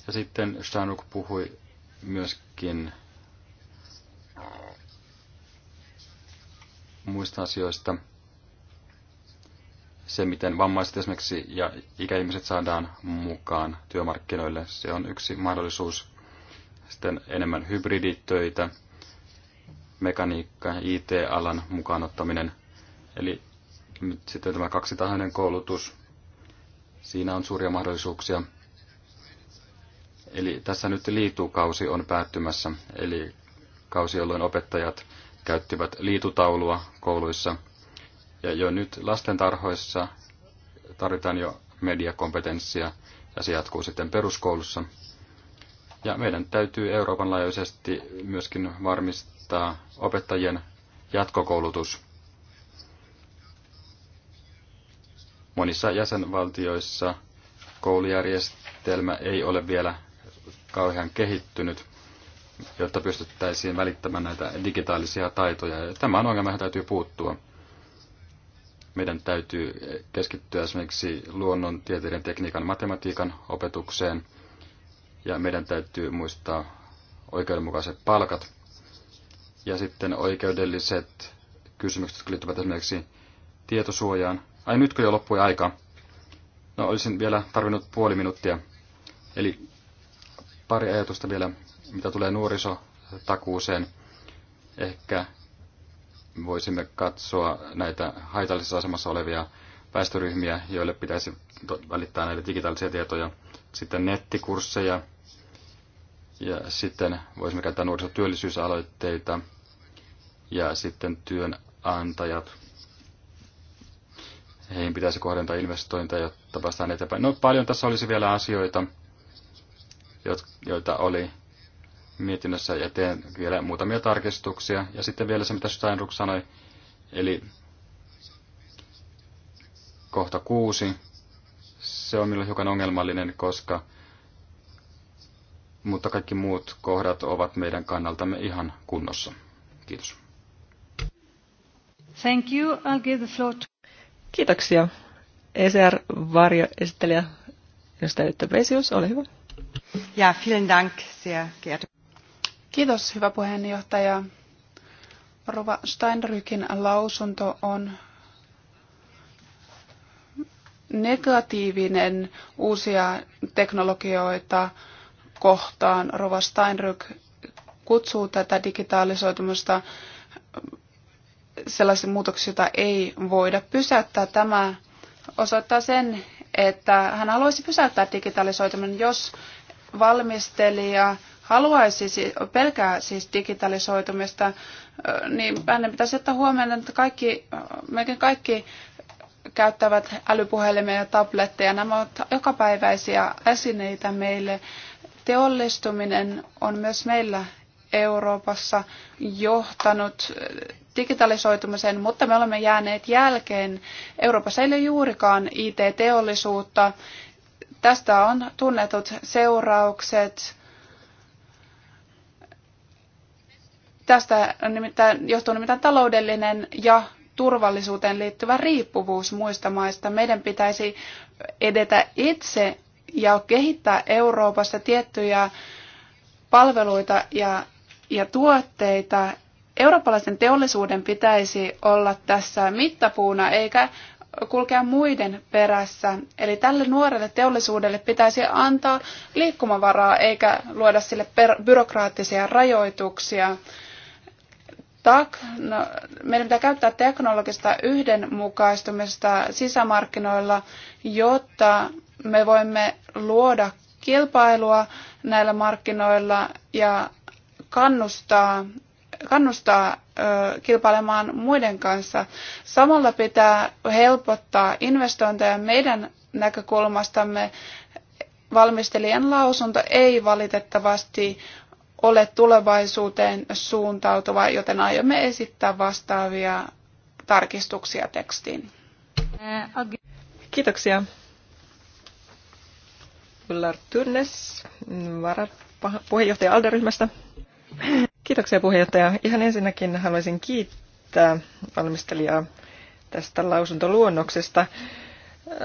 Ja sitten Stanuk puhui myöskin muista asioista se, miten vammaiset esimerkiksi ja ikäihmiset saadaan mukaan työmarkkinoille, se on yksi mahdollisuus. Sitten enemmän hybriditöitä, mekaniikka IT-alan mukaanottaminen. Eli nyt sitten tämä kaksitahoinen koulutus, siinä on suuria mahdollisuuksia. Eli tässä nyt liitukausi on päättymässä, eli kausi, jolloin opettajat käyttivät liitutaulua kouluissa – ja jo nyt lastentarhoissa tarvitaan jo mediakompetenssia ja se jatkuu sitten peruskoulussa. Ja meidän täytyy Euroopan laajuisesti myöskin varmistaa opettajien jatkokoulutus. Monissa jäsenvaltioissa koulujärjestelmä ei ole vielä kauhean kehittynyt, jotta pystyttäisiin välittämään näitä digitaalisia taitoja. Ja tämä on ongelma, johon täytyy puuttua. Meidän täytyy keskittyä esimerkiksi luonnontieteiden, tekniikan, matematiikan opetukseen ja meidän täytyy muistaa oikeudenmukaiset palkat. Ja sitten oikeudelliset kysymykset, jotka liittyvät esimerkiksi tietosuojaan. Ai nytkö jo loppui aika? No olisin vielä tarvinnut puoli minuuttia. Eli pari ajatusta vielä, mitä tulee nuorisotakuuseen. Ehkä voisimme katsoa näitä haitallisessa asemassa olevia väestöryhmiä, joille pitäisi välittää näitä digitaalisia tietoja. Sitten nettikursseja ja sitten voisimme käyttää nuorisotyöllisyysaloitteita ja sitten työnantajat. Heihin pitäisi kohdentaa investointeja, jotta päästään eteenpäin. No paljon tässä olisi vielä asioita, joita oli mietinnössä ja teen vielä muutamia tarkistuksia. Ja sitten vielä se, mitä Steinruck sanoi, eli kohta kuusi, se on minulle hiukan ongelmallinen, koska mutta kaikki muut kohdat ovat meidän kannaltamme ihan kunnossa. Kiitos. Thank you. I'll give the floor to... Kiitoksia. ECR-varjo esittelijä, edustaja Vesius, ole hyvä. Ja, vielen dank, sehr geehrte Kiitos, hyvä puheenjohtaja. Rova Steinrykin lausunto on negatiivinen uusia teknologioita kohtaan. Rova Steinryk kutsuu tätä digitaalisoitumista sellaisiin muutoksia, joita ei voida pysäyttää. Tämä osoittaa sen, että hän haluaisi pysäyttää digitalisoituminen, jos valmistelija haluaisi, pelkää siis digitalisoitumista, niin hänen pitäisi ottaa huomioon, että kaikki, melkein kaikki käyttävät älypuhelimia ja tabletteja. Nämä ovat jokapäiväisiä esineitä meille. Teollistuminen on myös meillä Euroopassa johtanut digitalisoitumiseen, mutta me olemme jääneet jälkeen. Euroopassa ei ole juurikaan IT-teollisuutta. Tästä on tunnetut seuraukset Tästä nimittäin, johtuu nimittäin taloudellinen ja turvallisuuteen liittyvä riippuvuus muista maista. Meidän pitäisi edetä itse ja kehittää Euroopassa tiettyjä palveluita ja, ja tuotteita. Eurooppalaisen teollisuuden pitäisi olla tässä mittapuuna eikä kulkea muiden perässä. Eli tälle nuorelle teollisuudelle pitäisi antaa liikkumavaraa eikä luoda sille byrokraattisia rajoituksia. Tak, no, meidän pitää käyttää teknologista yhdenmukaistumista sisämarkkinoilla, jotta me voimme luoda kilpailua näillä markkinoilla ja kannustaa, kannustaa kilpailemaan muiden kanssa. Samalla pitää helpottaa investointeja meidän näkökulmastamme. Valmistelijan lausunto ei valitettavasti ole tulevaisuuteen suuntautuva, joten aiomme esittää vastaavia tarkistuksia tekstiin. Kiitoksia. Yllar Tyrnes, varapuheenjohtaja Alderyhmästä. Kiitoksia puheenjohtaja. Ihan ensinnäkin haluaisin kiittää valmistelijaa tästä lausuntoluonnoksesta.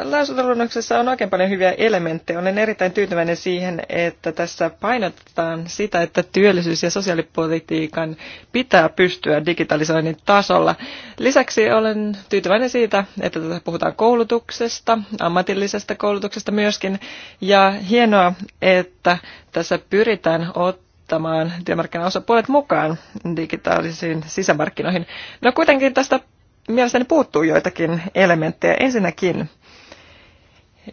Lausuntoluonnoksessa on oikein paljon hyviä elementtejä. Olen erittäin tyytyväinen siihen, että tässä painotetaan sitä, että työllisyys- ja sosiaalipolitiikan pitää pystyä digitalisoinnin tasolla. Lisäksi olen tyytyväinen siitä, että tässä puhutaan koulutuksesta, ammatillisesta koulutuksesta myöskin. Ja hienoa, että tässä pyritään ottamaan ottamaan työmarkkinaosapuolet mukaan digitaalisiin sisämarkkinoihin. No kuitenkin tästä mielestäni puuttuu joitakin elementtejä. Ensinnäkin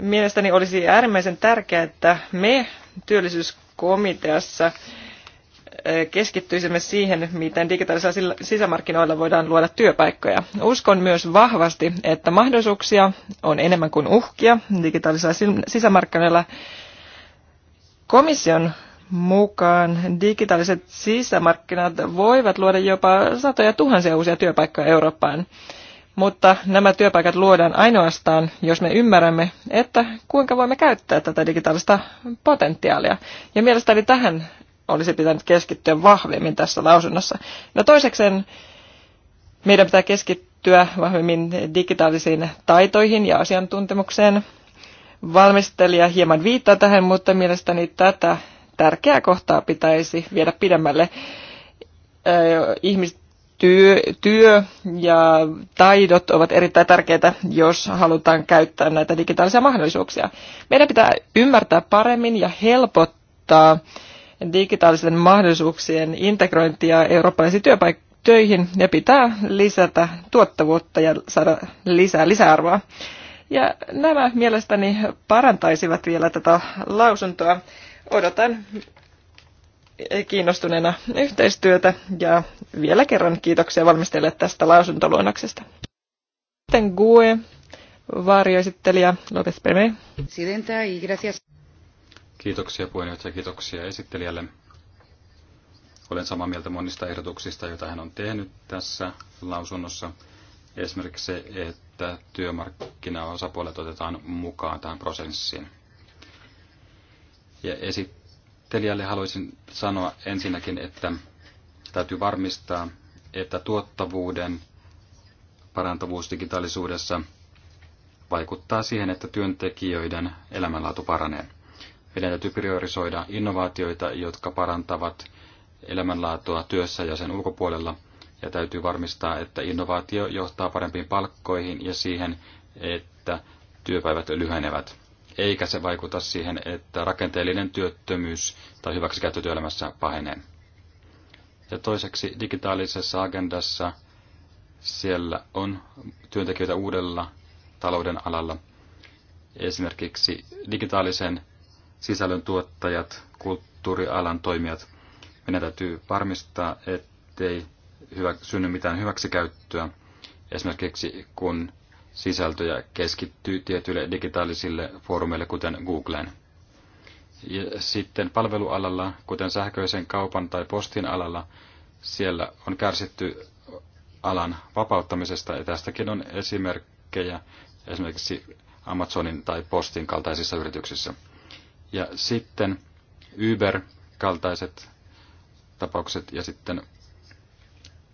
Mielestäni olisi äärimmäisen tärkeää, että me työllisyyskomiteassa eh, keskittyisimme siihen, miten digitaalisilla sisämarkkinoilla voidaan luoda työpaikkoja. Uskon myös vahvasti, että mahdollisuuksia on enemmän kuin uhkia digitaalisilla sisämarkkinoilla. Komission mukaan digitaaliset sisämarkkinat voivat luoda jopa satoja tuhansia uusia työpaikkoja Eurooppaan. Mutta nämä työpaikat luodaan ainoastaan, jos me ymmärrämme, että kuinka voimme käyttää tätä digitaalista potentiaalia. Ja mielestäni tähän olisi pitänyt keskittyä vahvemmin tässä lausunnossa. No toisekseen meidän pitää keskittyä vahvemmin digitaalisiin taitoihin ja asiantuntemukseen. Valmistelija hieman viittaa tähän, mutta mielestäni tätä tärkeää kohtaa pitäisi viedä pidemmälle. Ihmiset työ, työ ja taidot ovat erittäin tärkeitä, jos halutaan käyttää näitä digitaalisia mahdollisuuksia. Meidän pitää ymmärtää paremmin ja helpottaa digitaalisten mahdollisuuksien integrointia eurooppalaisiin työpaikkoihin töihin ja pitää lisätä tuottavuutta ja saada lisää lisäarvoa. Ja nämä mielestäni parantaisivat vielä tätä lausuntoa. Odotan kiinnostuneena yhteistyötä ja vielä kerran kiitoksia valmistajille tästä lausuntoluonnoksesta. Sitten GUE, varjoesittelijä López Perme. Kiitoksia puheenjohtaja, kiitoksia esittelijälle. Olen samaa mieltä monista ehdotuksista, joita hän on tehnyt tässä lausunnossa. Esimerkiksi se, että työmarkkinaosapuolet otetaan mukaan tähän prosessiin. Ja esittelijä esittelijälle haluaisin sanoa ensinnäkin, että täytyy varmistaa, että tuottavuuden parantavuus digitaalisuudessa vaikuttaa siihen, että työntekijöiden elämänlaatu paranee. Meidän täytyy priorisoida innovaatioita, jotka parantavat elämänlaatua työssä ja sen ulkopuolella, ja täytyy varmistaa, että innovaatio johtaa parempiin palkkoihin ja siihen, että työpäivät lyhenevät eikä se vaikuta siihen, että rakenteellinen työttömyys tai hyväksikäyttö työelämässä pahenee. Ja toiseksi digitaalisessa agendassa siellä on työntekijöitä uudella talouden alalla. Esimerkiksi digitaalisen sisällön tuottajat, kulttuurialan toimijat. Meidän täytyy varmistaa, ettei hyvä, synny mitään hyväksikäyttöä. Esimerkiksi kun sisältöjä keskittyy tietyille digitaalisille foorumeille, kuten Googleen. Ja sitten palvelualalla, kuten sähköisen kaupan tai postin alalla, siellä on kärsitty alan vapauttamisesta, ja tästäkin on esimerkkejä esimerkiksi Amazonin tai Postin kaltaisissa yrityksissä. Ja sitten Uber-kaltaiset tapaukset ja sitten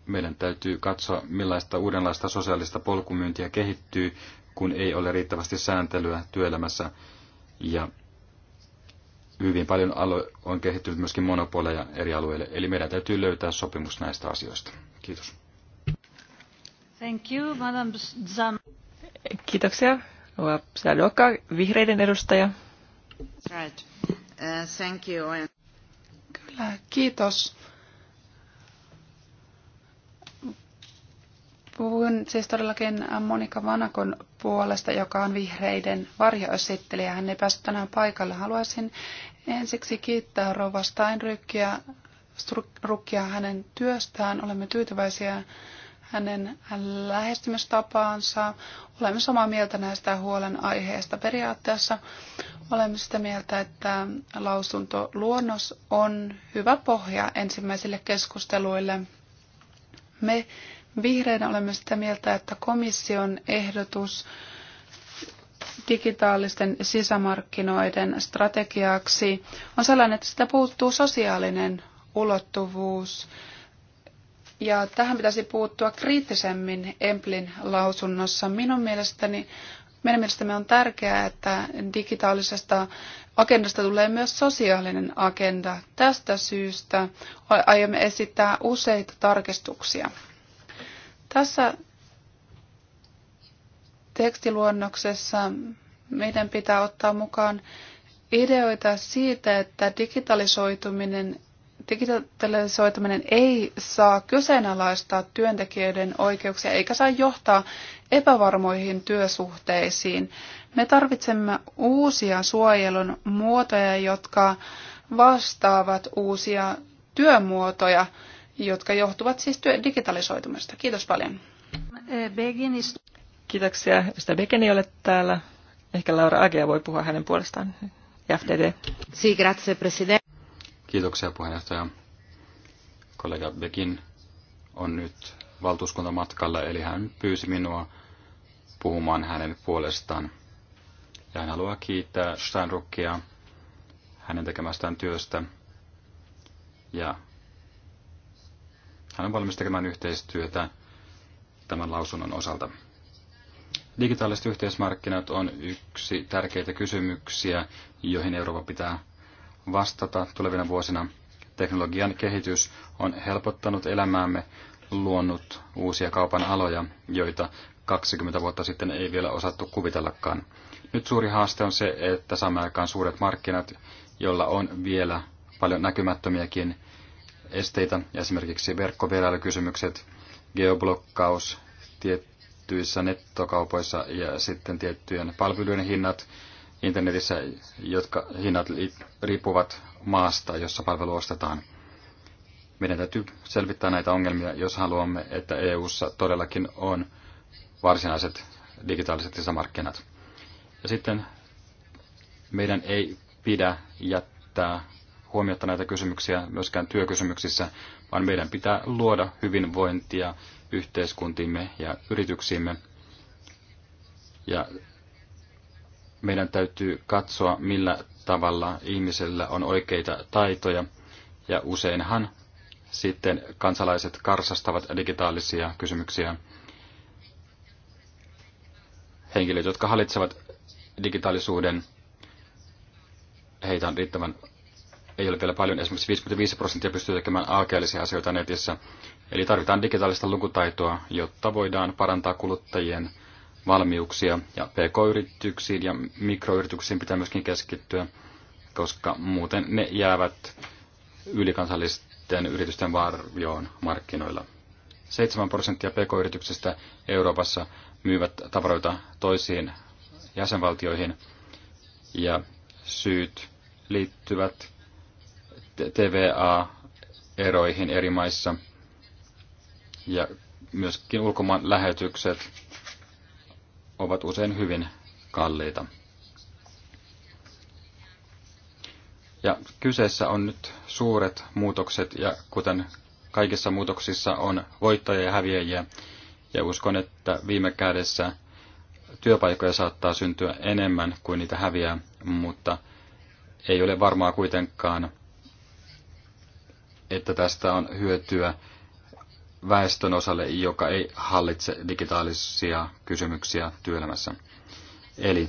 meidän täytyy katsoa, millaista uudenlaista sosiaalista polkumyyntiä kehittyy, kun ei ole riittävästi sääntelyä työelämässä. Ja hyvin paljon on kehittynyt myöskin monopoleja eri alueille, eli meidän täytyy löytää sopimus näistä asioista. Kiitos. Thank you, Madam Zan. Kiitoksia. Sadoka, vihreiden edustaja. Right. Uh, thank you. Kyllä, kiitos. Puhun siis todellakin Monika Vanakon puolesta, joka on vihreiden varjoesittelijä. Hän ei päässyt tänään paikalle. Haluaisin ensiksi kiittää Rova Steinrykkiä rukkia hänen työstään. Olemme tyytyväisiä hänen lähestymistapaansa. Olemme samaa mieltä näistä huolenaiheista. Periaatteessa olemme sitä mieltä, että lausuntoluonnos on hyvä pohja ensimmäisille keskusteluille. Me Vihreinä olemme sitä mieltä, että komission ehdotus digitaalisten sisämarkkinoiden strategiaksi on sellainen, että sitä puuttuu sosiaalinen ulottuvuus. Ja tähän pitäisi puuttua kriittisemmin Emplin lausunnossa. Minun mielestäni meidän mielestämme on tärkeää, että digitaalisesta agendasta tulee myös sosiaalinen agenda. Tästä syystä aiomme esittää useita tarkistuksia. Tässä tekstiluonnoksessa meidän pitää ottaa mukaan ideoita siitä, että digitalisoituminen, digitalisoituminen ei saa kyseenalaistaa työntekijöiden oikeuksia eikä saa johtaa epävarmoihin työsuhteisiin. Me tarvitsemme uusia suojelun muotoja, jotka vastaavat uusia työmuotoja jotka johtuvat siis työ- digitalisoitumisesta. Kiitos paljon. Kiitoksia. Sitä Begin ei ole täällä. Ehkä Laura Agea voi puhua hänen puolestaan. FDD. Kiitoksia puheenjohtaja. Kollega Begin on nyt valtuuskuntamatkalla, eli hän pyysi minua puhumaan hänen puolestaan. Ja hän haluaa kiittää Steinruckia hänen tekemästään työstä. Ja hän on valmis tekemään yhteistyötä tämän lausunnon osalta. Digitaaliset yhteismarkkinat on yksi tärkeitä kysymyksiä, joihin Eurooppa pitää vastata tulevina vuosina. Teknologian kehitys on helpottanut elämäämme, luonut uusia kaupan aloja, joita 20 vuotta sitten ei vielä osattu kuvitellakaan. Nyt suuri haaste on se, että samaan aikaan suuret markkinat, joilla on vielä paljon näkymättömiäkin esteitä, esimerkiksi verkkovierailukysymykset, geoblokkaus tiettyissä nettokaupoissa ja sitten tiettyjen palveluiden hinnat internetissä, jotka hinnat riippuvat maasta, jossa palvelu ostetaan. Meidän täytyy selvittää näitä ongelmia, jos haluamme, että EU:ssa todellakin on varsinaiset digitaaliset sisämarkkinat. Ja sitten meidän ei pidä jättää huomiota näitä kysymyksiä myöskään työkysymyksissä, vaan meidän pitää luoda hyvinvointia yhteiskuntiimme ja yrityksiimme. Ja meidän täytyy katsoa, millä tavalla ihmisellä on oikeita taitoja, ja useinhan sitten kansalaiset karsastavat digitaalisia kysymyksiä. Henkilöt, jotka hallitsevat digitaalisuuden, heitä on riittävän ei ole vielä paljon. Esimerkiksi 55 prosenttia pystyy tekemään alkeellisia asioita netissä. Eli tarvitaan digitaalista lukutaitoa, jotta voidaan parantaa kuluttajien valmiuksia. Ja pk-yrityksiin ja mikroyrityksiin pitää myöskin keskittyä, koska muuten ne jäävät ylikansallisten yritysten varjoon markkinoilla. 7 prosenttia pk-yrityksistä Euroopassa myyvät tavaroita toisiin jäsenvaltioihin ja syyt liittyvät TVA-eroihin eri maissa. Ja myöskin ulkomaan lähetykset ovat usein hyvin kalliita. Ja kyseessä on nyt suuret muutokset ja kuten kaikissa muutoksissa on voittajia ja häviäjiä. Ja uskon, että viime kädessä työpaikoja saattaa syntyä enemmän kuin niitä häviää, mutta ei ole varmaa kuitenkaan, että tästä on hyötyä väestön osalle, joka ei hallitse digitaalisia kysymyksiä työelämässä. Eli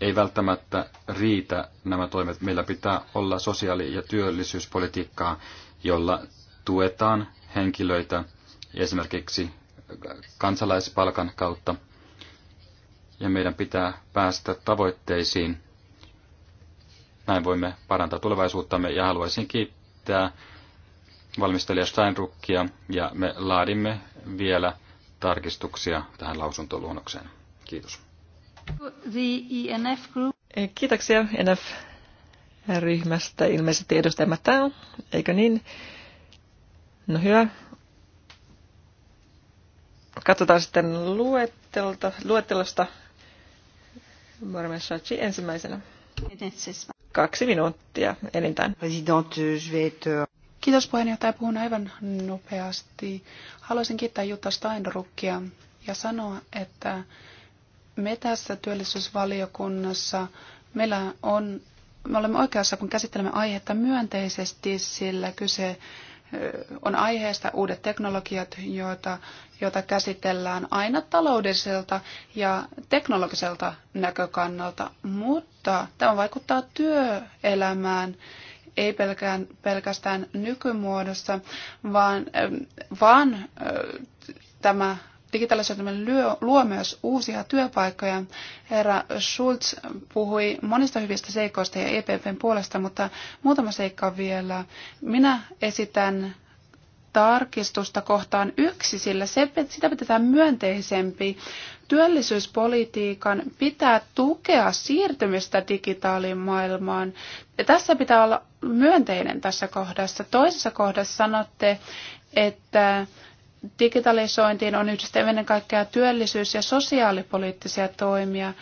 ei välttämättä riitä nämä toimet. Meillä pitää olla sosiaali- ja työllisyyspolitiikkaa, jolla tuetaan henkilöitä esimerkiksi kansalaispalkan kautta. Ja meidän pitää päästä tavoitteisiin. Näin voimme parantaa tulevaisuuttamme ja haluaisin kiittää valmistelija Steinruckia ja me laadimme vielä tarkistuksia tähän lausuntoluonnokseen. Kiitos. The ENF group. Eh, kiitoksia e NF-ryhmästä. Ilmeisesti edustaja Matau, eikö niin? No hyvä. Katsotaan sitten luettelta, luettelosta. Mormen Shachi ensimmäisenä. Kaksi minuuttia enintään. Kiitos puheenjohtaja. Puhun aivan nopeasti. Haluaisin kiittää Jutta Steinruckia ja sanoa, että me tässä työllisyysvaliokunnassa meillä on, me olemme oikeassa, kun käsittelemme aihetta myönteisesti, sillä kyse on aiheesta uudet teknologiat, joita, joita käsitellään aina taloudelliselta ja teknologiselta näkökannalta, mutta tämä vaikuttaa työelämään ei pelkään, pelkästään nykymuodossa, vaan, ähm, vaan äh, tämä digitalisoituminen luo, luo myös uusia työpaikkoja. Herra Schulz puhui monista hyvistä seikoista ja EPPn puolesta, mutta muutama seikka vielä. Minä esitän tarkistusta kohtaan yksi, sillä se, sitä pidetään myönteisempi. Työllisyyspolitiikan pitää tukea siirtymistä digitaalimaailmaan. Ja tässä pitää olla myönteinen tässä kohdassa. Toisessa kohdassa sanotte, että digitalisointiin on yhdistetty ennen kaikkea työllisyys- ja sosiaalipoliittisia toimia,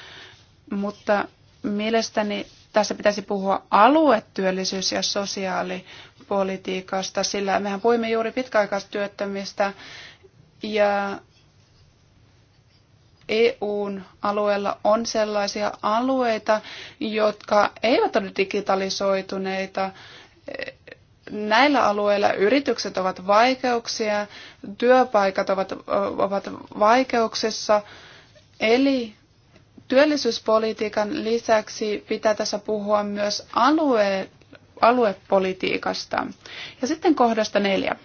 mutta mielestäni tässä pitäisi puhua aluetyöllisyys- ja sosiaalipolitiikasta, sillä mehän puhuimme juuri pitkäaikaistyöttömistä ja EUn alueella on sellaisia alueita, jotka eivät ole digitalisoituneita. Näillä alueilla yritykset ovat vaikeuksia, työpaikat ovat, ovat vaikeuksissa, eli Työllisyyspolitiikan lisäksi pitää tässä puhua myös alue, aluepolitiikasta. Ja sitten kohdasta neljä.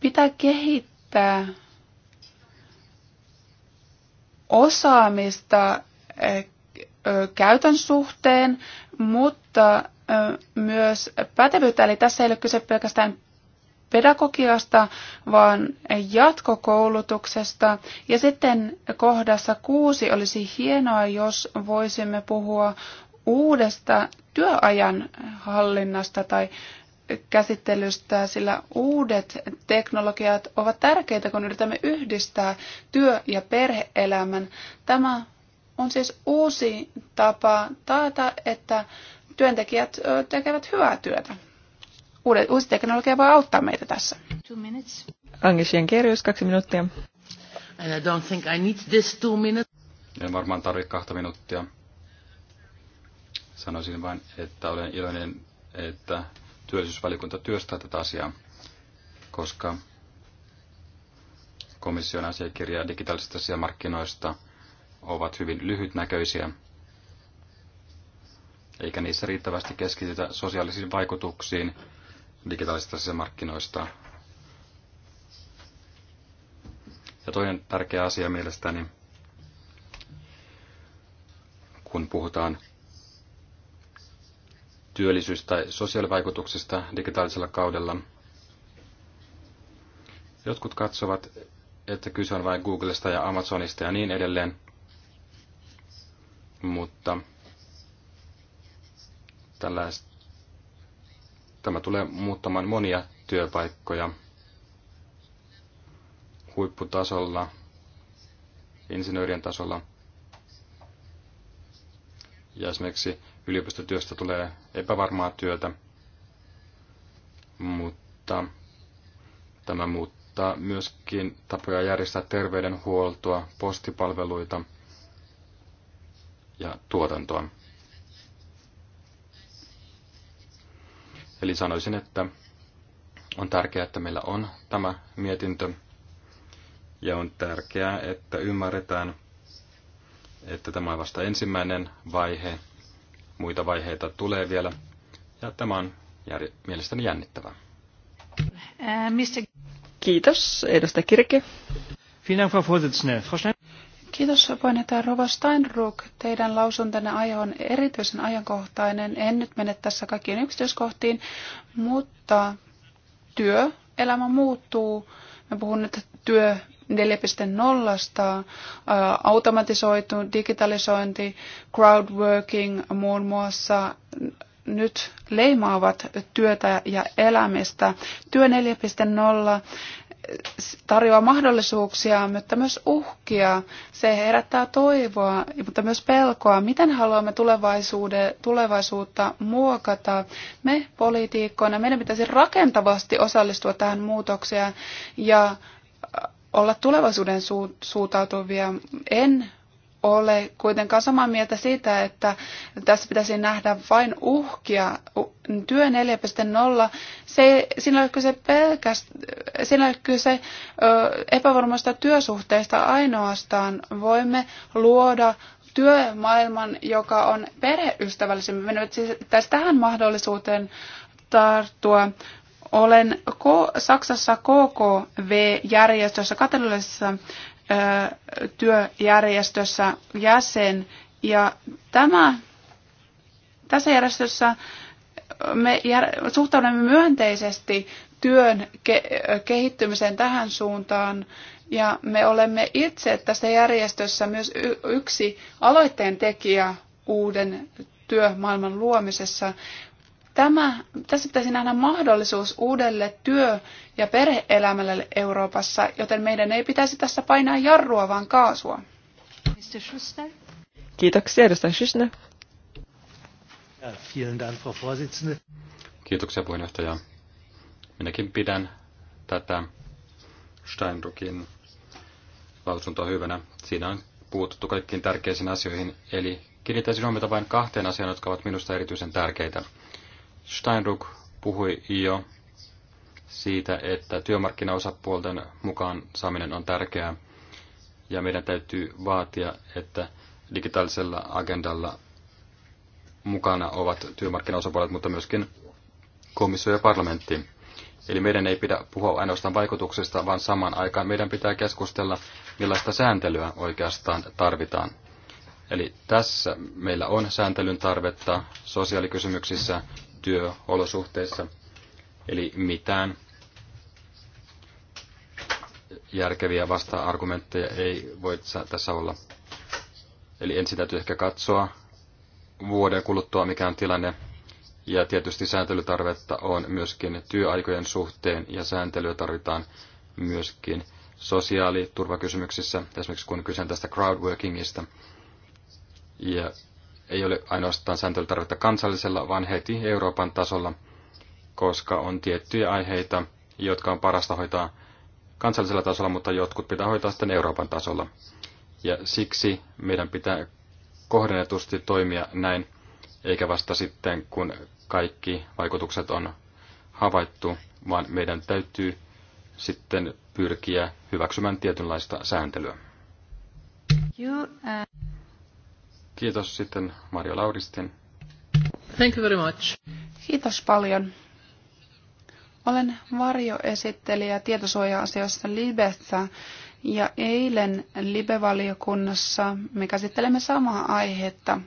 Pitää kehittää osaamista eh, käytön suhteen, mutta myös pätevyyttä. Eli tässä ei ole kyse pelkästään pedagogiasta, vaan jatkokoulutuksesta. Ja sitten kohdassa kuusi olisi hienoa, jos voisimme puhua uudesta työajan hallinnasta tai käsittelystä, sillä uudet teknologiat ovat tärkeitä, kun yritämme yhdistää työ- ja perheelämän. Tämä on siis uusi tapa taata, että työntekijät tekevät hyvää työtä uudet, uusi teknologia voi auttaa meitä tässä. Angisien kirjoitus, kaksi minuuttia. And I don't think I need this two minutes. En varmaan tarvitse kahta minuuttia. Sanoisin vain, että olen iloinen, että työllisyysvaliokunta työstää tätä asiaa, koska komission asiakirja digitaalisista sisämarkkinoista ovat hyvin lyhytnäköisiä, eikä niissä riittävästi keskitytä sosiaalisiin vaikutuksiin digitaalisista sisämarkkinoista. Ja toinen tärkeä asia mielestäni, kun puhutaan työllisyys- tai sosiaalivaikutuksista digitaalisella kaudella. Jotkut katsovat, että kyse on vain Googlesta ja Amazonista ja niin edelleen, mutta tällaista Tämä tulee muuttamaan monia työpaikkoja huipputasolla, insinöörien tasolla. Ja esimerkiksi yliopistotyöstä tulee epävarmaa työtä, mutta tämä muuttaa myöskin tapoja järjestää terveydenhuoltoa, postipalveluita ja tuotantoa. Eli sanoisin, että on tärkeää, että meillä on tämä mietintö ja on tärkeää, että ymmärretään, että tämä on vasta ensimmäinen vaihe. Muita vaiheita tulee vielä ja tämä on jär- mielestäni jännittävää. Äh, Kiitos, edustaja Kirke. Vielen Dank, Frau Vorsitzende. Frau Kiitos puheenjohtaja Rova Steinruck. Teidän lausuntanne aihe on erityisen ajankohtainen. En nyt mene tässä kaikkiin yksityiskohtiin, mutta työelämä muuttuu. Me puhun nyt työ 4.0, äh, automatisoitu digitalisointi, crowdworking muun muassa nyt leimaavat työtä ja elämistä. Työ tarjoaa mahdollisuuksia, mutta myös uhkia. Se herättää toivoa, mutta myös pelkoa. Miten haluamme tulevaisuutta muokata? Me poliitikkoina, meidän pitäisi rakentavasti osallistua tähän muutokseen ja olla tulevaisuuden suuntautuvia. En ole kuitenkaan samaa mieltä siitä, että tässä pitäisi nähdä vain uhkia. Työ 4.0, se, siinä ei kyse, pelkäst, siinä ei kyse ö, epävarmoista työsuhteista ainoastaan. Voimme luoda työmaailman, joka on perheystävällisempi. Minä siis tässä tähän mahdollisuuteen tarttua. Olen K- Saksassa KKV-järjestössä, katolisessa työjärjestössä jäsen. Ja tämä, tässä järjestössä me jär, suhtaudumme myönteisesti työn ke, kehittymiseen tähän suuntaan. Ja me olemme itse tässä järjestössä myös yksi aloitteen tekijä uuden työmaailman luomisessa. Tämä, tässä pitäisi nähdä mahdollisuus uudelle työ- ja perheelämälle Euroopassa, joten meidän ei pitäisi tässä painaa jarrua, vaan kaasua. Mr. Schuster. Kiitoksia, edustaja Schuster. Ja, vielen Dank, Frau Vorsitzende. Kiitoksia, puheenjohtaja. Minäkin pidän tätä Steinruckin lausuntoa hyvänä. Siinä on puututtu kaikkiin tärkeisiin asioihin, eli kiinnittäisin huomiota vain kahteen asiaan, jotka ovat minusta erityisen tärkeitä. Steinruck puhui jo siitä, että työmarkkinaosapuolten mukaan saaminen on tärkeää, ja meidän täytyy vaatia, että digitaalisella agendalla mukana ovat työmarkkinaosapuolet, mutta myöskin komissio ja parlamentti. Eli meidän ei pidä puhua ainoastaan vaikutuksista, vaan samaan aikaan meidän pitää keskustella, millaista sääntelyä oikeastaan tarvitaan. Eli tässä meillä on sääntelyn tarvetta sosiaalikysymyksissä, työolosuhteissa. Eli mitään järkeviä vasta-argumentteja ei voi tässä olla. Eli ensin täytyy ehkä katsoa vuoden kuluttua, mikä on tilanne. Ja tietysti sääntelytarvetta on myöskin työaikojen suhteen ja sääntelyä tarvitaan myöskin sosiaaliturvakysymyksissä, esimerkiksi kun kyse tästä crowdworkingista. Ja ei ole ainoastaan sääntelytarvetta kansallisella, vaan heti Euroopan tasolla, koska on tiettyjä aiheita, jotka on parasta hoitaa kansallisella tasolla, mutta jotkut pitää hoitaa sitten Euroopan tasolla. Ja siksi meidän pitää kohdennetusti toimia näin, eikä vasta sitten, kun kaikki vaikutukset on havaittu, vaan meidän täytyy sitten pyrkiä hyväksymään tietynlaista sääntelyä. Kiitos sitten Mario Lauristin. Thank you very much. Kiitos paljon. Olen varjoesittelijä tietosuoja-asioissa Libessä ja eilen Libe-valiokunnassa me käsittelemme samaa aihetta.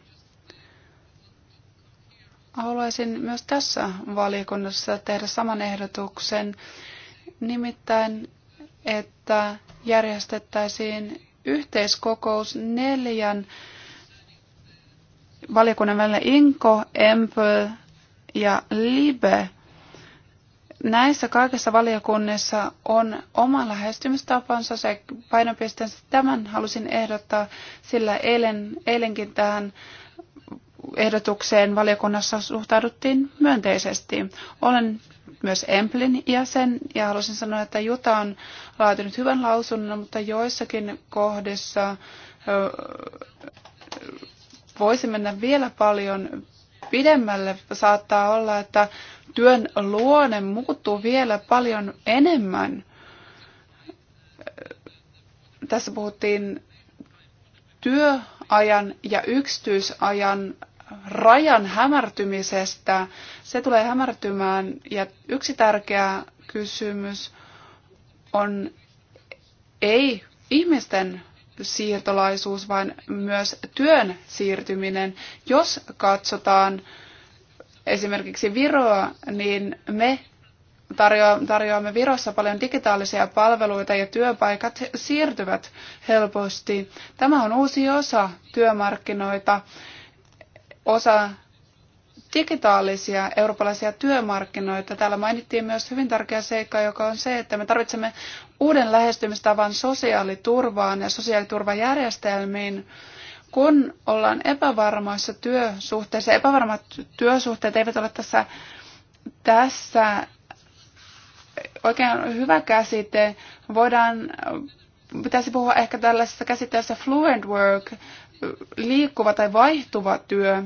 Haluaisin myös tässä valiokunnassa tehdä saman ehdotuksen, nimittäin, että järjestettäisiin yhteiskokous neljän valiokunnan välillä Inko, Empö ja Libe. Näissä kaikissa valiokunnissa on oma lähestymistapansa se painopisteensä. Tämän halusin ehdottaa, sillä eilen, eilenkin tähän ehdotukseen valiokunnassa suhtauduttiin myönteisesti. Olen myös Emplin jäsen ja halusin sanoa, että Juta on laatinut hyvän lausunnon, mutta joissakin kohdissa voisi mennä vielä paljon pidemmälle. Saattaa olla, että työn luonne muuttuu vielä paljon enemmän. Tässä puhuttiin työajan ja yksityisajan rajan hämärtymisestä. Se tulee hämärtymään ja yksi tärkeä kysymys on ei ihmisten siirtolaisuus, vaan myös työn siirtyminen. Jos katsotaan esimerkiksi Viroa, niin me tarjoamme Virossa paljon digitaalisia palveluita ja työpaikat siirtyvät helposti. Tämä on uusi osa työmarkkinoita, osa digitaalisia eurooppalaisia työmarkkinoita. Täällä mainittiin myös hyvin tärkeä seikka, joka on se, että me tarvitsemme uuden lähestymistavan sosiaaliturvaan ja sosiaaliturvajärjestelmiin. Kun ollaan epävarmoissa työsuhteissa, epävarmat työsuhteet eivät ole tässä, tässä oikein hyvä käsite. Voidaan, pitäisi puhua ehkä tällaisessa käsitteessä fluent work, liikkuva tai vaihtuva työ.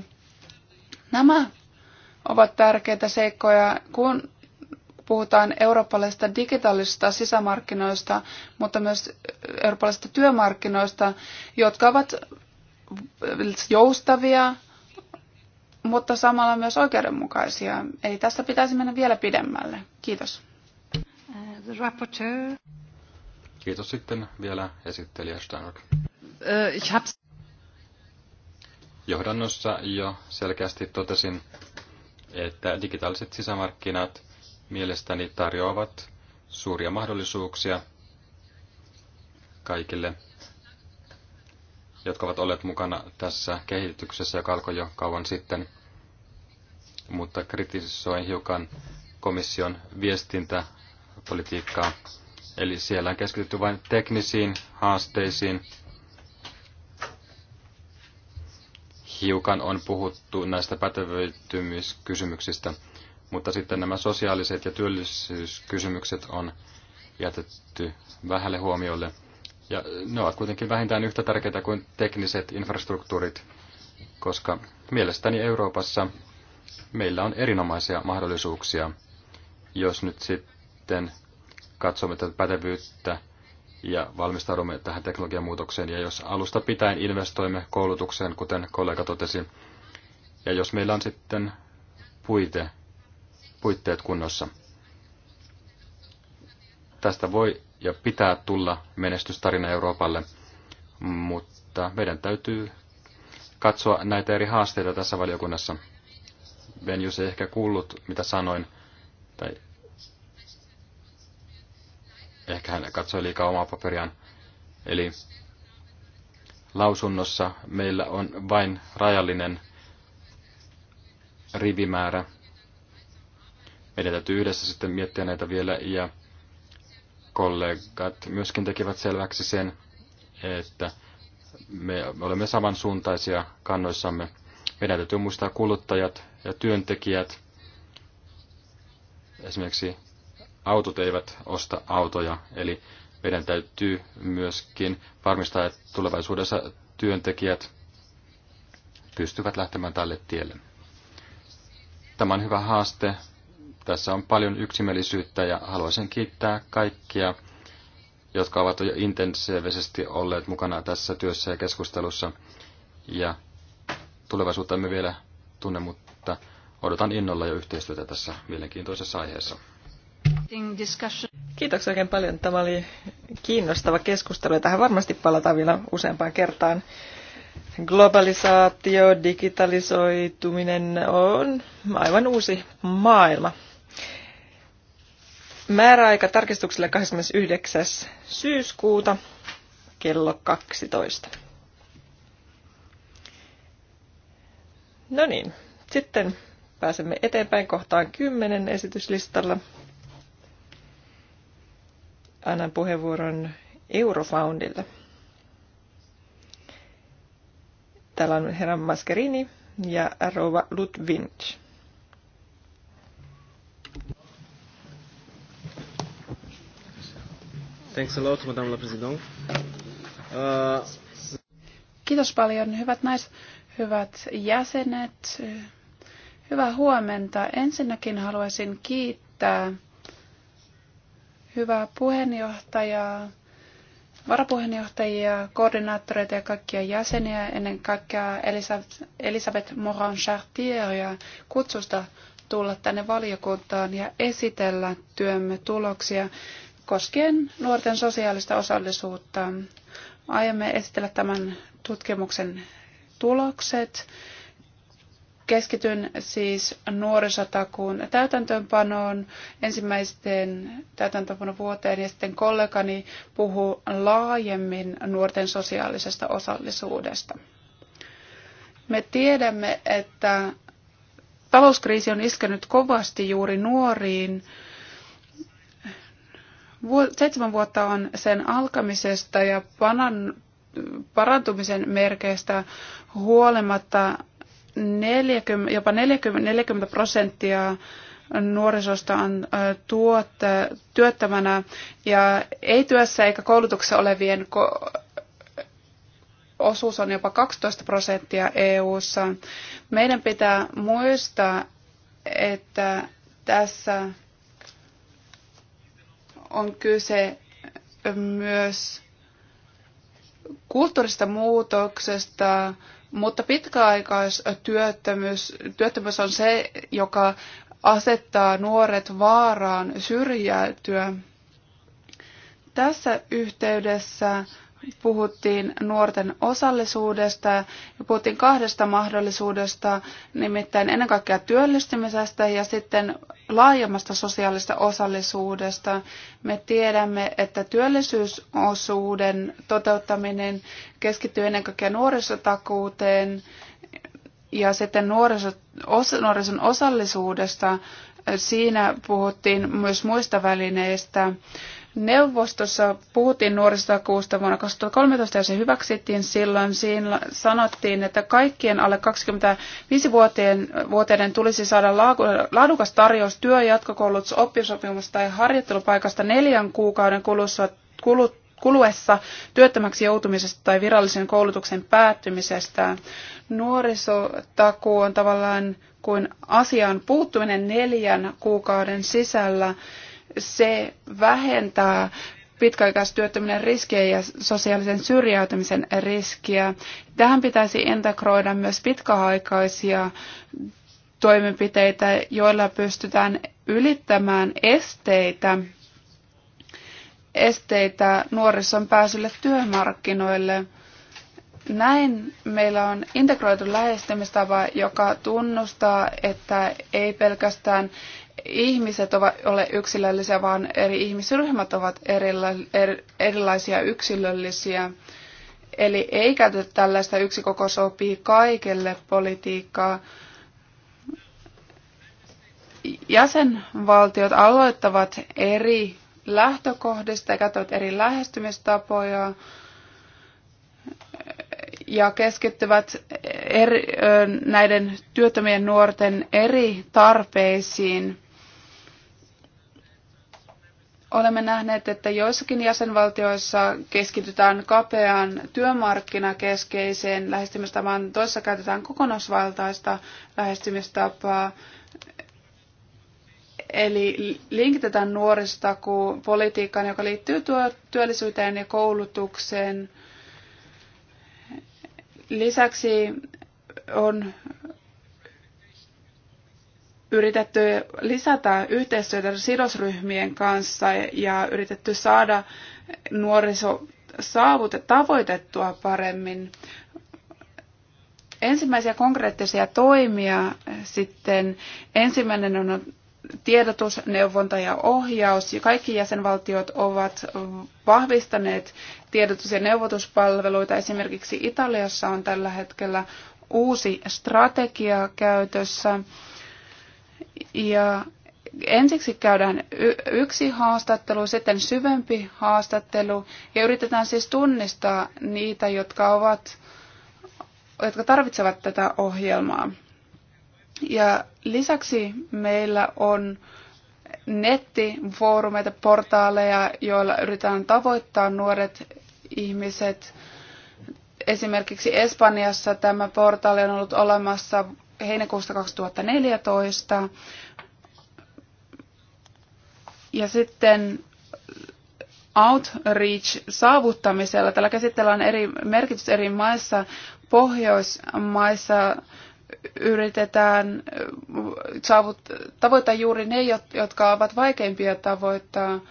Nämä ovat tärkeitä seikkoja, kun puhutaan eurooppalaisista digitaalisista sisämarkkinoista, mutta myös eurooppalaisista työmarkkinoista, jotka ovat joustavia, mutta samalla myös oikeudenmukaisia. Eli tässä pitäisi mennä vielä pidemmälle. Kiitos. Äh, Kiitos sitten vielä esittelijä Steinrock. Äh, ich hab's. Johdannossa jo selkeästi totesin, että digitaaliset sisämarkkinat mielestäni tarjoavat suuria mahdollisuuksia kaikille, jotka ovat olleet mukana tässä kehityksessä, joka alkoi jo kauan sitten. Mutta kritisoin hiukan komission viestintäpolitiikkaa. Eli siellä on keskitytty vain teknisiin haasteisiin, hiukan on puhuttu näistä pätevöitymiskysymyksistä, mutta sitten nämä sosiaaliset ja työllisyyskysymykset on jätetty vähälle huomiolle. Ja ne ovat kuitenkin vähintään yhtä tärkeitä kuin tekniset infrastruktuurit, koska mielestäni Euroopassa meillä on erinomaisia mahdollisuuksia, jos nyt sitten katsomme tätä pätevyyttä ja valmistaudumme tähän teknologian muutokseen. Ja jos alusta pitäen investoimme koulutukseen, kuten kollega totesi, ja jos meillä on sitten puite, puitteet kunnossa, tästä voi ja pitää tulla menestystarina Euroopalle, mutta meidän täytyy katsoa näitä eri haasteita tässä valiokunnassa. Venjus ei ehkä kuullut, mitä sanoin, tai Ehkä hän katsoi liikaa omaa paperiaan. Eli lausunnossa meillä on vain rajallinen rivimäärä. Meidän täytyy yhdessä sitten miettiä näitä vielä ja kollegat myöskin tekivät selväksi sen, että me olemme samansuuntaisia kannoissamme. Meidän täytyy muistaa kuluttajat ja työntekijät. Esimerkiksi autot eivät osta autoja, eli meidän täytyy myöskin varmistaa, että tulevaisuudessa työntekijät pystyvät lähtemään tälle tielle. Tämä on hyvä haaste. Tässä on paljon yksimielisyyttä ja haluaisin kiittää kaikkia, jotka ovat jo intensiivisesti olleet mukana tässä työssä ja keskustelussa. Ja tulevaisuutta emme vielä tunne, mutta odotan innolla jo yhteistyötä tässä mielenkiintoisessa aiheessa. Kiitoksia oikein paljon. Tämä oli kiinnostava keskustelu ja tähän varmasti palataan vielä useampaan kertaan. Globalisaatio, digitalisoituminen on aivan uusi maailma. Määräaika tarkistuksille 29. syyskuuta kello 12. No niin, sitten pääsemme eteenpäin kohtaan 10 esityslistalla annan puheenvuoron Eurofoundille. Täällä on herra Mascherini ja rouva Lutvinch. Thanks a lot, Madame la Présidente. Uh... Kiitos paljon, hyvät naiset, hyvät jäsenet. Hyvää huomenta. Ensinnäkin haluaisin kiittää hyvää puheenjohtajaa, varapuheenjohtajia, koordinaattoreita ja kaikkia jäseniä, ennen kaikkea Elisabeth moran ja kutsusta tulla tänne valiokuntaan ja esitellä työmme tuloksia koskien nuorten sosiaalista osallisuutta. Aiomme esitellä tämän tutkimuksen tulokset Keskityn siis nuorisotakuun täytäntöönpanoon ensimmäisten vuoteen ja sitten kollegani puhuu laajemmin nuorten sosiaalisesta osallisuudesta. Me tiedämme, että talouskriisi on iskenyt kovasti juuri nuoriin. Seitsemän vuotta on sen alkamisesta ja parantumisen merkeistä huolimatta 40, jopa 40, 40 prosenttia nuorisosta on tuotta, työttömänä ja ei työssä eikä koulutuksessa olevien ko- osuus on jopa 12 prosenttia EU:ssa. Meidän pitää muistaa, että tässä on kyse myös kulttuurista muutoksesta, mutta pitkäaikaistyöttömyys työttömyys on se, joka asettaa nuoret vaaraan syrjäytyä. Tässä yhteydessä puhuttiin nuorten osallisuudesta ja puhuttiin kahdesta mahdollisuudesta, nimittäin ennen kaikkea työllistymisestä ja sitten laajemmasta sosiaalista osallisuudesta. Me tiedämme, että työllisyysosuuden toteuttaminen keskittyy ennen kaikkea nuorisotakuuteen ja sitten nuorison osallisuudesta. Siinä puhuttiin myös muista välineistä Neuvostossa puhuttiin nuorisotakuusta vuonna 2013 ja se hyväksyttiin silloin. Siinä sanottiin, että kaikkien alle 25-vuotiaiden tulisi saada laadukas tarjous työ, jatkokoulutus, oppisopimus tai harjoittelupaikasta neljän kuukauden kulussa, kuluessa työttömäksi joutumisesta tai virallisen koulutuksen päättymisestä. Nuorisotakuu on tavallaan kuin asiaan puuttuminen neljän kuukauden sisällä se vähentää pitkäaikaistyöttömyyden riskiä ja sosiaalisen syrjäytymisen riskiä. Tähän pitäisi integroida myös pitkäaikaisia toimenpiteitä, joilla pystytään ylittämään esteitä, esteitä nuorison pääsylle työmarkkinoille – näin meillä on integroitu lähestymistapa, joka tunnustaa, että ei pelkästään ihmiset ole yksilöllisiä, vaan eri ihmisryhmät ovat er-, erilaisia yksilöllisiä. Eli ei käytetä tällaista yksi koko sopii kaikille politiikkaa. Jäsenvaltiot aloittavat eri lähtökohdista ja käyttävät eri lähestymistapoja ja keskittyvät eri, näiden työttömien nuorten eri tarpeisiin. Olemme nähneet, että joissakin jäsenvaltioissa keskitytään kapeaan työmarkkinakeskeiseen lähestymistapaan, toisissa käytetään kokonaisvaltaista lähestymistapaa. Eli linkitetään nuorisotakuun politiikkaan, joka liittyy työllisyyteen ja koulutukseen – Lisäksi on yritetty lisätä yhteistyötä sidosryhmien kanssa ja yritetty saada nuoriso saavute, tavoitettua paremmin. Ensimmäisiä konkreettisia toimia sitten, ensimmäinen on tiedotus, neuvonta ja ohjaus. Kaikki jäsenvaltiot ovat vahvistaneet tiedotus- ja neuvotuspalveluita. Esimerkiksi Italiassa on tällä hetkellä uusi strategia käytössä. Ja ensiksi käydään yksi haastattelu, sitten syvempi haastattelu ja yritetään siis tunnistaa niitä, jotka, ovat, jotka tarvitsevat tätä ohjelmaa. Ja lisäksi meillä on nettifoorumeita, portaaleja, joilla yritetään tavoittaa nuoret ihmiset. Esimerkiksi Espanjassa tämä portaali on ollut olemassa heinäkuusta 2014. Ja sitten outreach-saavuttamisella, tällä käsitellään eri merkitys eri maissa. Pohjoismaissa yritetään äh, saavut, tavoittaa juuri ne, jotka ovat vaikeimpia tavoittaa –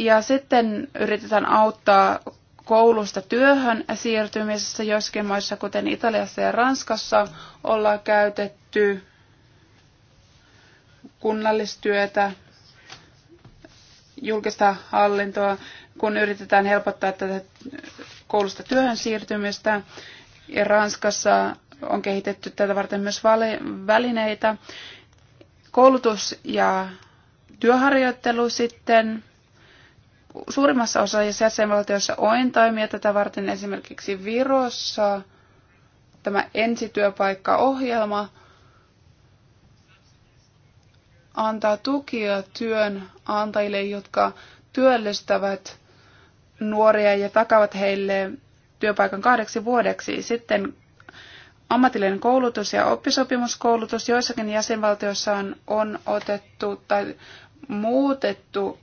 ja sitten yritetään auttaa koulusta työhön siirtymisessä joskin maissa, kuten Italiassa ja Ranskassa, ollaan käytetty kunnallistyötä, julkista hallintoa, kun yritetään helpottaa tätä koulusta työhön siirtymistä. Ja Ranskassa on kehitetty tätä varten myös välineitä. Koulutus ja työharjoittelu sitten suurimmassa osassa jäsenvaltioissa on toimia tätä varten esimerkiksi Virossa tämä ensityöpaikkaohjelma antaa tukia työnantajille, jotka työllistävät nuoria ja takavat heille työpaikan kahdeksi vuodeksi. Sitten ammatillinen koulutus ja oppisopimuskoulutus joissakin jäsenvaltioissa on otettu tai muutettu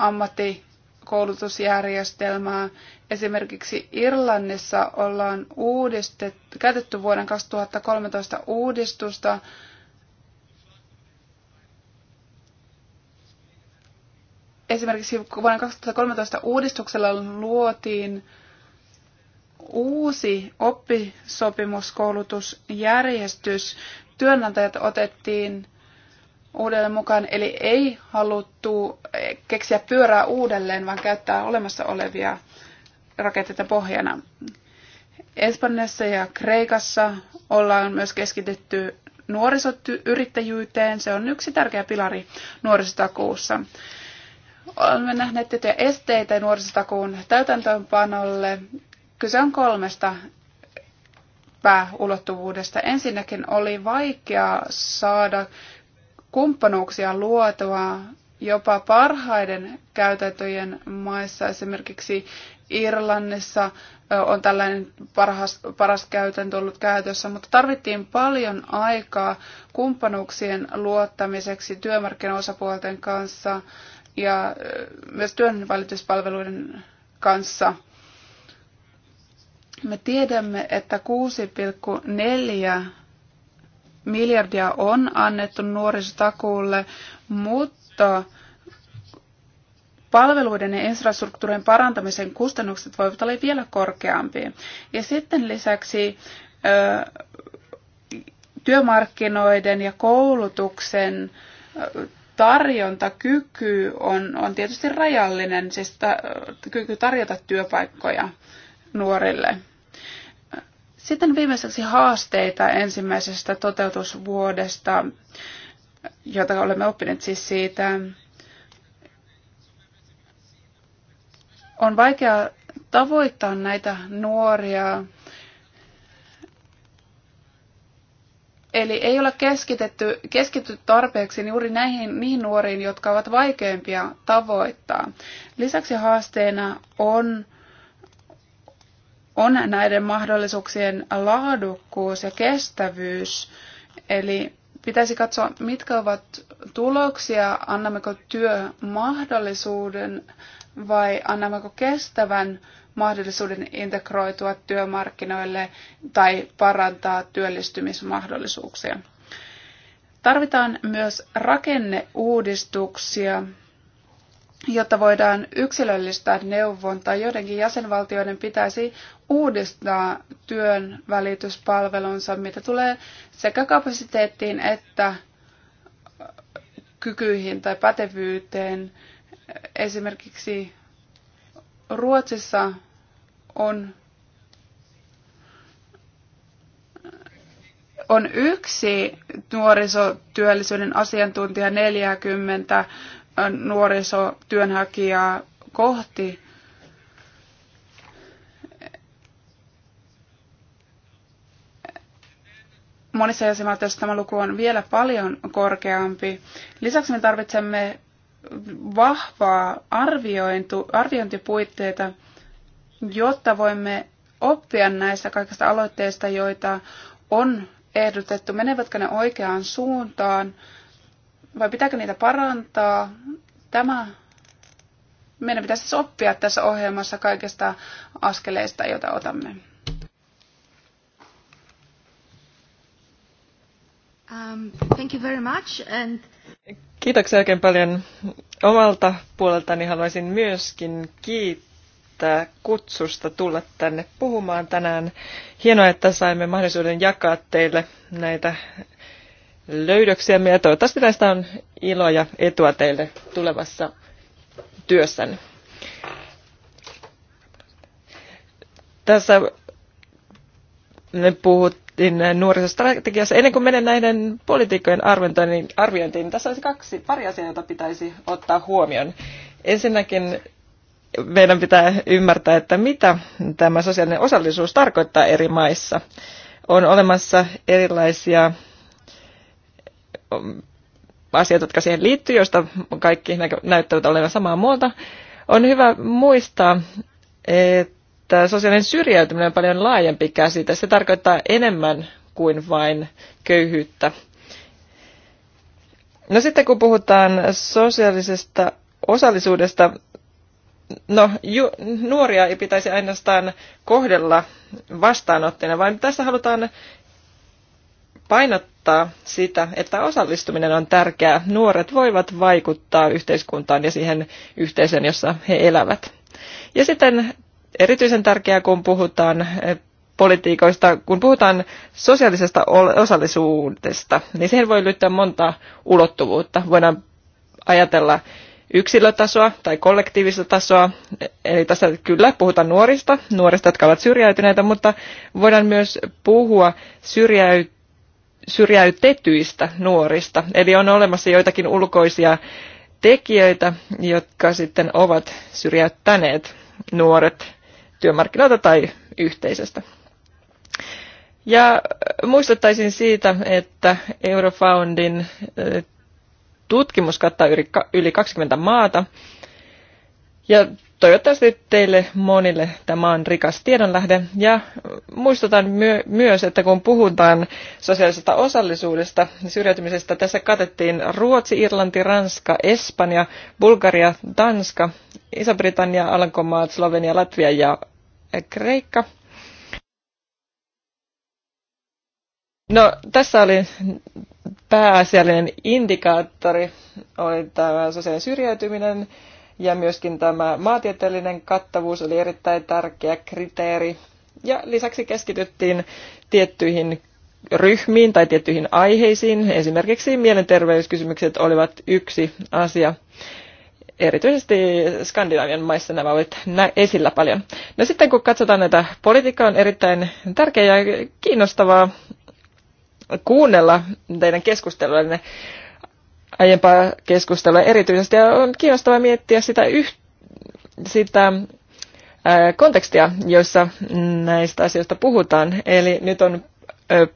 ammattikoulutusjärjestelmää. Esimerkiksi Irlannissa ollaan uudistettu, käytetty vuoden 2013 uudistusta, Esimerkiksi vuonna 2013 uudistuksella luotiin uusi oppisopimuskoulutusjärjestys. Työnantajat otettiin uudelleen mukaan. Eli ei haluttu keksiä pyörää uudelleen, vaan käyttää olemassa olevia rakenteita pohjana. Espanjassa ja Kreikassa ollaan myös keskitetty nuorisoyrittäjyyteen. Se on yksi tärkeä pilari nuorisotakuussa. Olemme nähneet tiettyjä esteitä nuorisotakuun täytäntöönpanolle. Kyse on kolmesta pääulottuvuudesta. Ensinnäkin oli vaikea saada kumppanuuksia luotua jopa parhaiden käytäntöjen maissa, esimerkiksi Irlannissa on tällainen paras, paras käytäntö ollut käytössä, mutta tarvittiin paljon aikaa kumppanuuksien luottamiseksi työmarkkinaosapuolten kanssa ja myös työnvälityspalveluiden kanssa. Me tiedämme, että miljardia on annettu nuorisotakuulle, mutta palveluiden ja infrastruktuurin parantamisen kustannukset voivat olla vielä korkeampia. Ja sitten lisäksi työmarkkinoiden ja koulutuksen tarjontakyky on, on tietysti rajallinen, siis ta, kyky tarjota työpaikkoja nuorille. Sitten viimeiseksi haasteita ensimmäisestä toteutusvuodesta, jota olemme oppineet siis siitä. On vaikea tavoittaa näitä nuoria. Eli ei ole keskitetty, keskitytty tarpeeksi juuri näihin niihin nuoriin, jotka ovat vaikeimpia tavoittaa. Lisäksi haasteena on on näiden mahdollisuuksien laadukkuus ja kestävyys. Eli pitäisi katsoa, mitkä ovat tuloksia, annammeko työmahdollisuuden vai annammeko kestävän mahdollisuuden integroitua työmarkkinoille tai parantaa työllistymismahdollisuuksia. Tarvitaan myös rakenneuudistuksia jotta voidaan yksilöllistää neuvontaa, joidenkin jäsenvaltioiden pitäisi uudistaa työn välityspalvelunsa, mitä tulee sekä kapasiteettiin että kykyihin tai pätevyyteen. Esimerkiksi Ruotsissa on, on yksi nuorisotyöllisyyden asiantuntija 40 nuorisotyönhakijaa kohti. Monissa jäsenvaltioissa tämä luku on vielä paljon korkeampi. Lisäksi me tarvitsemme vahvaa arviointu, arviointipuitteita, jotta voimme oppia näistä kaikista aloitteista, joita on ehdotettu, menevätkö ne oikeaan suuntaan vai pitääkö niitä parantaa? Tämä meidän pitäisi siis oppia tässä ohjelmassa kaikista askeleista, joita otamme. Um, thank you very much and... Kiitoksia oikein paljon omalta puoleltani. Haluaisin myöskin kiittää kutsusta tulla tänne puhumaan tänään. Hienoa, että saimme mahdollisuuden jakaa teille näitä löydöksiämme ja toivottavasti näistä on iloa ja etua teille tulevassa työssänne. Tässä me puhuttiin nuorisostrategiassa. Ennen kuin menen näiden politiikkojen arviointiin, arviointiin niin tässä olisi kaksi, pari asiaa, joita pitäisi ottaa huomioon. Ensinnäkin meidän pitää ymmärtää, että mitä tämä sosiaalinen osallisuus tarkoittaa eri maissa. On olemassa erilaisia asiat, jotka siihen liittyy, joista kaikki näyttävät olevan samaa muuta, on hyvä muistaa, että sosiaalinen syrjäytyminen on paljon laajempi käsite. Se tarkoittaa enemmän kuin vain köyhyyttä. No sitten kun puhutaan sosiaalisesta osallisuudesta, no ju, nuoria ei pitäisi ainoastaan kohdella vastaanottina, vaan tässä halutaan painottaa painottaa sitä, että osallistuminen on tärkeää. Nuoret voivat vaikuttaa yhteiskuntaan ja siihen yhteisöön, jossa he elävät. Ja sitten erityisen tärkeää, kun puhutaan eh, politiikoista, kun puhutaan sosiaalisesta osallisuudesta, niin siihen voi liittyä monta ulottuvuutta. Voidaan ajatella yksilötasoa tai kollektiivista tasoa. Eli tässä kyllä puhutaan nuorista, nuorista, jotka ovat syrjäytyneitä, mutta voidaan myös puhua syrjäytyneistä syrjäytetyistä nuorista. Eli on olemassa joitakin ulkoisia tekijöitä, jotka sitten ovat syrjäyttäneet nuoret työmarkkinoilta tai yhteisöstä. Ja muistuttaisin siitä, että Eurofoundin tutkimus kattaa yli 20 maata ja toivottavasti teille monille tämä on rikas tiedonlähde. Ja muistutan my- myös, että kun puhutaan sosiaalisesta osallisuudesta ja niin syrjäytymisestä, tässä katettiin Ruotsi, Irlanti, Ranska, Espanja, Bulgaria, Tanska, Iso-Britannia, Alankomaat, Slovenia, Latvia ja Kreikka. No, tässä oli pääasiallinen indikaattori, oli tämä sosiaalinen syrjäytyminen ja myöskin tämä maatieteellinen kattavuus oli erittäin tärkeä kriteeri. Ja lisäksi keskityttiin tiettyihin ryhmiin tai tiettyihin aiheisiin. Esimerkiksi mielenterveyskysymykset olivat yksi asia. Erityisesti Skandinavian maissa nämä olivat esillä paljon. No sitten kun katsotaan näitä politiikkaa, on erittäin tärkeää ja kiinnostavaa kuunnella teidän keskusteluanne aiempaa keskustelua erityisesti. Ja on kiinnostavaa miettiä sitä, yh, sitä ää, kontekstia, joissa näistä asioista puhutaan. Eli nyt on ä,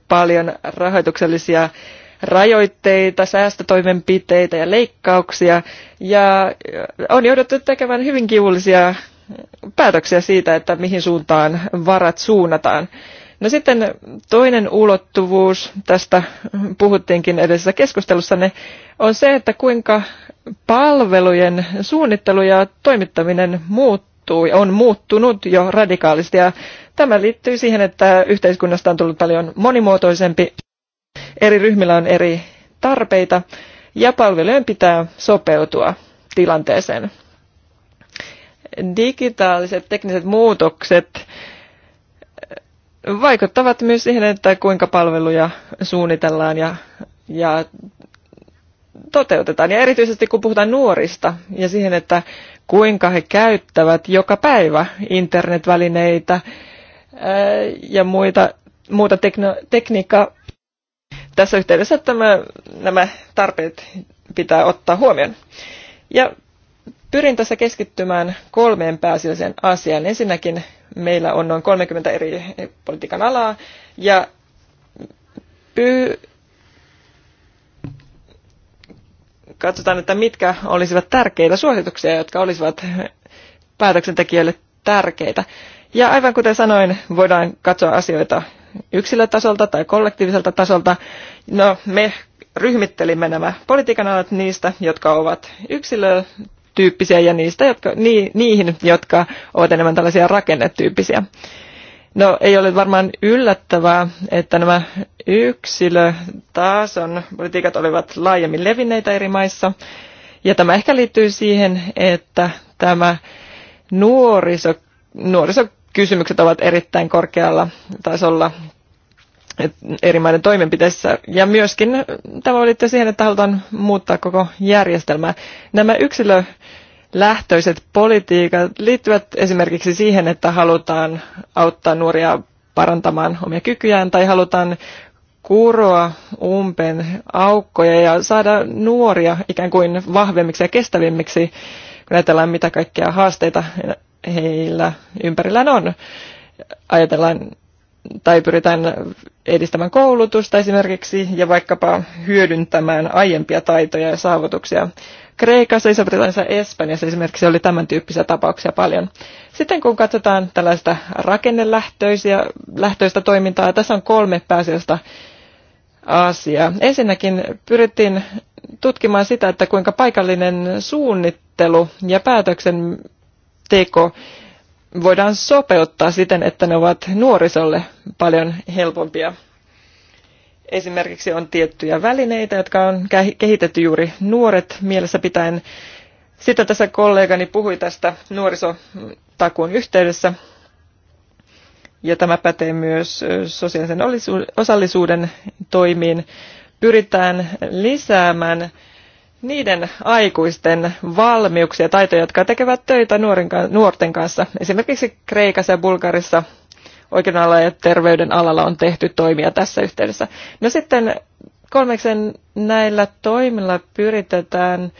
paljon rahoituksellisia rajoitteita, säästötoimenpiteitä ja leikkauksia. Ja on jouduttu tekemään hyvin kivullisia päätöksiä siitä, että mihin suuntaan varat suunnataan. No sitten toinen ulottuvuus, tästä puhuttiinkin edellisessä keskustelussa, on se, että kuinka palvelujen suunnittelu ja toimittaminen muuttuu ja on muuttunut jo radikaalisti. Ja tämä liittyy siihen, että yhteiskunnasta on tullut paljon monimuotoisempi, eri ryhmillä on eri tarpeita ja palvelujen pitää sopeutua tilanteeseen. Digitaaliset tekniset muutokset vaikuttavat myös siihen, että kuinka palveluja suunnitellaan ja, ja toteutetaan. Ja erityisesti kun puhutaan nuorista ja siihen, että kuinka he käyttävät joka päivä internetvälineitä äh, ja muita, muuta tekno, tekniikkaa. Tässä yhteydessä tämä, nämä tarpeet pitää ottaa huomioon. Ja pyrin tässä keskittymään kolmeen pääasialliseen asiaan. Ensinnäkin Meillä on noin 30 eri politiikan alaa ja pyy- katsotaan, että mitkä olisivat tärkeitä suosituksia, jotka olisivat päätöksentekijöille tärkeitä. Ja aivan kuten sanoin, voidaan katsoa asioita yksilötasolta tai kollektiiviselta tasolta. No, me ryhmittelimme nämä politiikan alat niistä, jotka ovat yksilö, tyyppisiä ja niistä, jotka, ni, niihin, jotka ovat enemmän tällaisia rakennetyyppisiä. No ei ole varmaan yllättävää, että nämä yksilötason politiikat olivat laajemmin levinneitä eri maissa. Ja tämä ehkä liittyy siihen, että tämä nuoriso, nuorisokysymykset ovat erittäin korkealla tasolla eri maiden toimenpiteissä. Ja myöskin tämä liittyy siihen, että halutaan muuttaa koko järjestelmää. Nämä yksilölähtöiset politiikat liittyvät esimerkiksi siihen, että halutaan auttaa nuoria parantamaan omia kykyjään tai halutaan kuroa umpen aukkoja ja saada nuoria ikään kuin vahvemmiksi ja kestävimmiksi, kun ajatellaan mitä kaikkia haasteita heillä ympärillään on. Ajatellaan tai pyritään edistämään koulutusta esimerkiksi ja vaikkapa hyödyntämään aiempia taitoja ja saavutuksia. Kreikassa, iso britannissa ja Espanjassa esimerkiksi oli tämän tyyppisiä tapauksia paljon. Sitten kun katsotaan tällaista rakennelähtöisiä, lähtöistä toimintaa, tässä on kolme pääasiasta asiaa. Ensinnäkin pyrittiin tutkimaan sitä, että kuinka paikallinen suunnittelu ja päätöksenteko teko voidaan sopeuttaa siten, että ne ovat nuorisolle paljon helpompia. Esimerkiksi on tiettyjä välineitä, jotka on kehitetty juuri nuoret mielessä pitäen. Sitä tässä kollegani puhui tästä nuorisotakuun yhteydessä. Ja tämä pätee myös sosiaalisen osallisuuden toimiin. Pyritään lisäämään niiden aikuisten valmiuksia ja taitoja, jotka tekevät töitä nuoren, nuorten kanssa. Esimerkiksi Kreikassa ja Bulgarissa alalla ja terveyden alalla on tehty toimia tässä yhteydessä. No sitten kolmeksen näillä toimilla pyritetään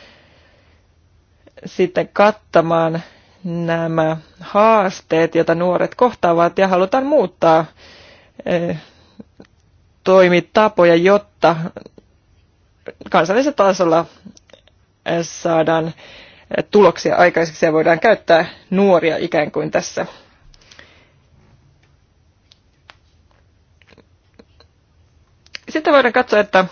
sitten kattamaan nämä haasteet, joita nuoret kohtaavat ja halutaan muuttaa eh, toimitapoja, jotta kansallisella tasolla eh, saadaan eh, tuloksia aikaiseksi ja voidaan käyttää nuoria ikään kuin tässä sitten voidaan katsoa, että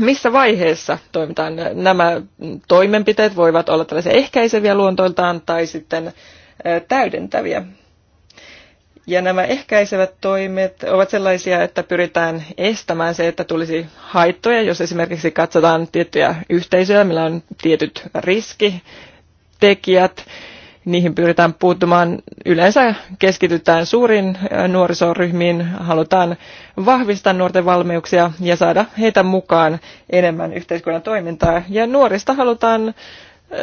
missä vaiheessa toimitaan. Nämä toimenpiteet voivat olla tällaisia ehkäiseviä luontoiltaan tai sitten eh, täydentäviä. Ja nämä ehkäisevät toimet ovat sellaisia, että pyritään estämään se, että tulisi haittoja, jos esimerkiksi katsotaan tiettyjä yhteisöjä, millä on tietyt riskitekijät. Niihin pyritään puuttumaan. Yleensä keskitytään suuriin nuorisoryhmiin, halutaan vahvistaa nuorten valmiuksia ja saada heitä mukaan enemmän yhteiskunnan toimintaa. Ja nuorista halutaan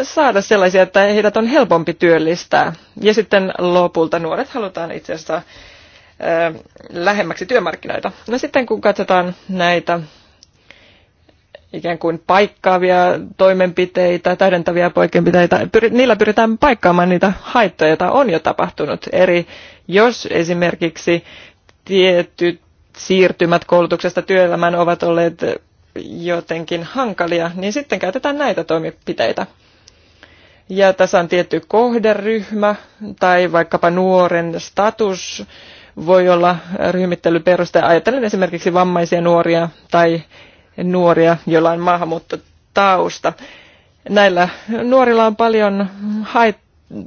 saada sellaisia, että heidät on helpompi työllistää. Ja sitten lopulta nuoret halutaan itse asiassa lähemmäksi työmarkkinoita. No sitten kun katsotaan näitä ikään kuin paikkaavia toimenpiteitä, täydentäviä poikkeenpiteitä. Niillä pyritään paikkaamaan niitä haittoja, joita on jo tapahtunut. Eri, jos esimerkiksi tietyt siirtymät koulutuksesta työelämään ovat olleet jotenkin hankalia, niin sitten käytetään näitä toimenpiteitä ja tässä on tietty kohderyhmä tai vaikkapa nuoren status voi olla ryhmittelyperuste. Ajattelen esimerkiksi vammaisia nuoria tai nuoria, joilla on maahanmuuttotausta. Näillä nuorilla on paljon hait,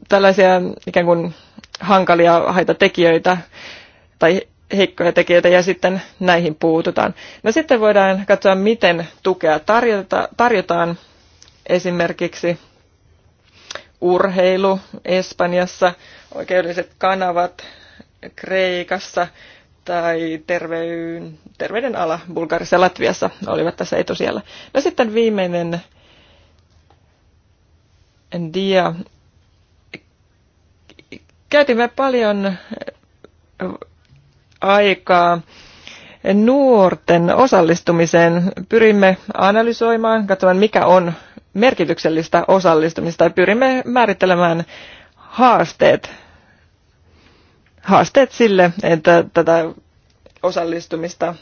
tällaisia ikään kuin hankalia haitatekijöitä tai heikkoja tekijöitä ja sitten näihin puututaan. No sitten voidaan katsoa, miten tukea tarjota, tarjotaan esimerkiksi urheilu Espanjassa, oikeudelliset kanavat Kreikassa tai terveyden, terveyden ala Bulgarissa ja Latviassa olivat tässä etusijalla. No sitten viimeinen dia. Käytimme paljon aikaa nuorten osallistumiseen. Pyrimme analysoimaan, katsomaan mikä on merkityksellistä osallistumista ja pyrimme määrittelemään haasteet, haasteet sille, että tätä osallistumista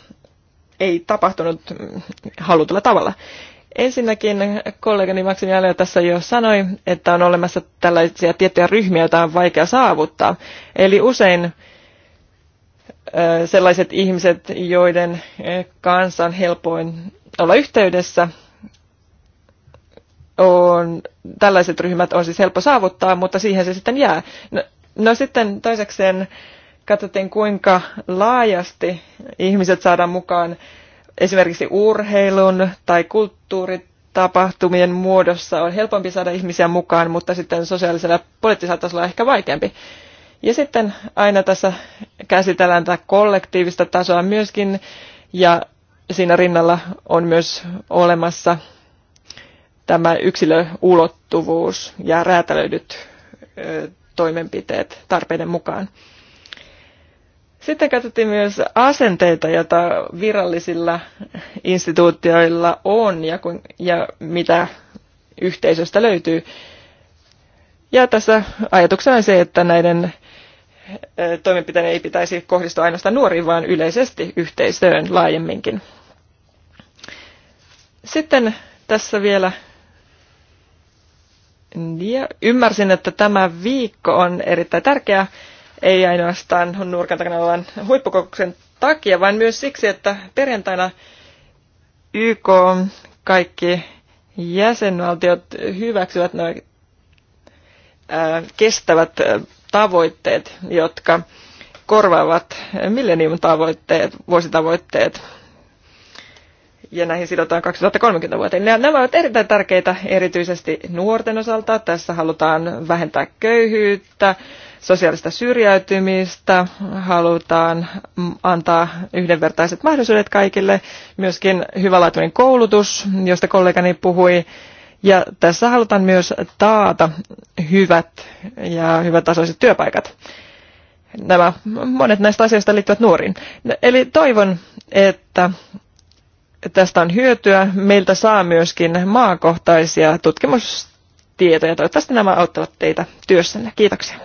ei tapahtunut halutulla tavalla. Ensinnäkin kollegani Maximiliano tässä jo sanoi, että on olemassa tällaisia tiettyjä ryhmiä, joita on vaikea saavuttaa. Eli usein sellaiset ihmiset, joiden kanssa on helpoin olla yhteydessä, on, tällaiset ryhmät on siis helppo saavuttaa, mutta siihen se sitten jää. No, no sitten toisekseen katsottiin, kuinka laajasti ihmiset saadaan mukaan esimerkiksi urheilun tai kulttuuritapahtumien muodossa. On helpompi saada ihmisiä mukaan, mutta sitten sosiaalisella poliittisella tasolla ehkä vaikeampi. Ja sitten aina tässä käsitellään tätä kollektiivista tasoa myöskin, ja siinä rinnalla on myös olemassa tämä yksilöulottuvuus ja räätälöidyt toimenpiteet tarpeiden mukaan. Sitten katsottiin myös asenteita, joita virallisilla instituutioilla on ja, kun, ja mitä yhteisöstä löytyy. Ja tässä ajatuksena on se, että näiden toimenpiteiden ei pitäisi kohdistua ainoastaan nuoriin, vaan yleisesti yhteisöön laajemminkin. Sitten tässä vielä ja ymmärsin, että tämä viikko on erittäin tärkeä, ei ainoastaan nurkan takana olevan huippukokouksen takia, vaan myös siksi, että perjantaina YK kaikki jäsenvaltiot hyväksyvät nuo kestävät tavoitteet, jotka korvaavat millennium-tavoitteet, vuositavoitteet ja näihin sidotaan 2030 vuoteen. Ja nämä ovat erittäin tärkeitä erityisesti nuorten osalta. Tässä halutaan vähentää köyhyyttä, sosiaalista syrjäytymistä, halutaan antaa yhdenvertaiset mahdollisuudet kaikille, myöskin hyvänlaatuinen koulutus, josta kollegani puhui, ja tässä halutaan myös taata hyvät ja hyvät tasoiset työpaikat. Nämä monet näistä asioista liittyvät nuoriin. Eli toivon, että tästä on hyötyä. Meiltä saa myöskin maakohtaisia tutkimustietoja. Toivottavasti nämä auttavat teitä työssänne. Kiitoksia.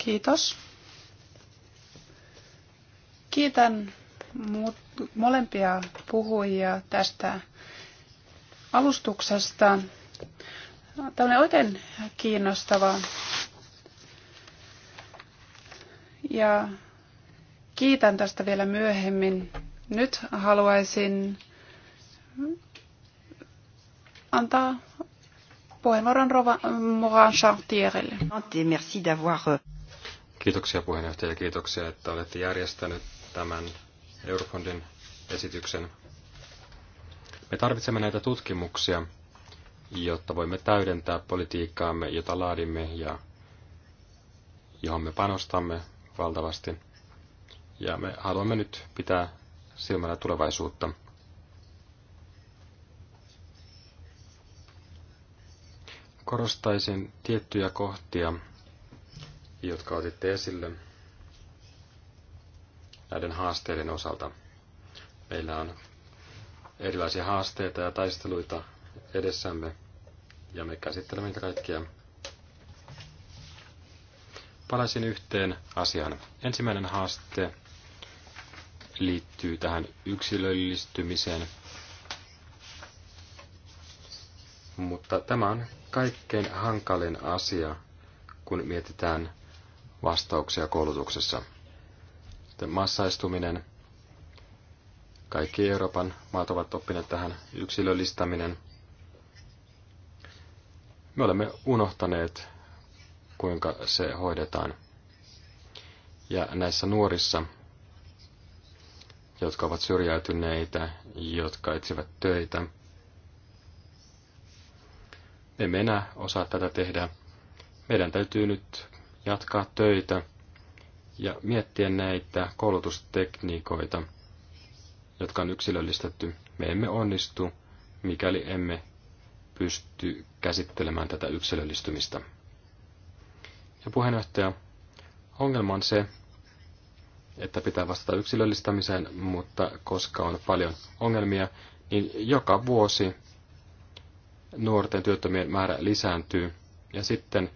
Kiitos. Kiitän molempia puhujia tästä alustuksesta. Tämä on oikein kiinnostava. Ja Kiitän tästä vielä myöhemmin. Nyt haluaisin antaa puheenvuoron Moran Chartierille. Euh, kiitoksia puheenjohtaja ja kiitoksia, että olette järjestänyt tämän Eurofondin esityksen. Me tarvitsemme näitä tutkimuksia, jotta voimme täydentää politiikkaamme, jota laadimme ja johon me panostamme valtavasti ja me haluamme nyt pitää silmällä tulevaisuutta. Korostaisin tiettyjä kohtia, jotka otitte esille näiden haasteiden osalta. Meillä on erilaisia haasteita ja taisteluita edessämme, ja me käsittelemme niitä kaikkia. Palaisin yhteen asiaan. Ensimmäinen haaste liittyy tähän yksilöllistymiseen. Mutta tämä on kaikkein hankalin asia, kun mietitään vastauksia koulutuksessa. Sitten massaistuminen. Kaikki Euroopan maat ovat oppineet tähän yksilöllistäminen. Me olemme unohtaneet, kuinka se hoidetaan. Ja näissä nuorissa jotka ovat syrjäytyneitä, jotka etsivät töitä. Emme enää osaa tätä tehdä. Meidän täytyy nyt jatkaa töitä ja miettiä näitä koulutustekniikoita, jotka on yksilöllistetty. Me emme onnistu, mikäli emme pysty käsittelemään tätä yksilöllistymistä. Ja puheenjohtaja, ongelma on se, että pitää vastata yksilöllistämiseen, mutta koska on paljon ongelmia, niin joka vuosi nuorten työttömien määrä lisääntyy ja sitten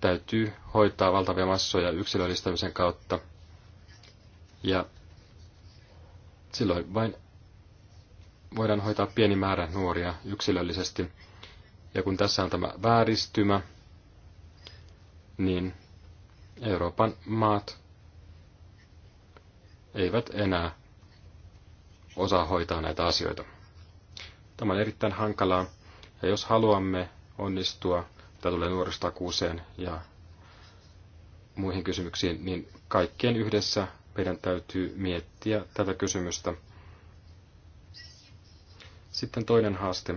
täytyy hoitaa valtavia massoja yksilöllistämisen kautta. Ja silloin vain voidaan hoitaa pieni määrä nuoria yksilöllisesti. Ja kun tässä on tämä vääristymä, niin Euroopan maat eivät enää osaa hoitaa näitä asioita. Tämä on erittäin hankalaa, ja jos haluamme onnistua, mitä tulee nuoristakuuseen ja muihin kysymyksiin, niin kaikkien yhdessä meidän täytyy miettiä tätä kysymystä. Sitten toinen haaste.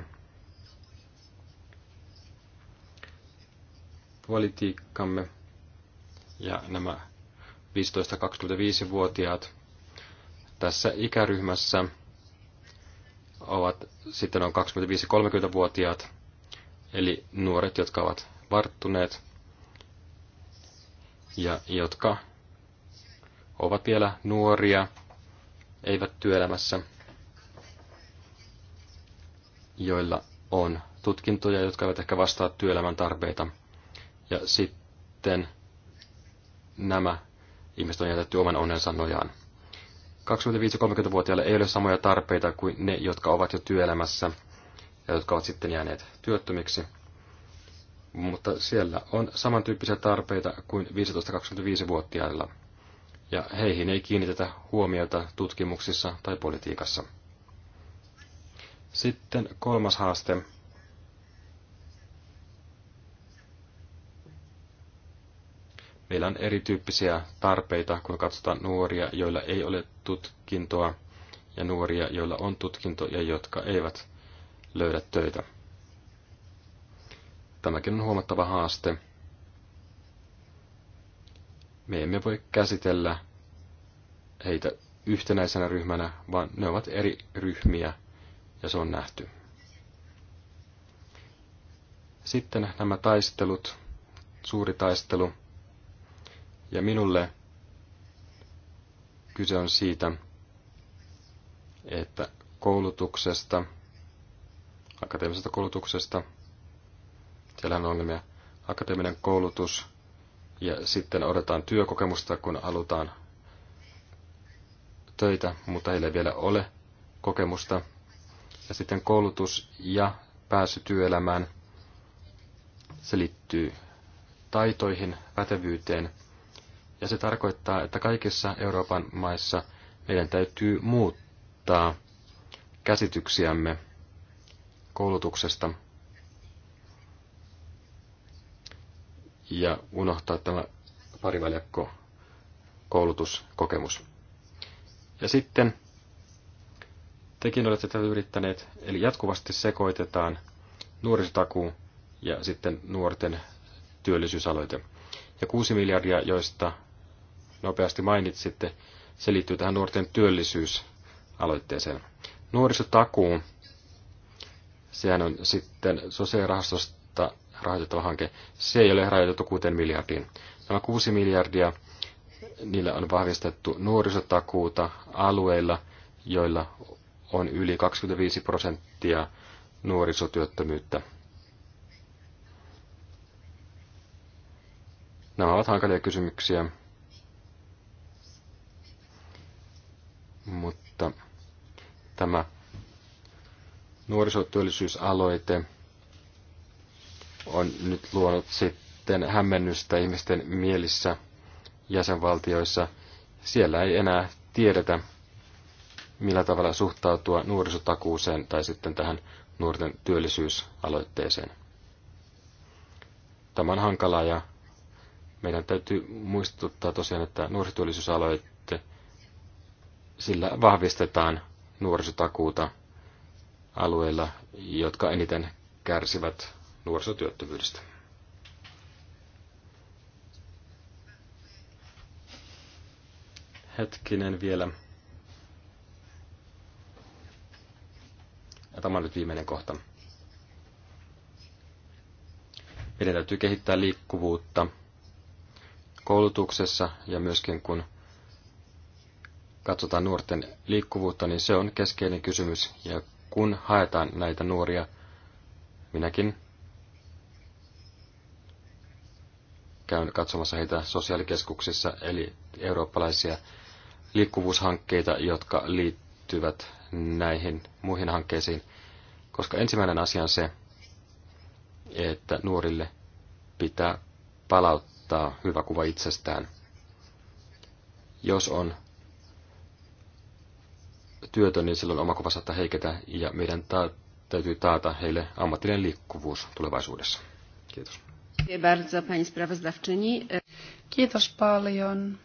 Politiikkamme ja nämä 15-25-vuotiaat tässä ikäryhmässä ovat sitten on 25-30-vuotiaat, eli nuoret, jotka ovat varttuneet ja jotka ovat vielä nuoria, eivät työelämässä, joilla on tutkintoja, jotka eivät ehkä vastaa työelämän tarpeita. Ja sitten nämä ihmiset on jätetty oman onnensa nojaan. 25-30-vuotiaille ei ole samoja tarpeita kuin ne, jotka ovat jo työelämässä ja jotka ovat sitten jääneet työttömiksi. Mutta siellä on samantyyppisiä tarpeita kuin 15-25-vuotiailla, ja heihin ei kiinnitetä huomiota tutkimuksissa tai politiikassa. Sitten kolmas haaste Meillä on erityyppisiä tarpeita, kun katsotaan nuoria, joilla ei ole tutkintoa, ja nuoria, joilla on tutkinto ja jotka eivät löydä töitä. Tämäkin on huomattava haaste. Me emme voi käsitellä heitä yhtenäisenä ryhmänä, vaan ne ovat eri ryhmiä, ja se on nähty. Sitten nämä taistelut, suuri taistelu – ja minulle kyse on siitä, että koulutuksesta, akateemisesta koulutuksesta, siellä on ongelmia, akateeminen koulutus ja sitten odotetaan työkokemusta, kun halutaan töitä, mutta heillä ei vielä ole kokemusta. Ja sitten koulutus ja pääsy työelämään, se liittyy taitoihin, pätevyyteen – ja se tarkoittaa, että kaikissa Euroopan maissa meidän täytyy muuttaa käsityksiämme koulutuksesta ja unohtaa tämä parivaljakko koulutuskokemus. Ja sitten tekin olette tätä yrittäneet, eli jatkuvasti sekoitetaan nuorisotakuu ja sitten nuorten työllisyysaloite. Ja 6 miljardia, joista nopeasti mainitsitte, se liittyy tähän nuorten työllisyysaloitteeseen. Nuorisotakuu, sehän on sitten sosiaalirahastosta rahoitettava hanke, se ei ole rajoitettu 6 miljardiin. Nämä 6 miljardia, niillä on vahvistettu nuorisotakuuta alueilla, joilla on yli 25 prosenttia nuorisotyöttömyyttä. Nämä ovat hankalia kysymyksiä, mutta tämä nuorisotyöllisyysaloite on nyt luonut sitten hämmennystä ihmisten mielissä jäsenvaltioissa. Siellä ei enää tiedetä, millä tavalla suhtautua nuorisotakuuseen tai sitten tähän nuorten työllisyysaloitteeseen. Tämä on hankalaa ja meidän täytyy muistuttaa tosiaan, että nuorisotyöllisyysaloite sillä vahvistetaan nuorisotakuuta alueilla, jotka eniten kärsivät nuorisotyöttömyydestä. Hetkinen vielä. Ja tämä on nyt viimeinen kohta. Meidän täytyy kehittää liikkuvuutta koulutuksessa ja myöskin kun katsotaan nuorten liikkuvuutta, niin se on keskeinen kysymys. Ja kun haetaan näitä nuoria, minäkin käyn katsomassa heitä sosiaalikeskuksissa, eli eurooppalaisia liikkuvuushankkeita, jotka liittyvät näihin muihin hankkeisiin. Koska ensimmäinen asia on se, että nuorille pitää palauttaa hyvä kuva itsestään. Jos on työtön, niin silloin oma kuva saattaa heiketä ja meidän ta- täytyy taata heille ammatillinen liikkuvuus tulevaisuudessa. Kiitos. Kiitos paljon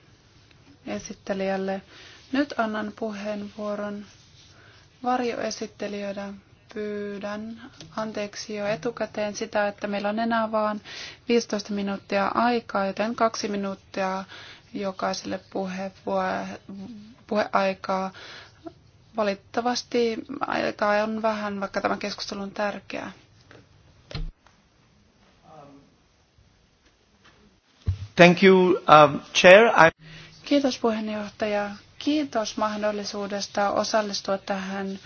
esittelijälle. Nyt annan puheenvuoron varjoesittelijöidä. Pyydän anteeksi jo etukäteen sitä, että meillä on enää vain 15 minuuttia aikaa, joten kaksi minuuttia jokaiselle puhe, puhe, puheaikaa. Valitettavasti aika on vähän, vaikka tämä keskustelu on tärkeää. Thank you, um, chair. I... Kiitos puheenjohtaja. Kiitos mahdollisuudesta osallistua tähän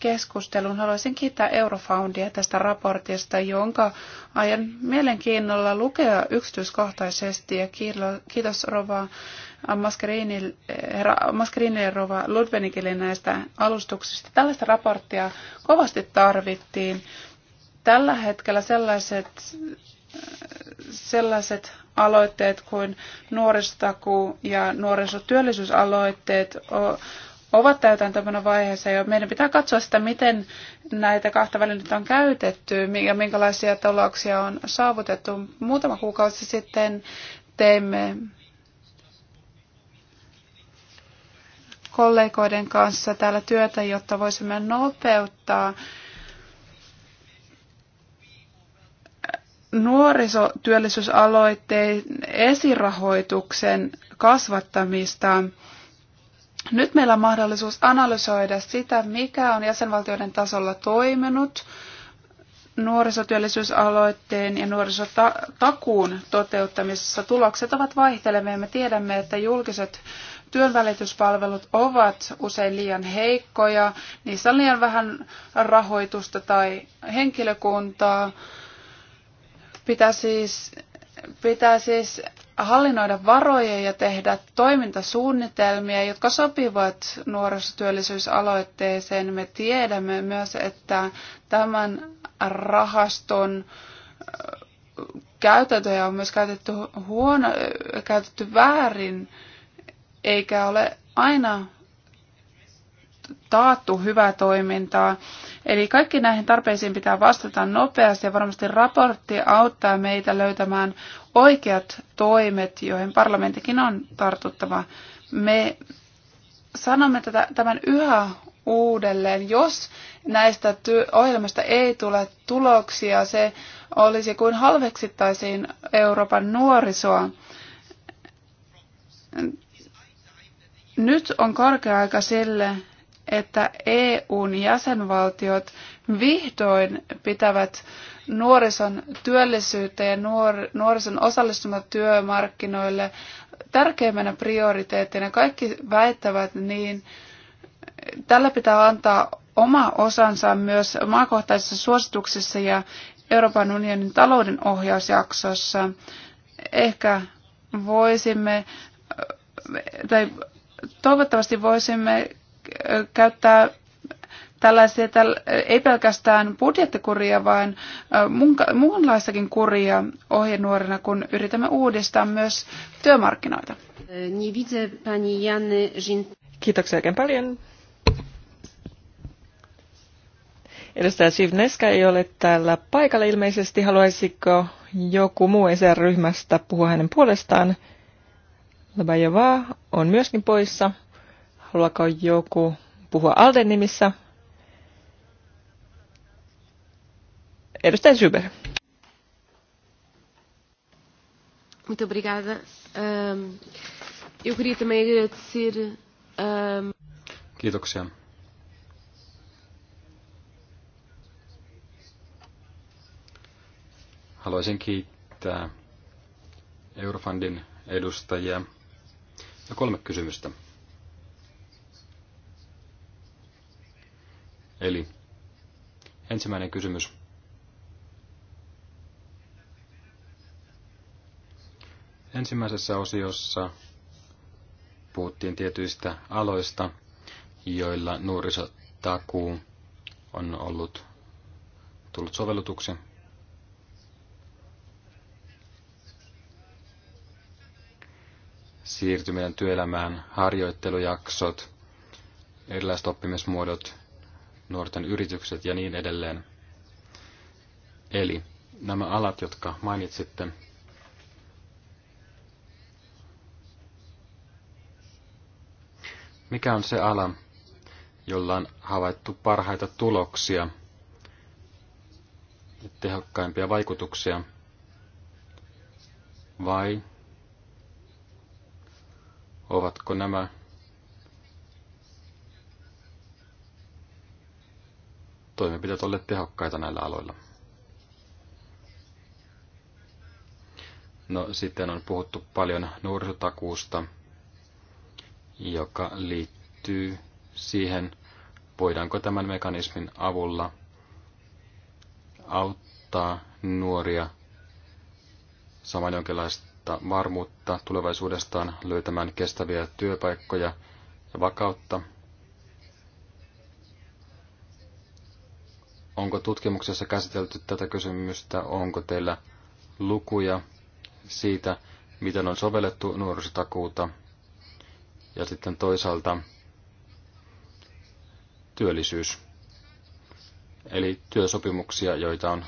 keskusteluun. Haluaisin kiittää Eurofoundia tästä raportista, jonka ajan mielenkiinnolla lukea yksityiskohtaisesti. Ja kiitos Rova Maskerinille Rova Ludvenikille näistä alustuksista. Tällaista raporttia kovasti tarvittiin. Tällä hetkellä sellaiset, sellaiset aloitteet kuin nuorisotaku ja nuorisotyöllisyysaloitteet ovat täytäntöönpanon vaiheessa jo. Meidän pitää katsoa sitä, miten näitä kahta välinettä on käytetty ja minkälaisia tuloksia on saavutettu. Muutama kuukausi sitten teimme kollegoiden kanssa täällä työtä, jotta voisimme nopeuttaa nuorisotyöllisyysaloitteen esirahoituksen kasvattamista. Nyt meillä on mahdollisuus analysoida sitä, mikä on jäsenvaltioiden tasolla toiminut nuorisotyöllisyysaloitteen ja nuorisotakuun toteuttamisessa. Tulokset ovat vaihtelevia. Me tiedämme, että julkiset Työnvälityspalvelut ovat usein liian heikkoja, niissä on liian vähän rahoitusta tai henkilökuntaa. Pitää siis, pitää siis hallinnoida varoja ja tehdä toimintasuunnitelmia, jotka sopivat nuorisotyöllisyysaloitteeseen. Me tiedämme myös, että tämän rahaston äh, käytäntöjä on myös käytetty, huono, äh, käytetty väärin eikä ole aina taattu hyvää toimintaa. Eli kaikki näihin tarpeisiin pitää vastata nopeasti ja varmasti raportti auttaa meitä löytämään oikeat toimet, joihin parlamenttikin on tartuttava. Me sanomme tätä, tämän yhä uudelleen. Jos näistä ohjelmista ei tule tuloksia, se olisi kuin halveksittaisiin Euroopan nuorisoa nyt on korkea aika sille, että EUn jäsenvaltiot vihdoin pitävät nuorison työllisyyttä ja nuor- nuorison osallistumista työmarkkinoille tärkeimmänä prioriteettina. Kaikki väittävät niin, tällä pitää antaa oma osansa myös maakohtaisissa suosituksissa ja Euroopan unionin talouden ohjausjaksossa. Ehkä voisimme tai toivottavasti voisimme käyttää tällaisia, ei pelkästään budjettikuria, vaan muunlaistakin kuria ohjenuorina, kun yritämme uudistaa myös työmarkkinoita. Kiitoksia oikein paljon. Edustaja Sivneska ei ole täällä paikalla ilmeisesti. Haluaisiko joku muu ESR-ryhmästä puhua hänen puolestaan? Labajava on myöskin poissa. Haluaako joku puhua Alden nimissä? Edustaja Zyber. Muito obrigada. Um, eu queria também agradecer. Um... Kiitoksia. Haluaisin kiittää Eurofundin edustajia ja kolme kysymystä. Eli ensimmäinen kysymys. Ensimmäisessä osiossa puhuttiin tietyistä aloista, joilla nuorisotakuu on ollut tullut sovellutuksi siirtyminen työelämään, harjoittelujaksot, erilaiset oppimismuodot, nuorten yritykset ja niin edelleen. Eli nämä alat, jotka mainitsitte, mikä on se ala, jolla on havaittu parhaita tuloksia ja tehokkaimpia vaikutuksia, vai Ovatko nämä toimenpiteet olleet tehokkaita näillä aloilla? No sitten on puhuttu paljon nuorisotakuusta, joka liittyy siihen, voidaanko tämän mekanismin avulla auttaa nuoria saamaan jonkinlaista kautta varmuutta tulevaisuudestaan löytämään kestäviä työpaikkoja ja vakautta. Onko tutkimuksessa käsitelty tätä kysymystä? Onko teillä lukuja siitä, miten on sovellettu nuorisotakuuta? Ja sitten toisaalta työllisyys. Eli työsopimuksia, joita on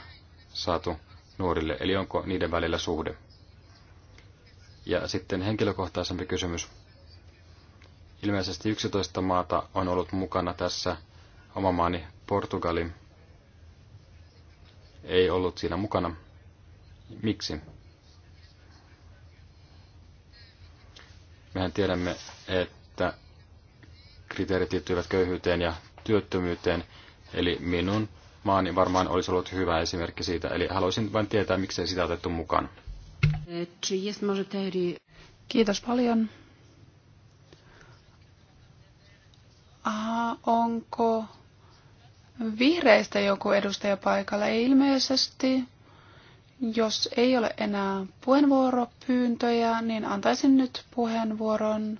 saatu nuorille. Eli onko niiden välillä suhde? Ja sitten henkilökohtaisempi kysymys. Ilmeisesti 11 maata on ollut mukana tässä. Oma maani Portugali ei ollut siinä mukana. Miksi? Mehän tiedämme, että kriteerit liittyvät köyhyyteen ja työttömyyteen, eli minun maani varmaan olisi ollut hyvä esimerkki siitä, eli haluaisin vain tietää, miksei sitä otettu mukaan. Kiitos paljon. Aha, onko vihreistä joku edustaja paikalla? Ei ilmeisesti. Jos ei ole enää puheenvuoropyyntöjä, niin antaisin nyt puheenvuoron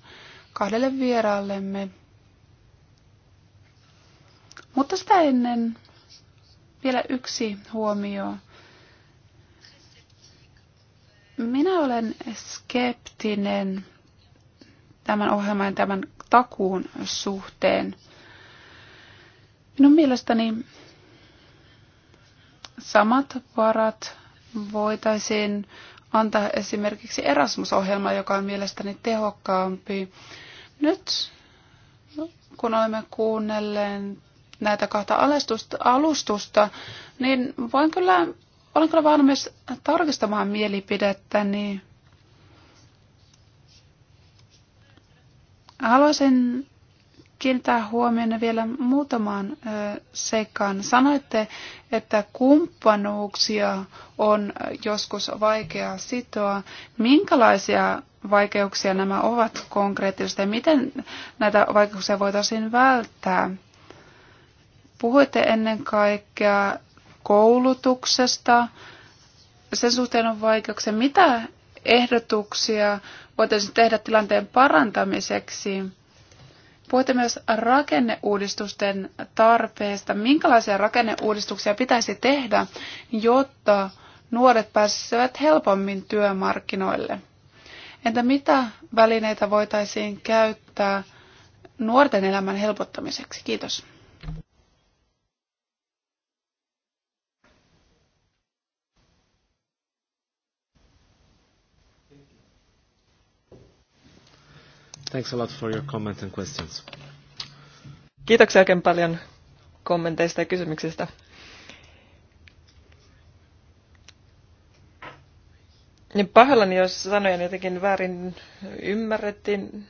kahdelle vieraallemme. Mutta sitä ennen vielä yksi huomio. Minä olen skeptinen tämän ohjelman ja tämän takuun suhteen. Minun mielestäni samat varat voitaisiin antaa esimerkiksi Erasmus-ohjelma, joka on mielestäni tehokkaampi. Nyt kun olemme kuunnelleet näitä kahta alustusta, niin voin kyllä olen kyllä valmis tarkistamaan mielipidettäni. Haluaisin kiinnittää huomioon vielä muutamaan ö, seikkaan. Sanoitte, että kumppanuuksia on joskus vaikea sitoa. Minkälaisia vaikeuksia nämä ovat konkreettisesti ja miten näitä vaikeuksia voitaisiin välttää? Puhuitte ennen kaikkea koulutuksesta. Sen suhteen on vaikeuksia. Mitä ehdotuksia voitaisiin tehdä tilanteen parantamiseksi? Puhutte myös rakenneuudistusten tarpeesta. Minkälaisia rakenneuudistuksia pitäisi tehdä, jotta nuoret pääsisivät helpommin työmarkkinoille? Entä mitä välineitä voitaisiin käyttää nuorten elämän helpottamiseksi? Kiitos. Thanks a lot for your comment and questions. Kiitoksia oikein paljon kommenteista ja kysymyksistä. Niin pahoillani, jos sanoja jotenkin väärin ymmärrettiin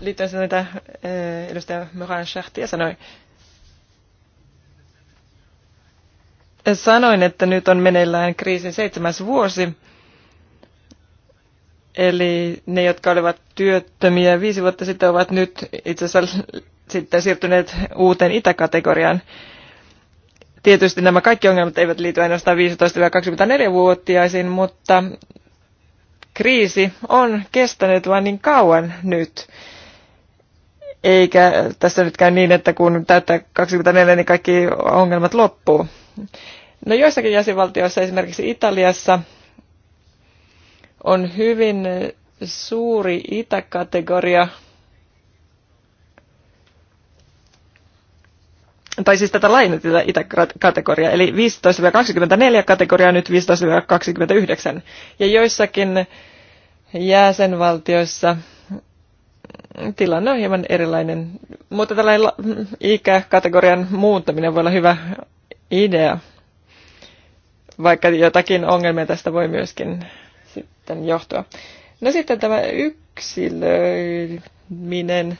liittyen siihen, mitä eh, edustaja Moran Schachtia sanoi. Sanoin, että nyt on meneillään kriisin seitsemäs vuosi. Eli ne, jotka olivat työttömiä viisi vuotta sitten, ovat nyt itse asiassa sitten siirtyneet uuteen itäkategoriaan. Tietysti nämä kaikki ongelmat eivät liity ainoastaan 15-24-vuotiaisiin, mutta kriisi on kestänyt vain niin kauan nyt. Eikä tässä nyt käy niin, että kun täyttää 24, niin kaikki ongelmat loppuu. No joissakin jäsenvaltioissa, esimerkiksi Italiassa, on hyvin suuri itäkategoria. Tai siis tätä lainetta itäkategoriaa, eli 15-24 kategoria nyt 15-29. Ja joissakin jäsenvaltioissa tilanne on hieman erilainen, mutta tällainen ikäkategorian muuttaminen voi olla hyvä idea, vaikka jotakin ongelmia tästä voi myöskin sitten johtua. No sitten tämä yksilöiminen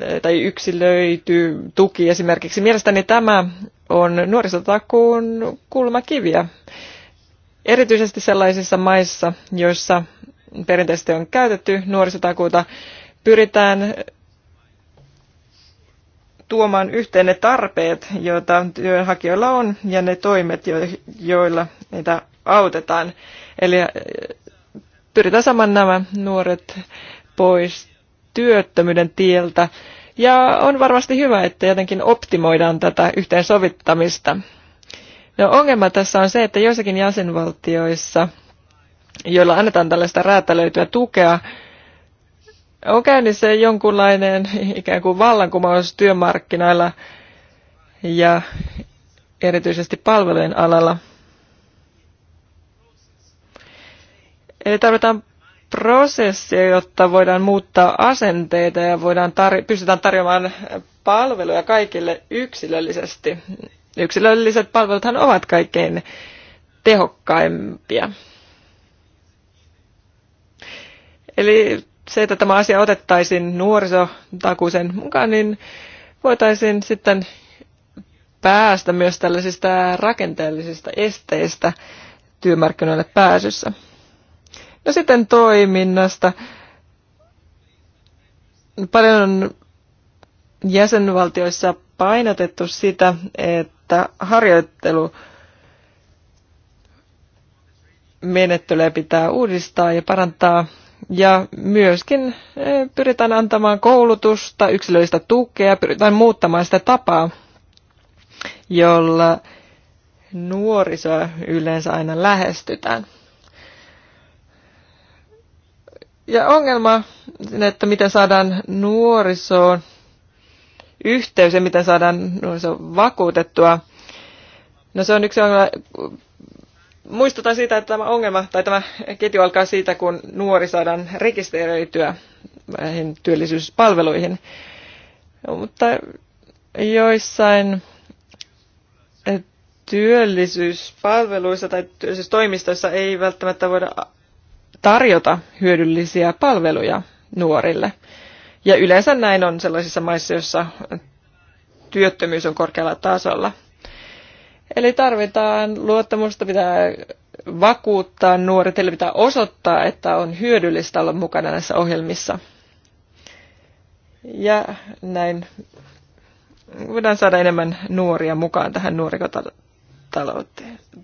eh, tai yksilöity tuki esimerkiksi. Mielestäni tämä on nuorisotakuun kulmakiviä. Erityisesti sellaisissa maissa, joissa perinteisesti on käytetty nuorisotakuuta, pyritään tuomaan yhteen ne tarpeet, joita työnhakijoilla on, ja ne toimet, joilla niitä autetaan. Eli äh, pyritään saamaan nämä nuoret pois työttömyyden tieltä. Ja on varmasti hyvä, että jotenkin optimoidaan tätä yhteensovittamista. No ongelma tässä on se, että joissakin jäsenvaltioissa, joilla annetaan tällaista räätälöityä tukea, on käynnissä jonkunlainen ikään kuin vallankumous työmarkkinoilla ja erityisesti palvelujen alalla – Eli tarvitaan prosessia, jotta voidaan muuttaa asenteita ja voidaan tar- pystytään tarjoamaan palveluja kaikille yksilöllisesti. Yksilölliset palveluthan ovat kaikkein tehokkaimpia. Eli se, että tämä asia otettaisiin nuorisotakuisen mukaan, niin voitaisiin sitten päästä myös tällaisista rakenteellisista esteistä työmarkkinoille pääsyssä. No sitten toiminnasta. Paljon on jäsenvaltioissa painotettu sitä, että harjoittelu menettelyä pitää uudistaa ja parantaa. Ja myöskin eh, pyritään antamaan koulutusta, yksilöllistä tukea, pyritään muuttamaan sitä tapaa, jolla nuorisoa yleensä aina lähestytään. Ja ongelma, että miten saadaan nuorisoon yhteys ja miten saadaan nuoriso vakuutettua, no se on yksi ongelma. Muistutan siitä, että tämä ongelma tai tämä ketju alkaa siitä, kun nuori saadaan rekisteröityä näihin työllisyyspalveluihin. Mutta joissain eh, työllisyyspalveluissa tai työllisyystoimistoissa ei välttämättä voida tarjota hyödyllisiä palveluja nuorille. Ja yleensä näin on sellaisissa maissa, joissa työttömyys on korkealla tasolla. Eli tarvitaan luottamusta, pitää vakuuttaa nuoret, eli pitää osoittaa, että on hyödyllistä olla mukana näissä ohjelmissa. Ja näin voidaan saada enemmän nuoria mukaan tähän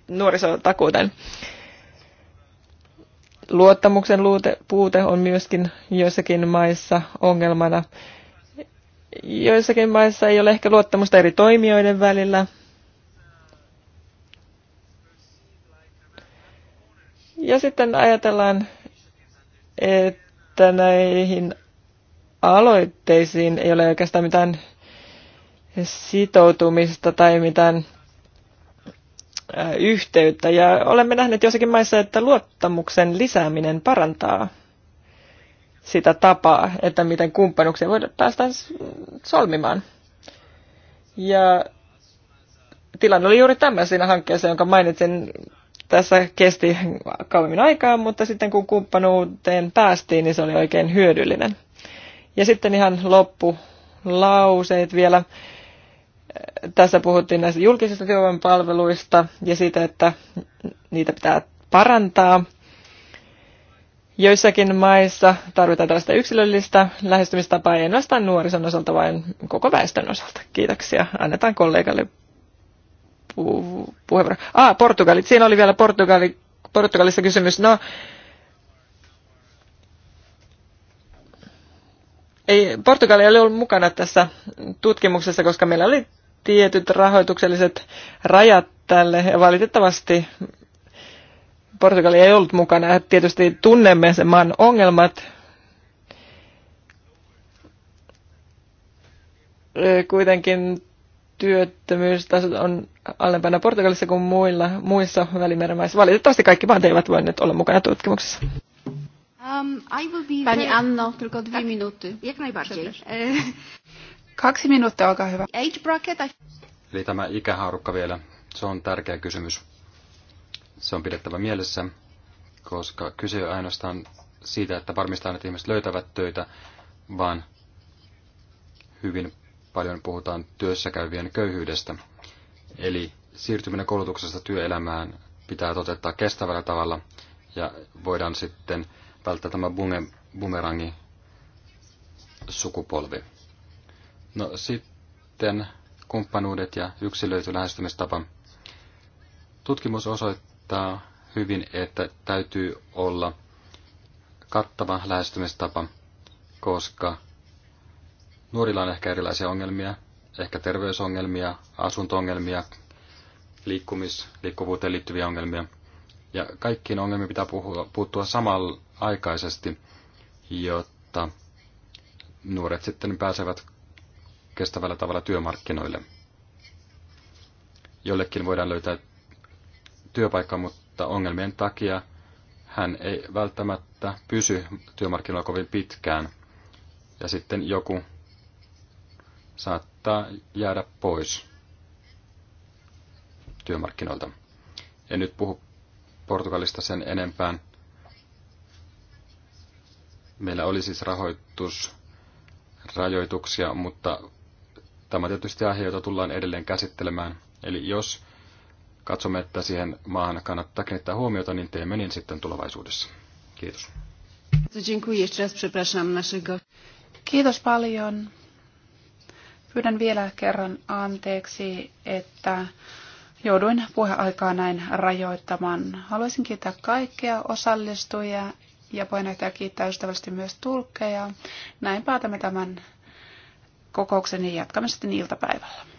nuorisotakuuteen. Luottamuksen puute on myöskin joissakin maissa ongelmana. Joissakin maissa ei ole ehkä luottamusta eri toimijoiden välillä. Ja sitten ajatellaan, että näihin aloitteisiin ei ole oikeastaan mitään sitoutumista tai mitään yhteyttä ja olemme nähneet jossakin maissa, että luottamuksen lisääminen parantaa sitä tapaa, että miten kumppanuksia voidaan päästä solmimaan. Ja tilanne oli juuri tämä siinä hankkeessa, jonka mainitsin. Tässä kesti kauemmin aikaa, mutta sitten kun kumppanuuteen päästiin, niin se oli oikein hyödyllinen. Ja sitten ihan loppulauseet vielä tässä puhuttiin näistä julkisista työvoimapalveluista ja siitä, että niitä pitää parantaa. Joissakin maissa tarvitaan tällaista yksilöllistä lähestymistapaa, ei ainoastaan nuorison osalta, vaan koko väestön osalta. Kiitoksia. Annetaan kollegalle pu- puheenvuoro. Ah, Portugalit. Siinä oli vielä Portugali, Portugalissa kysymys. No, ei, Portugali oli ollut mukana tässä tutkimuksessa, koska meillä oli tietyt rahoitukselliset rajat tälle. Ja valitettavasti Portugali ei ollut mukana. Tietysti tunnemme sen maan ongelmat. Kuitenkin työttömyystasot on alempana Portugalissa kuin muilla, muissa välimerenmaissa. Valitettavasti kaikki maat eivät voineet olla mukana tutkimuksessa. Um, I will be Pani Anno, tylko dwie tak, minuty. Jak najbardziej. Kaksi minuuttia, olkaa hyvä. Age bracket. Eli tämä ikähaarukka vielä, se on tärkeä kysymys. Se on pidettävä mielessä, koska kyse on ainoastaan siitä, että varmistetaan, että ihmiset löytävät töitä, vaan hyvin paljon puhutaan työssäkäyvien köyhyydestä. Eli siirtyminen koulutuksesta työelämään pitää toteuttaa kestävällä tavalla ja voidaan sitten välttää tämä bumerangi sukupolvi. No sitten kumppanuudet ja yksilöity lähestymistapa. Tutkimus osoittaa hyvin, että täytyy olla kattava lähestymistapa, koska nuorilla on ehkä erilaisia ongelmia, ehkä terveysongelmia, asuntoongelmia, liikkumis, liikkuvuuteen liittyviä ongelmia. Ja kaikkiin ongelmiin pitää puhua, puuttua samalla aikaisesti, jotta nuoret sitten pääsevät kestävällä tavalla työmarkkinoille. Jollekin voidaan löytää työpaikka, mutta ongelmien takia hän ei välttämättä pysy työmarkkinoilla kovin pitkään. Ja sitten joku saattaa jäädä pois työmarkkinoilta. En nyt puhu Portugalista sen enempään. Meillä oli siis rahoitusrajoituksia, mutta Tämä on tietysti aihe, jota tullaan edelleen käsittelemään. Eli jos katsomme, että siihen maahan kannattaa kiinnittää huomiota, niin teemme niin sitten tulevaisuudessa. Kiitos. Kiitos paljon. Pyydän vielä kerran anteeksi, että jouduin puheaikaa näin rajoittamaan. Haluaisin kiittää kaikkia osallistujia ja puheenjohtaja kiittää ystävällisesti myös tulkkeja. Näin päätämme tämän kokoukseni jatkamme sitten iltapäivällä.